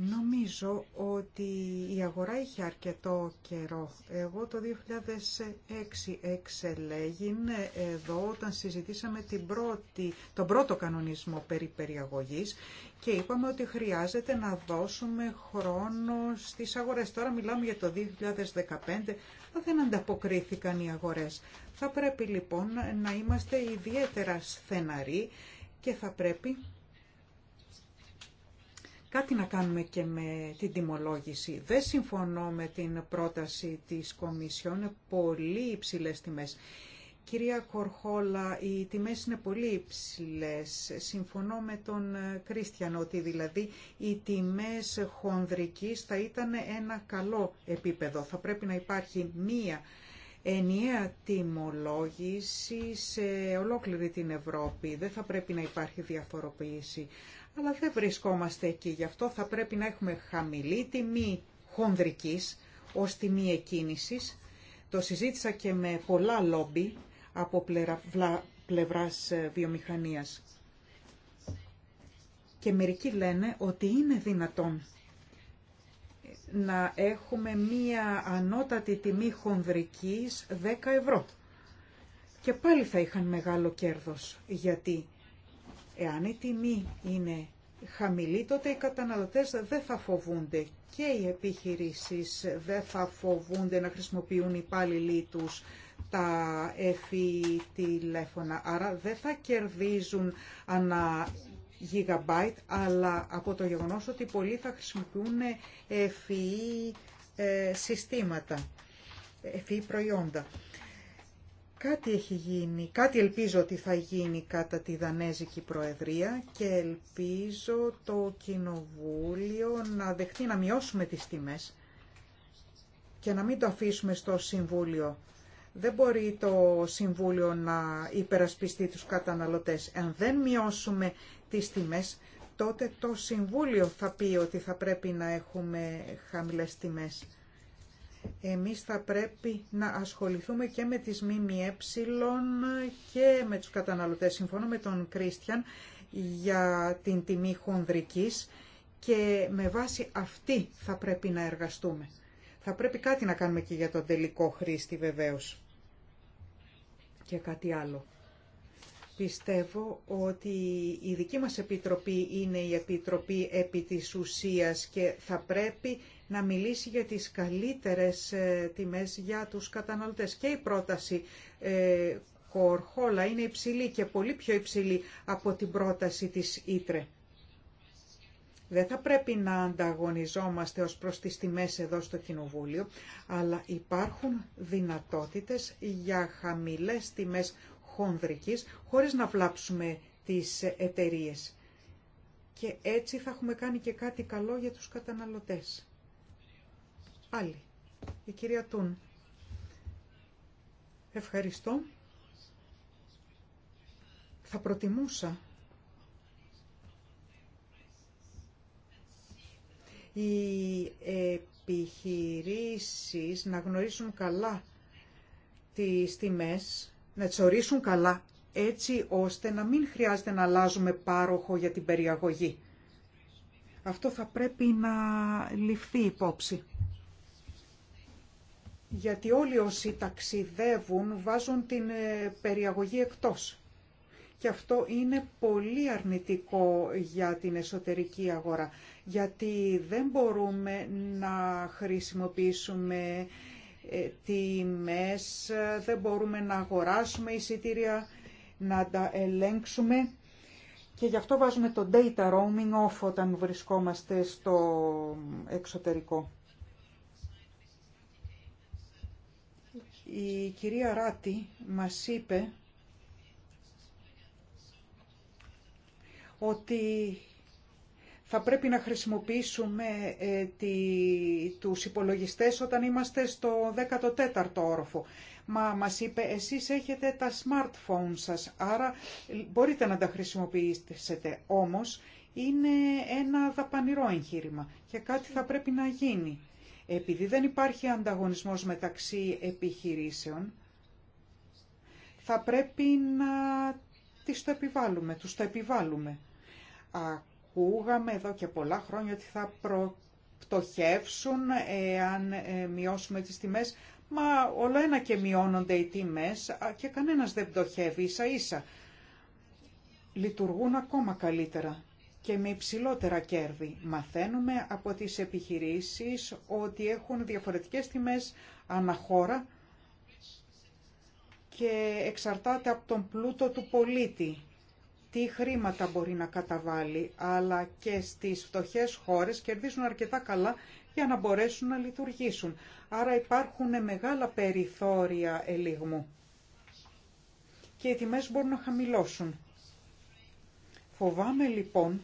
S4: Νομίζω ότι η αγορά είχε αρκετό καιρό. Εγώ το 2006 εξελέγην εδώ όταν συζητήσαμε την πρώτη, τον πρώτο κανονισμό περί περιαγωγής και είπαμε ότι χρειάζεται να δώσουμε χρόνο στις αγορές. Τώρα μιλάμε για το 2015, αλλά δεν ανταποκρίθηκαν οι αγορές. Θα πρέπει λοιπόν να είμαστε ιδιαίτερα στεναροί και θα πρέπει κάτι να κάνουμε και με την τιμολόγηση. Δεν συμφωνώ με την πρόταση της Κομισιόν, πολύ υψηλές τιμές. Κυρία Κορχόλα, οι τιμές είναι πολύ υψηλές. Συμφωνώ με τον ε, Κρίστιαν ότι δηλαδή οι τιμές χονδρικής θα ήταν ένα καλό επίπεδο. Θα πρέπει να υπάρχει μία ενιαία τιμολόγηση σε ολόκληρη την Ευρώπη. Δεν θα πρέπει να υπάρχει διαφοροποίηση αλλά δεν βρισκόμαστε εκεί. Γι' αυτό θα πρέπει να έχουμε χαμηλή τιμή χονδρικής ως τιμή εκκίνησης. Το συζήτησα και με πολλά λόμπι από πλευράς ε, βιομηχανίας. Και μερικοί λένε ότι είναι δυνατόν να έχουμε μία ανώτατη τιμή χονδρικής 10 ευρώ. Και πάλι θα είχαν μεγάλο κέρδος, γιατί Εάν η τιμή είναι χαμηλή, τότε οι καταναλωτές δεν θα φοβούνται και οι επιχειρήσεις δεν θα φοβούνται να χρησιμοποιούν οι υπάλληλοι τους τα εφή e τηλέφωνα. Άρα δεν θα κερδίζουν ανά γιγαμπάιτ, αλλά από το γεγονός ότι πολλοί θα χρησιμοποιούν e, εφή συστήματα, εφή e προϊόντα. Κάτι έχει γίνει, κάτι ελπίζω ότι θα γίνει κατά τη Δανέζικη Προεδρία και ελπίζω το Κοινοβούλιο να δεχτεί να μειώσουμε τις τιμές και να μην το αφήσουμε στο Συμβούλιο. Δεν μπορεί το Συμβούλιο να υπερασπιστεί τους καταναλωτές. Αν δεν μειώσουμε τις τιμές, τότε το Συμβούλιο θα πει ότι θα πρέπει να έχουμε χαμηλές τιμές εμείς θα πρέπει να ασχοληθούμε και με τις ΜΜΕ και με τους καταναλωτές. Συμφωνώ με τον Κρίστιαν για την τιμή χονδρικής και με βάση αυτή θα πρέπει να εργαστούμε. Θα πρέπει κάτι να κάνουμε και για τον τελικό χρήστη βεβαίως. Και κάτι άλλο. Πιστεύω ότι η δική μας Επιτροπή είναι η Επιτροπή επί της ουσίας και θα πρέπει να μιλήσει για τις καλύτερες ε, τιμές για τους καταναλωτές. Και η πρόταση ε, Κορχόλα είναι υψηλή και πολύ πιο υψηλή από την πρόταση της Ήτρε. Δεν θα πρέπει να ανταγωνιζόμαστε ως προς τις τιμές εδώ στο Κοινοβούλιο, αλλά υπάρχουν δυνατότητες για χαμηλές τιμές χονδρικής χωρίς να βλάψουμε τις εταιρείε. Και έτσι θα έχουμε κάνει και κάτι καλό για τους καταναλωτές. Άλλη, η κυρία Τούν. Ευχαριστώ. Θα προτιμούσα οι επιχειρήσεις να γνωρίσουν καλά τις τιμές να τις ορίσουν καλά, έτσι ώστε να μην χρειάζεται να αλλάζουμε πάροχο για την περιαγωγή. Αυτό θα πρέπει να ληφθεί υπόψη. Γιατί όλοι όσοι ταξιδεύουν βάζουν την ε, περιαγωγή εκτός. Και αυτό είναι πολύ αρνητικό για την εσωτερική αγορά, γιατί δεν μπορούμε να χρησιμοποιήσουμε ε, τιμές, ε, δεν μπορούμε να αγοράσουμε εισιτήρια, να τα ελέγξουμε και γι' αυτό βάζουμε το data roaming off όταν βρισκόμαστε στο εξωτερικό. Η κυρία Ράτη μας είπε ότι θα πρέπει να χρησιμοποιήσουμε ε, τη, τους υπολογιστές όταν είμαστε στο 14ο όροφο. Μα μας είπε, εσείς έχετε τα smartphone σας, άρα μπορείτε να τα χρησιμοποιήσετε. Όμως είναι ένα δαπανηρό εγχείρημα και κάτι θα πρέπει να γίνει. Επειδή δεν υπάρχει ανταγωνισμός μεταξύ επιχειρήσεων, θα πρέπει να τις το επιβάλλουμε, τους το επιβάλλουμε ακούγαμε εδώ και πολλά χρόνια ότι θα προπτωχεύσουν αν ε, μειώσουμε τις τιμές. Μα όλο ένα και μειώνονται οι τιμές και κανένας δεν πτωχεύει ίσα ίσα. Λειτουργούν ακόμα καλύτερα και με υψηλότερα κέρδη. Μαθαίνουμε από τις επιχειρήσεις ότι έχουν διαφορετικές τιμές αναχώρα και εξαρτάται από τον πλούτο του πολίτη τι χρήματα μπορεί να καταβάλει, αλλά και στις φτωχές χώρες κερδίζουν αρκετά καλά για να μπορέσουν να λειτουργήσουν. Άρα υπάρχουν μεγάλα περιθώρια ελιγμού και οι τιμές μπορούν να χαμηλώσουν. Φοβάμαι λοιπόν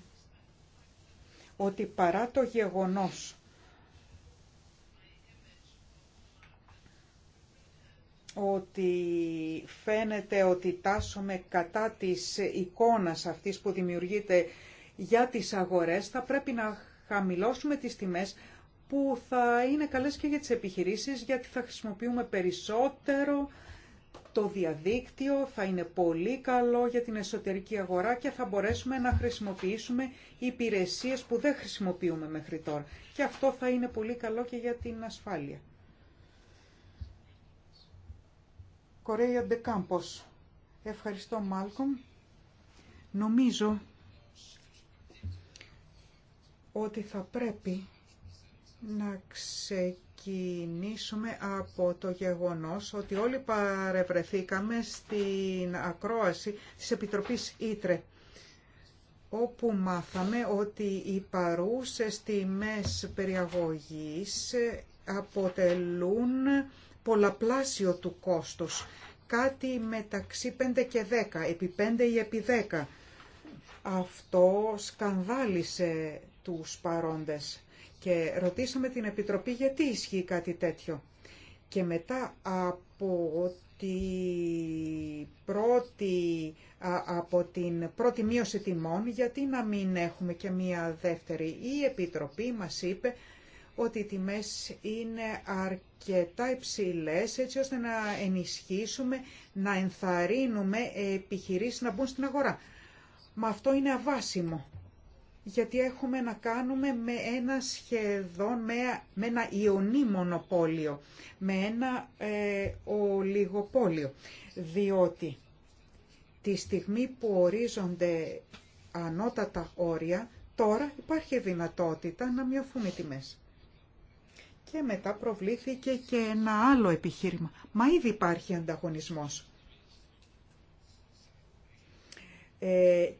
S4: ότι παρά το γεγονός ότι φαίνεται ότι τάσσομαι κατά της εικόνας αυτής που δημιουργείται για τις αγορές, θα πρέπει να χαμηλώσουμε τις τιμές που θα είναι καλές και για τις επιχειρήσεις, γιατί θα χρησιμοποιούμε περισσότερο το διαδίκτυο, θα είναι πολύ καλό για την εσωτερική αγορά και θα μπορέσουμε να χρησιμοποιήσουμε υπηρεσίες που δεν χρησιμοποιούμε μέχρι τώρα. Και αυτό θα είναι πολύ καλό και για την ασφάλεια. Κορέια Ντεκάμπος. Ευχαριστώ Μάλκομ. Νομίζω ότι θα πρέπει να ξεκινήσουμε από το γεγονός ότι όλοι παρευρεθήκαμε στην ακρόαση της Επιτροπής Ήτρε όπου μάθαμε ότι οι παρούσες τιμές περιαγωγής αποτελούν πολλαπλάσιο του κόστος. Κάτι μεταξύ 5 και 10, επί 5 ή επί 10. Αυτό σκανδάλισε τους παρόντες και ρωτήσαμε την Επιτροπή γιατί ισχύει κάτι τέτοιο. Και μετά από πρώτη, από την πρώτη μείωση τιμών, γιατί να μην έχουμε και μία δεύτερη. Η Επιτροπή μας είπε ότι οι τιμές είναι αρκετά υψηλές έτσι ώστε να ενισχύσουμε, να ενθαρρύνουμε επιχειρήσεις να μπουν στην αγορά. Μα αυτό είναι αβάσιμο, γιατί έχουμε να κάνουμε με ένα σχεδόν, με, ένα ιονί μονοπόλιο, με ένα ε, ολιγοπόλιο, διότι τη στιγμή που ορίζονται ανώτατα όρια, τώρα υπάρχει δυνατότητα να μειωθούν οι τιμές και μετά προβλήθηκε και ένα άλλο επιχείρημα. Μα ήδη υπάρχει ανταγωνισμός. Ε,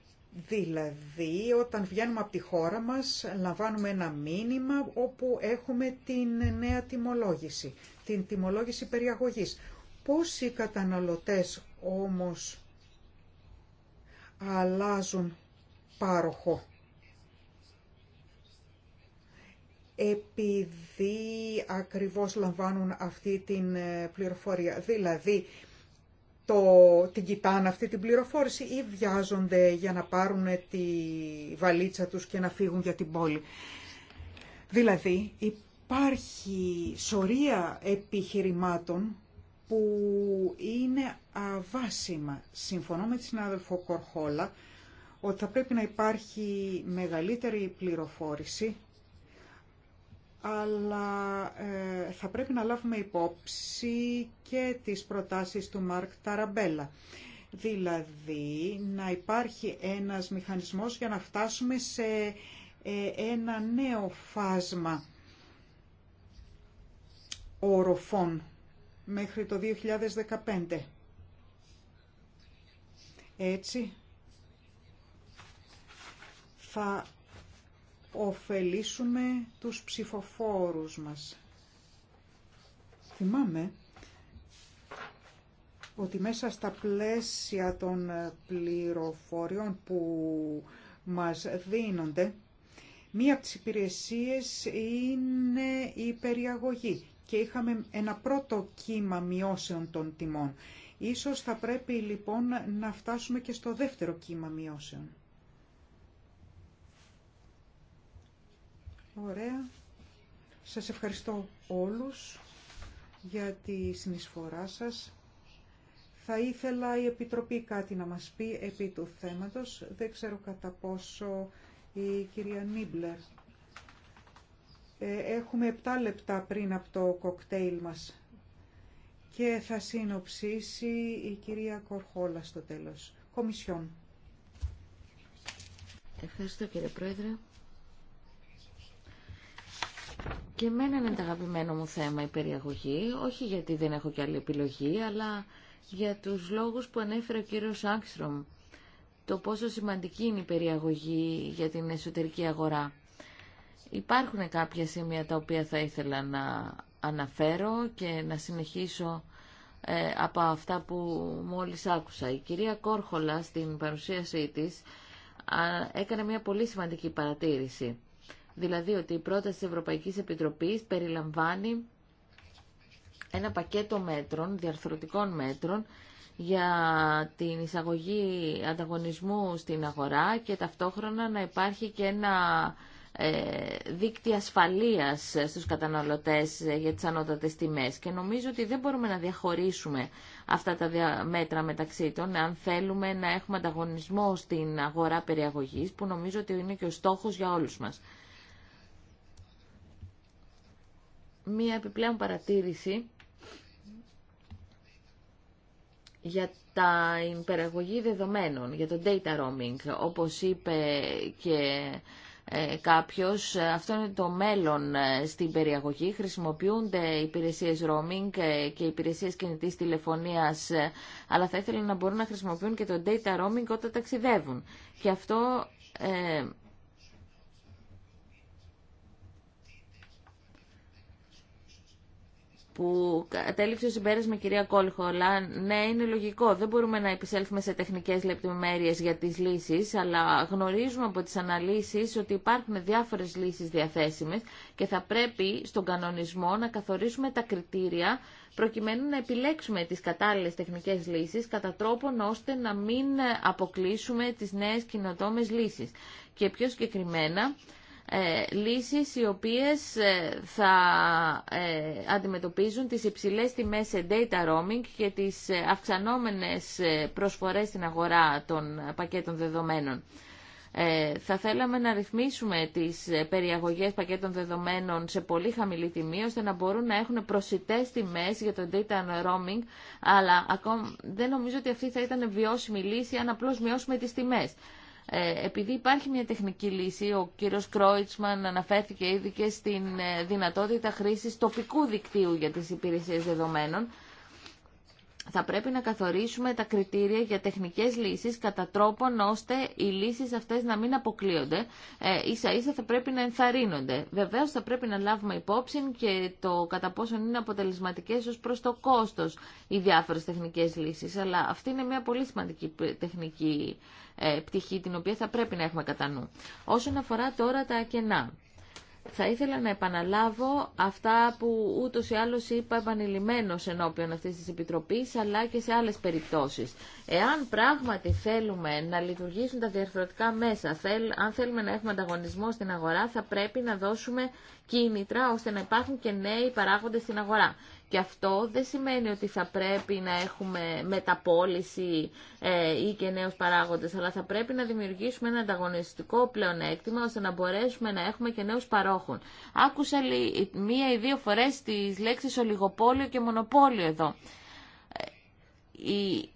S4: δηλαδή, όταν βγαίνουμε από τη χώρα μας, λαμβάνουμε ένα μήνυμα όπου έχουμε την νέα τιμολόγηση, την τιμολόγηση περιαγωγής. Πώς οι καταναλωτές όμως αλλάζουν πάροχο επειδή ακριβώς λαμβάνουν αυτή την ε, πληροφορία. Δηλαδή, το, την κοιτάνε αυτή την πληροφόρηση ή βιάζονται για να πάρουν τη βαλίτσα τους και να φύγουν για την πόλη. Δηλαδή, υπάρχει σωρία επιχειρημάτων που είναι αβάσιμα. Συμφωνώ με τη συνάδελφο Κορχόλα ότι θα πρέπει να υπάρχει μεγαλύτερη πληροφόρηση αλλά ε, θα πρέπει να λάβουμε υπόψη και τις προτάσεις του Μαρκ Ταραμπέλα. Δηλαδή να υπάρχει ένας μηχανισμός για να φτάσουμε σε ε, ένα νέο φάσμα οροφών μέχρι το 2015. Έτσι θα ωφελήσουμε τους ψηφοφόρους μας. Θυμάμαι ότι μέσα στα πλαίσια των πληροφοριών που μας δίνονται, μία από τις υπηρεσίες είναι η περιαγωγή και είχαμε ένα πρώτο κύμα μειώσεων των τιμών. Ίσως θα πρέπει λοιπόν να φτάσουμε και στο δεύτερο κύμα μειώσεων. Ωραία. Σας ευχαριστώ όλους για τη συνεισφορά σας. Θα ήθελα η Επιτροπή κάτι να μας πει επί του θέματος. Δεν ξέρω κατά πόσο η κυρία Νίμπλερ. Ε, έχουμε 7 λεπτά πριν από το κοκτέιλ μας και θα συνοψίσει η κυρία Κορχόλα στο τέλος. Κομισιόν.
S2: Ευχαριστώ κύριε Πρόεδρε. Και εμένα είναι το αγαπημένο μου θέμα η περιαγωγή, όχι γιατί δεν έχω και άλλη επιλογή, αλλά για τους λόγους που ανέφερε ο κύριος Άξτρομ, το πόσο σημαντική είναι η περιαγωγή για την εσωτερική αγορά. Υπάρχουν κάποια σημεία τα οποία θα ήθελα να αναφέρω και να συνεχίσω ε, από αυτά που μόλις άκουσα. Η κυρία Κόρχολα στην παρουσίασή της έκανε μια πολύ σημαντική παρατήρηση δηλαδή ότι η πρόταση της Ευρωπαϊκής Επιτροπής περιλαμβάνει ένα πακέτο μέτρων, διαρθρωτικών μέτρων, για την εισαγωγή ανταγωνισμού στην αγορά και ταυτόχρονα να υπάρχει και ένα ε, δίκτυο ασφαλείας στους καταναλωτές ε, για τις ανώτατες τιμές και νομίζω ότι δεν μπορούμε να διαχωρίσουμε αυτά τα μέτρα μεταξύ των αν θέλουμε να έχουμε ανταγωνισμό στην αγορά περιαγωγής που νομίζω ότι είναι και ο στόχος για όλους μας. μία επιπλέον παρατήρηση για τα υπεραγωγή δεδομένων, για το data roaming. Όπως είπε και ε, κάποιος, αυτό είναι το μέλλον ε, στην περιαγωγή. Χρησιμοποιούνται υπηρεσίες roaming ε, και υπηρεσίες κινητής τηλεφωνίας, αλλά θα ήθελα να μπορούν να χρησιμοποιούν και το data roaming όταν ταξιδεύουν. Και αυτό που κατέληξε ο συμπέρασμα κυρία Κόλχολα, ναι, είναι λογικό. Δεν μπορούμε να επισέλθουμε σε τεχνικές λεπτομέρειες για τις λύσεις, αλλά γνωρίζουμε από τις αναλύσεις ότι υπάρχουν διάφορες λύσεις διαθέσιμες και θα πρέπει στον κανονισμό να καθορίσουμε τα κριτήρια προκειμένου να επιλέξουμε τις κατάλληλες τεχνικές λύσεις κατά τρόπον ώστε να μην αποκλείσουμε τις νέες κοινοτόμες λύσεις. Και πιο συγκεκριμένα, ε, λύσεις οι οποίες ε, θα ε, αντιμετωπίζουν τις υψηλές τιμές σε data roaming και τις αυξανόμενες προσφορές στην αγορά των πακέτων δεδομένων. Θα θέλαμε να ρυθμίσουμε τις περιαγωγές πακέτων δεδομένων σε πολύ χαμηλή τιμή, ώστε να μπορούν να έχουν προσιτές τιμές για το data roaming, αλλά ακόμα δεν νομίζω ότι αυτή θα ήταν βιώσιμη λύση αν απλώς μειώσουμε τις τιμές. Ε, επειδή υπάρχει μια τεχνική λύση, ο κύριος Κρόιτσμαν αναφέρθηκε ήδη και στην ε, δυνατότητα χρήσης τοπικού δικτύου για τις υπηρεσίες δεδομένων, θα πρέπει να καθορίσουμε τα κριτήρια για τεχνικές λύσεις κατά τρόπον ώστε οι λύσεις αυτές να μην αποκλείονται. Ε, ίσα ίσα θα πρέπει να ενθαρρύνονται. Βεβαίως θα πρέπει να λάβουμε υπόψη και το κατά πόσον είναι αποτελεσματικές ως προς το κόστος οι διάφορες τεχνικές λύσεις. Αλλά αυτή είναι μια πολύ σημαντική τεχνική ε, πτυχή την οποία θα πρέπει να έχουμε κατά νου. Όσον αφορά τώρα τα κενά. Θα ήθελα να επαναλάβω αυτά που ούτως ή άλλως είπα επανειλημμένος ενώπιον αυτής της Επιτροπής, αλλά και σε άλλες περιπτώσεις. Εάν πράγματι θέλουμε να λειτουργήσουν τα διαφορετικά μέσα, αν θέλουμε να έχουμε ανταγωνισμό στην αγορά, θα πρέπει να δώσουμε κίνητρα ώστε να υπάρχουν και νέοι παράγοντες στην αγορά. Και αυτό δεν σημαίνει ότι θα πρέπει να έχουμε μεταπόληση ε, ή και νέους παράγοντες, αλλά θα πρέπει να δημιουργήσουμε ένα ανταγωνιστικό πλεονέκτημα ώστε να μπορέσουμε να έχουμε και νέους παρόχων. Άκουσα μία ή δύο φορές τις λέξεις ολιγοπόλιο και μονοπόλιο εδώ. Ε, η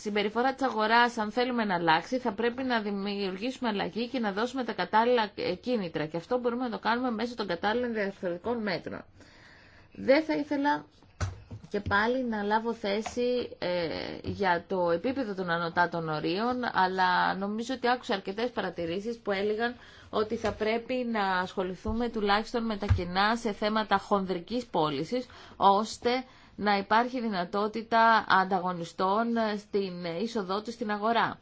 S2: συμπεριφορά της αγοράς, αν θέλουμε να αλλάξει, θα πρέπει να δημιουργήσουμε αλλαγή και να δώσουμε τα κατάλληλα κίνητρα. Και αυτό μπορούμε να το κάνουμε μέσω των κατάλληλων διαφορετικών μέτρων. Δεν θα ήθελα και πάλι να λάβω θέση ε, για το επίπεδο των ανωτάτων ορίων, αλλά νομίζω ότι άκουσα αρκετές παρατηρήσεις που έλεγαν ότι θα πρέπει να ασχοληθούμε τουλάχιστον με τα κοινά σε θέματα χονδρικής πώληση, ώστε να υπάρχει δυνατότητα ανταγωνιστών στην είσοδό του στην αγορά.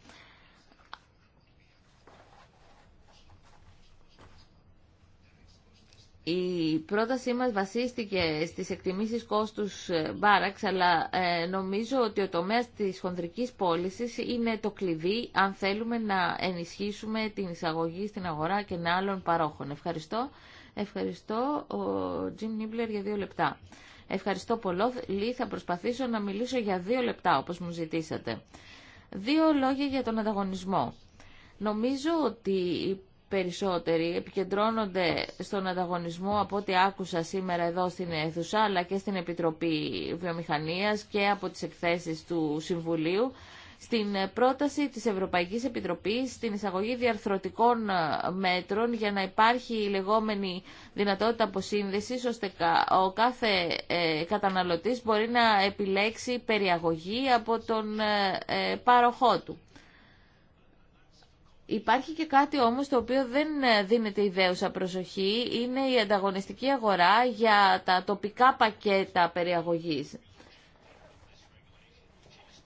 S2: Η πρότασή μας βασίστηκε στις εκτιμήσεις κόστους Μπάραξ, αλλά ε, νομίζω ότι ο τομέας της χονδρικής πώληση είναι το κλειδί αν θέλουμε να ενισχύσουμε την εισαγωγή στην αγορά και να άλλων παρόχων. Ευχαριστώ. Ευχαριστώ ο Τζιμ Νίμπλερ για δύο λεπτά. Ευχαριστώ πολύ. Θα προσπαθήσω να μιλήσω για δύο λεπτά όπως μου ζητήσατε. Δύο λόγια για τον ανταγωνισμό. Νομίζω ότι οι περισσότεροι επικεντρώνονται στον ανταγωνισμό από ό,τι άκουσα σήμερα εδώ στην αίθουσα αλλά και στην Επιτροπή Βιομηχανίας και από τις εκθέσεις του Συμβουλίου στην πρόταση της Ευρωπαϊκής Επιτροπής στην εισαγωγή διαρθρωτικών ε, μέτρων για να υπάρχει η λεγόμενη δυνατότητα αποσύνδεσης ώστε ο κάθε ε, καταναλωτής μπορεί να επιλέξει περιαγωγή από τον ε, πάροχό του. Υπάρχει και κάτι όμως το οποίο δεν δίνεται ιδέουσα προσοχή, είναι η ανταγωνιστική αγορά για τα τοπικά πακέτα περιαγωγής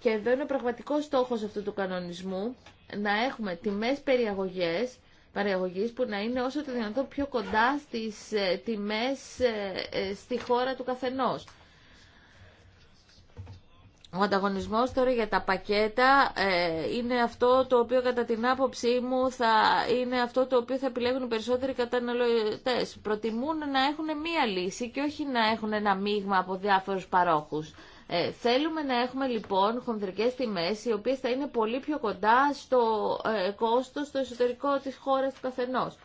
S2: και εδώ είναι ο πραγματικό στόχο αυτού του κανονισμού να έχουμε τιμές περιαγωγέ παραγωγής που να είναι όσο το δυνατόν πιο κοντά στις ε, τιμές ε, ε, στη χώρα του καθενός. Ο ανταγωνισμός τώρα για τα πακέτα είναι αυτό το οποίο κατά την άποψή μου θα είναι αυτό το οποίο θα επιλέγουν οι περισσότεροι καταναλωτές. Προτιμούν να έχουν μία λύση και όχι να έχουν ένα μείγμα από διάφορους παρόχους. Ε, θέλουμε να έχουμε λοιπόν χονδρικές τιμές οι οποίες θα είναι πολύ πιο κοντά στο ε, κόστος στο εσωτερικό της χώρας του καθενός.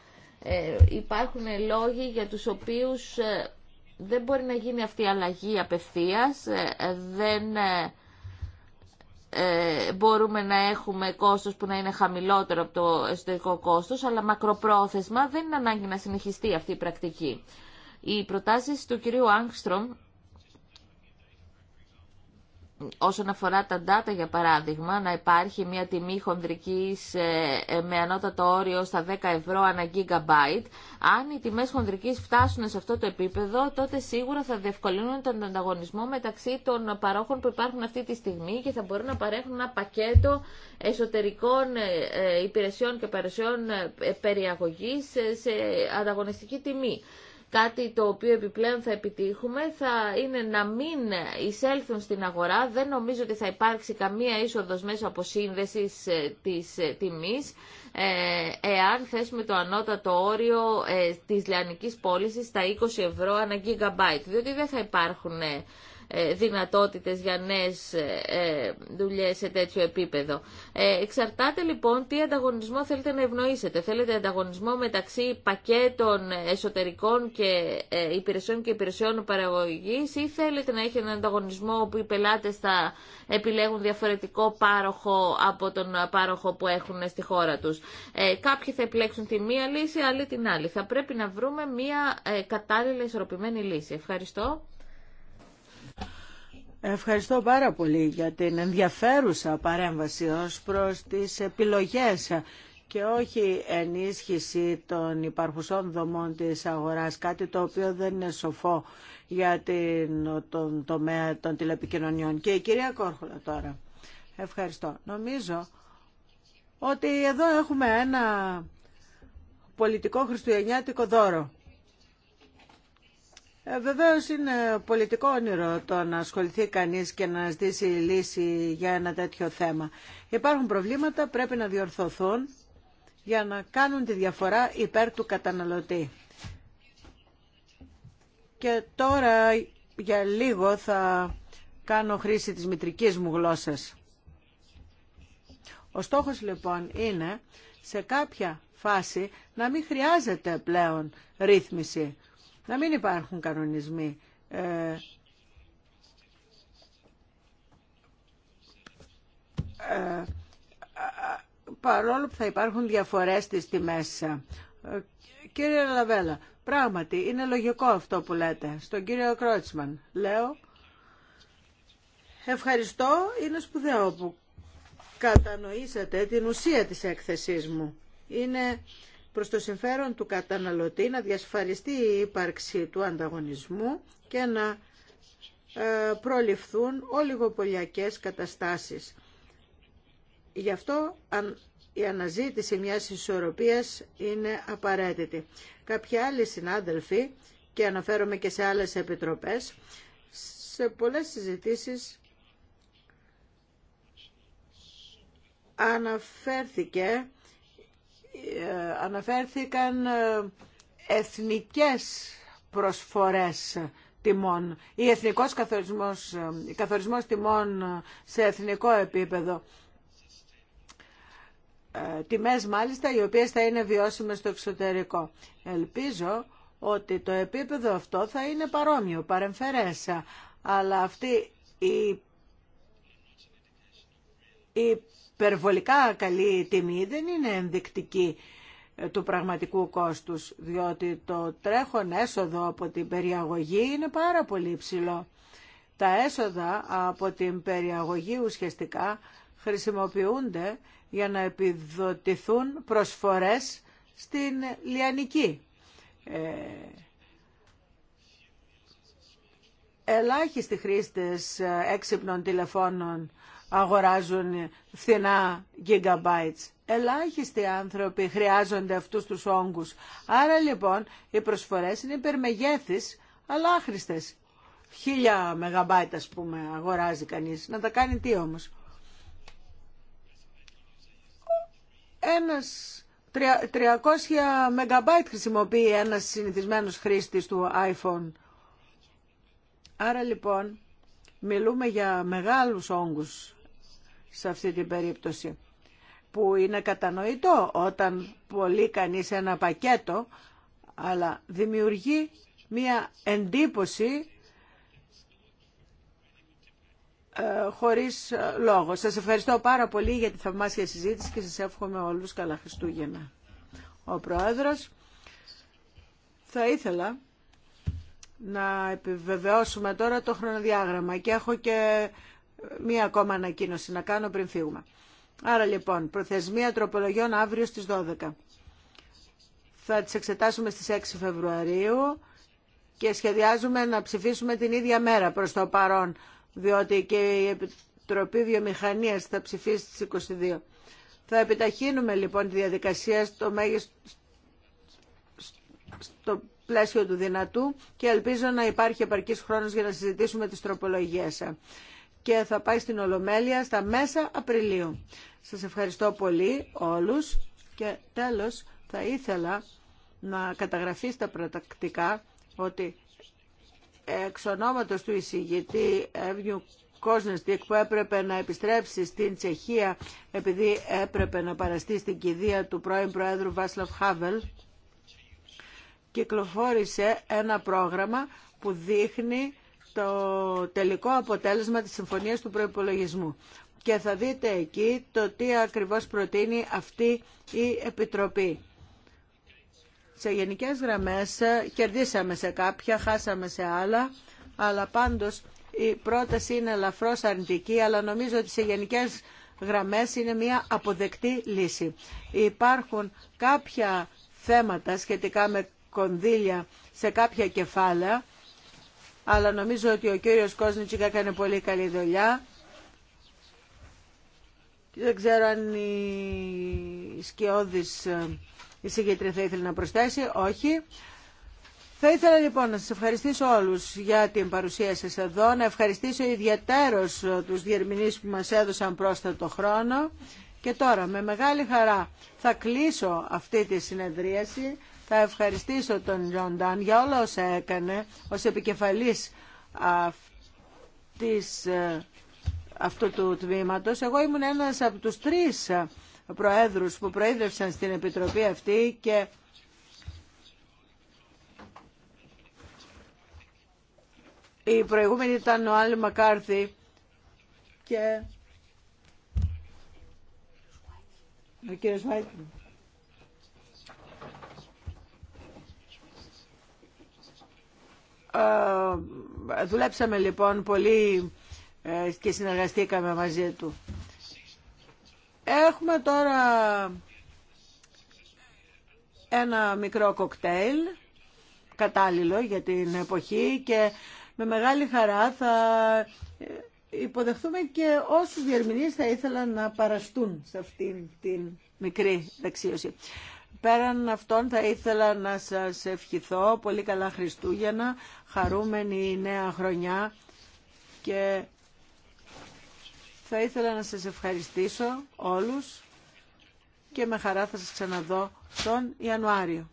S2: Ε, υπάρχουν λόγοι για τους οποίους ε, δεν μπορεί να γίνει αυτή η αλλαγή απευθείας, ε, δεν μπορούμε να έχουμε κόστος που να είναι χαμηλότερο από το εσωτερικό κόστος, αλλά μακροπρόθεσμα δεν είναι ανάγκη να συνεχιστεί αυτή η πρακτική. Οι προτάσεις του κυρίου Άγκστρομ όσον αφορά τα data για παράδειγμα να υπάρχει μια τιμή χονδρικής ε, ε, με ανώτατο όριο στα 10 ευρώ ανά gigabyte αν οι τιμές χονδρικής φτάσουν σε αυτό το επίπεδο τότε σίγουρα θα διευκολύνουν τον ανταγωνισμό μεταξύ των παρόχων που υπάρχουν αυτή τη στιγμή και θα μπορούν να παρέχουν ένα πακέτο εσωτερικών ε, υπηρεσιών και παρουσιών περιαγωγής σε ανταγωνιστική τιμή. Κάτι το οποίο επιπλέον θα επιτύχουμε θα είναι να μην εισέλθουν στην αγορά. Δεν νομίζω ότι θα υπάρξει καμία είσοδος μέσω αποσύνδεσης ε, της ε, τιμής ε, εάν θέσουμε το ανώτατο όριο της λιανικής πώλησης στα 20 ευρώ ανά γιγαμπάιτ. διότι δεν θα υπάρχουν ε, δυνατότητες για νέες ε, ε, δουλειές σε τέτοιο επίπεδο. Εξαρτάται λοιπόν τι ανταγωνισμό θέλετε να ευνοήσετε. Θέλετε ανταγωνισμό μεταξύ πακέτων εσωτερικών και υπηρεσιών και υπηρεσιών παραγωγής ή θέλετε να έχει έναν ανταγωνισμό όπου οι πελάτες θα επιλέγουν διαφορετικό πάροχο από τον πάροχο που έχουν στη χώρα τους. Κάποιοι θα επιλέξουν τη μία λύση, άλλοι την άλλη. Θα πρέπει να βρούμε μία κατάλληλη ισορροπημένη λύση. Ευχαριστώ.
S1: Ευχαριστώ πάρα πολύ για την ενδιαφέρουσα παρέμβαση ως προς τις επιλογές και όχι ενίσχυση των υπαρχουσών δομών της αγοράς, κάτι το οποίο δεν είναι σοφό για την, τον τομέα των τηλεπικοινωνιών. Και η κυρία Κόρχολα τώρα. Ευχαριστώ. Νομίζω ότι εδώ έχουμε ένα πολιτικό χριστουγεννιάτικο δώρο. Ε, βεβαίως είναι πολιτικό όνειρο το να ασχοληθεί κανείς και να ζητήσει λύση για ένα τέτοιο θέμα. Υπάρχουν προβλήματα, πρέπει να διορθωθούν για να κάνουν τη διαφορά υπέρ του καταναλωτή. Και τώρα για λίγο θα κάνω χρήση της μητρικής μου γλώσσας. Ο στόχος λοιπόν είναι σε κάποια φάση να μην χρειάζεται πλέον ρύθμιση να μην υπάρχουν κανονισμοί. Ε, ε, παρόλο που θα υπάρχουν διαφορές στις τιμές. Ε, κύριε Λαβέλα, πράγματι είναι λογικό αυτό που λέτε. Στον κύριο Κρότσμαν λέω ευχαριστώ, είναι σπουδαίο που κατανοήσατε την ουσία της έκθεσής μου. Είναι προς το συμφέρον του καταναλωτή να διασφαλιστεί η ύπαρξη του ανταγωνισμού και να ε, προληφθούν ολιγοπολιακές καταστάσεις. Γι' αυτό η αναζήτηση μιας ισορροπίας είναι απαραίτητη. Κάποιοι άλλοι συνάδελφοι, και αναφέρομαι και σε άλλες επιτροπές, σε πολλές συζητήσεις αναφέρθηκε ε, αναφέρθηκαν ε, εθνικές προσφορές τιμών ή εθνικός καθορισμός, ε, καθορισμός τιμών σε εθνικό επίπεδο. Τιμές μάλιστα οι οποίες θα είναι βιώσιμες στο εξωτερικό. Ελπίζω ότι το επίπεδο αυτό θα είναι παρόμοιο, παρεμφερές, αλλά αυτή η, η υπερβολικά καλή τιμή δεν είναι ενδεικτική ε, του πραγματικού κόστους, διότι το τρέχον έσοδο από την περιαγωγή είναι πάρα πολύ υψηλό. Τα έσοδα από την περιαγωγή ουσιαστικά χρησιμοποιούνται για να επιδοτηθούν προσφορές στην λιανική. Ε, ελάχιστοι χρήστες ε, έξυπνων τηλεφώνων αγοράζουν φθηνά gigabytes. Ελάχιστοι άνθρωποι χρειάζονται αυτούς τους όγκους. Άρα λοιπόν οι προσφορές είναι υπερμεγέθης αλλά άχρηστες. Χίλια μεγαμπάιτ ας πούμε αγοράζει κανείς. Να τα κάνει τι όμως. Ένας 300 μεγαμπάιτ χρησιμοποιεί ένας συνηθισμένος χρήστης του iPhone. Άρα λοιπόν μιλούμε για μεγάλους όγκους σε αυτή την περίπτωση που είναι κατανοητό όταν πολύ κανείς ένα πακέτο αλλά δημιουργεί μία εντύπωση ε, χωρίς ε, λόγο. Σας ευχαριστώ πάρα πολύ για τη θαυμάσια συζήτηση και σας εύχομαι όλους καλά Χριστούγεννα. Ο Πρόεδρος, θα ήθελα να επιβεβαιώσουμε τώρα το χρονοδιάγραμμα και έχω και μία ακόμα ανακοίνωση να κάνω πριν φύγουμε. Άρα λοιπόν, προθεσμία τροπολογιών αύριο στις 12. Θα τις εξετάσουμε στις 6 Φεβρουαρίου και σχεδιάζουμε να ψηφίσουμε την ίδια μέρα προς το παρόν, διότι και η Επιτροπή Βιομηχανίας θα ψηφίσει στις 22. Θα επιταχύνουμε λοιπόν τη διαδικασία στο, μέγιστο, στο πλαίσιο του δυνατού και ελπίζω να υπάρχει επαρκής χρόνος για να συζητήσουμε τις τροπολογίες και θα πάει στην Ολομέλεια στα μέσα Απριλίου. Σας ευχαριστώ πολύ όλους και τέλος θα ήθελα να καταγραφεί στα πρακτικά ότι εξ ονόματος του εισηγητή Εύγιου Κόσνεστικ που έπρεπε να επιστρέψει στην Τσεχία επειδή έπρεπε να παραστεί στην κηδεία του πρώην Προέδρου Βάσλαβ Χάβελ κυκλοφόρησε ένα πρόγραμμα που δείχνει το τελικό αποτέλεσμα της Συμφωνίας του Προϋπολογισμού. Και θα δείτε εκεί το τι ακριβώς προτείνει αυτή η Επιτροπή. Σε γενικές γραμμές ε, κερδίσαμε σε κάποια, χάσαμε σε άλλα, αλλά πάντως η πρόταση είναι ελαφρώς αρνητική, αλλά νομίζω ότι σε γενικές γραμμές είναι μια αποδεκτή λύση. Υπάρχουν κάποια θέματα σχετικά με κονδύλια σε κάποια κεφάλαια αλλά νομίζω ότι ο κύριος Κόσνιτσικ έκανε πολύ καλή δουλειά. Δεν ξέρω αν η Σκιώδης ε, η θα ήθελε να προσθέσει. Όχι. Θα ήθελα λοιπόν να σας ευχαριστήσω όλους για την παρουσία σας εδώ, να ευχαριστήσω ιδιαίτερος ε, τους διερμηνείς που μας έδωσαν πρόσθετο χρόνο και τώρα με μεγάλη χαρά θα κλείσω αυτή τη συνεδρίαση θα ευχαριστήσω τον Ρόνταν για όλα όσα έκανε ως επικεφαλής ε, αυτού του τμήματος. Εγώ ήμουν ένας από τους τρεις προέδρους που προείδρευσαν στην Επιτροπή αυτή και η προηγούμενη ήταν ο Άλλη Μακάρθη και ο κύριος Ε, δουλέψαμε λοιπόν πολύ ε, και συνεργαστήκαμε μαζί του. Έχουμε τώρα ένα μικρό κοκτέιλ κατάλληλο για την εποχή και με μεγάλη χαρά θα υποδεχθούμε και όσους διερμηνείς θα ήθελαν να παραστούν σε αυτήν την μικρή δεξίωση. Πέραν αυτών θα ήθελα να σας ευχηθώ πολύ καλά Χριστούγεννα, χαρούμενη νέα χρονιά και θα ήθελα να σας ευχαριστήσω όλους
S3: και με χαρά θα σας ξαναδώ τον Ιανουάριο.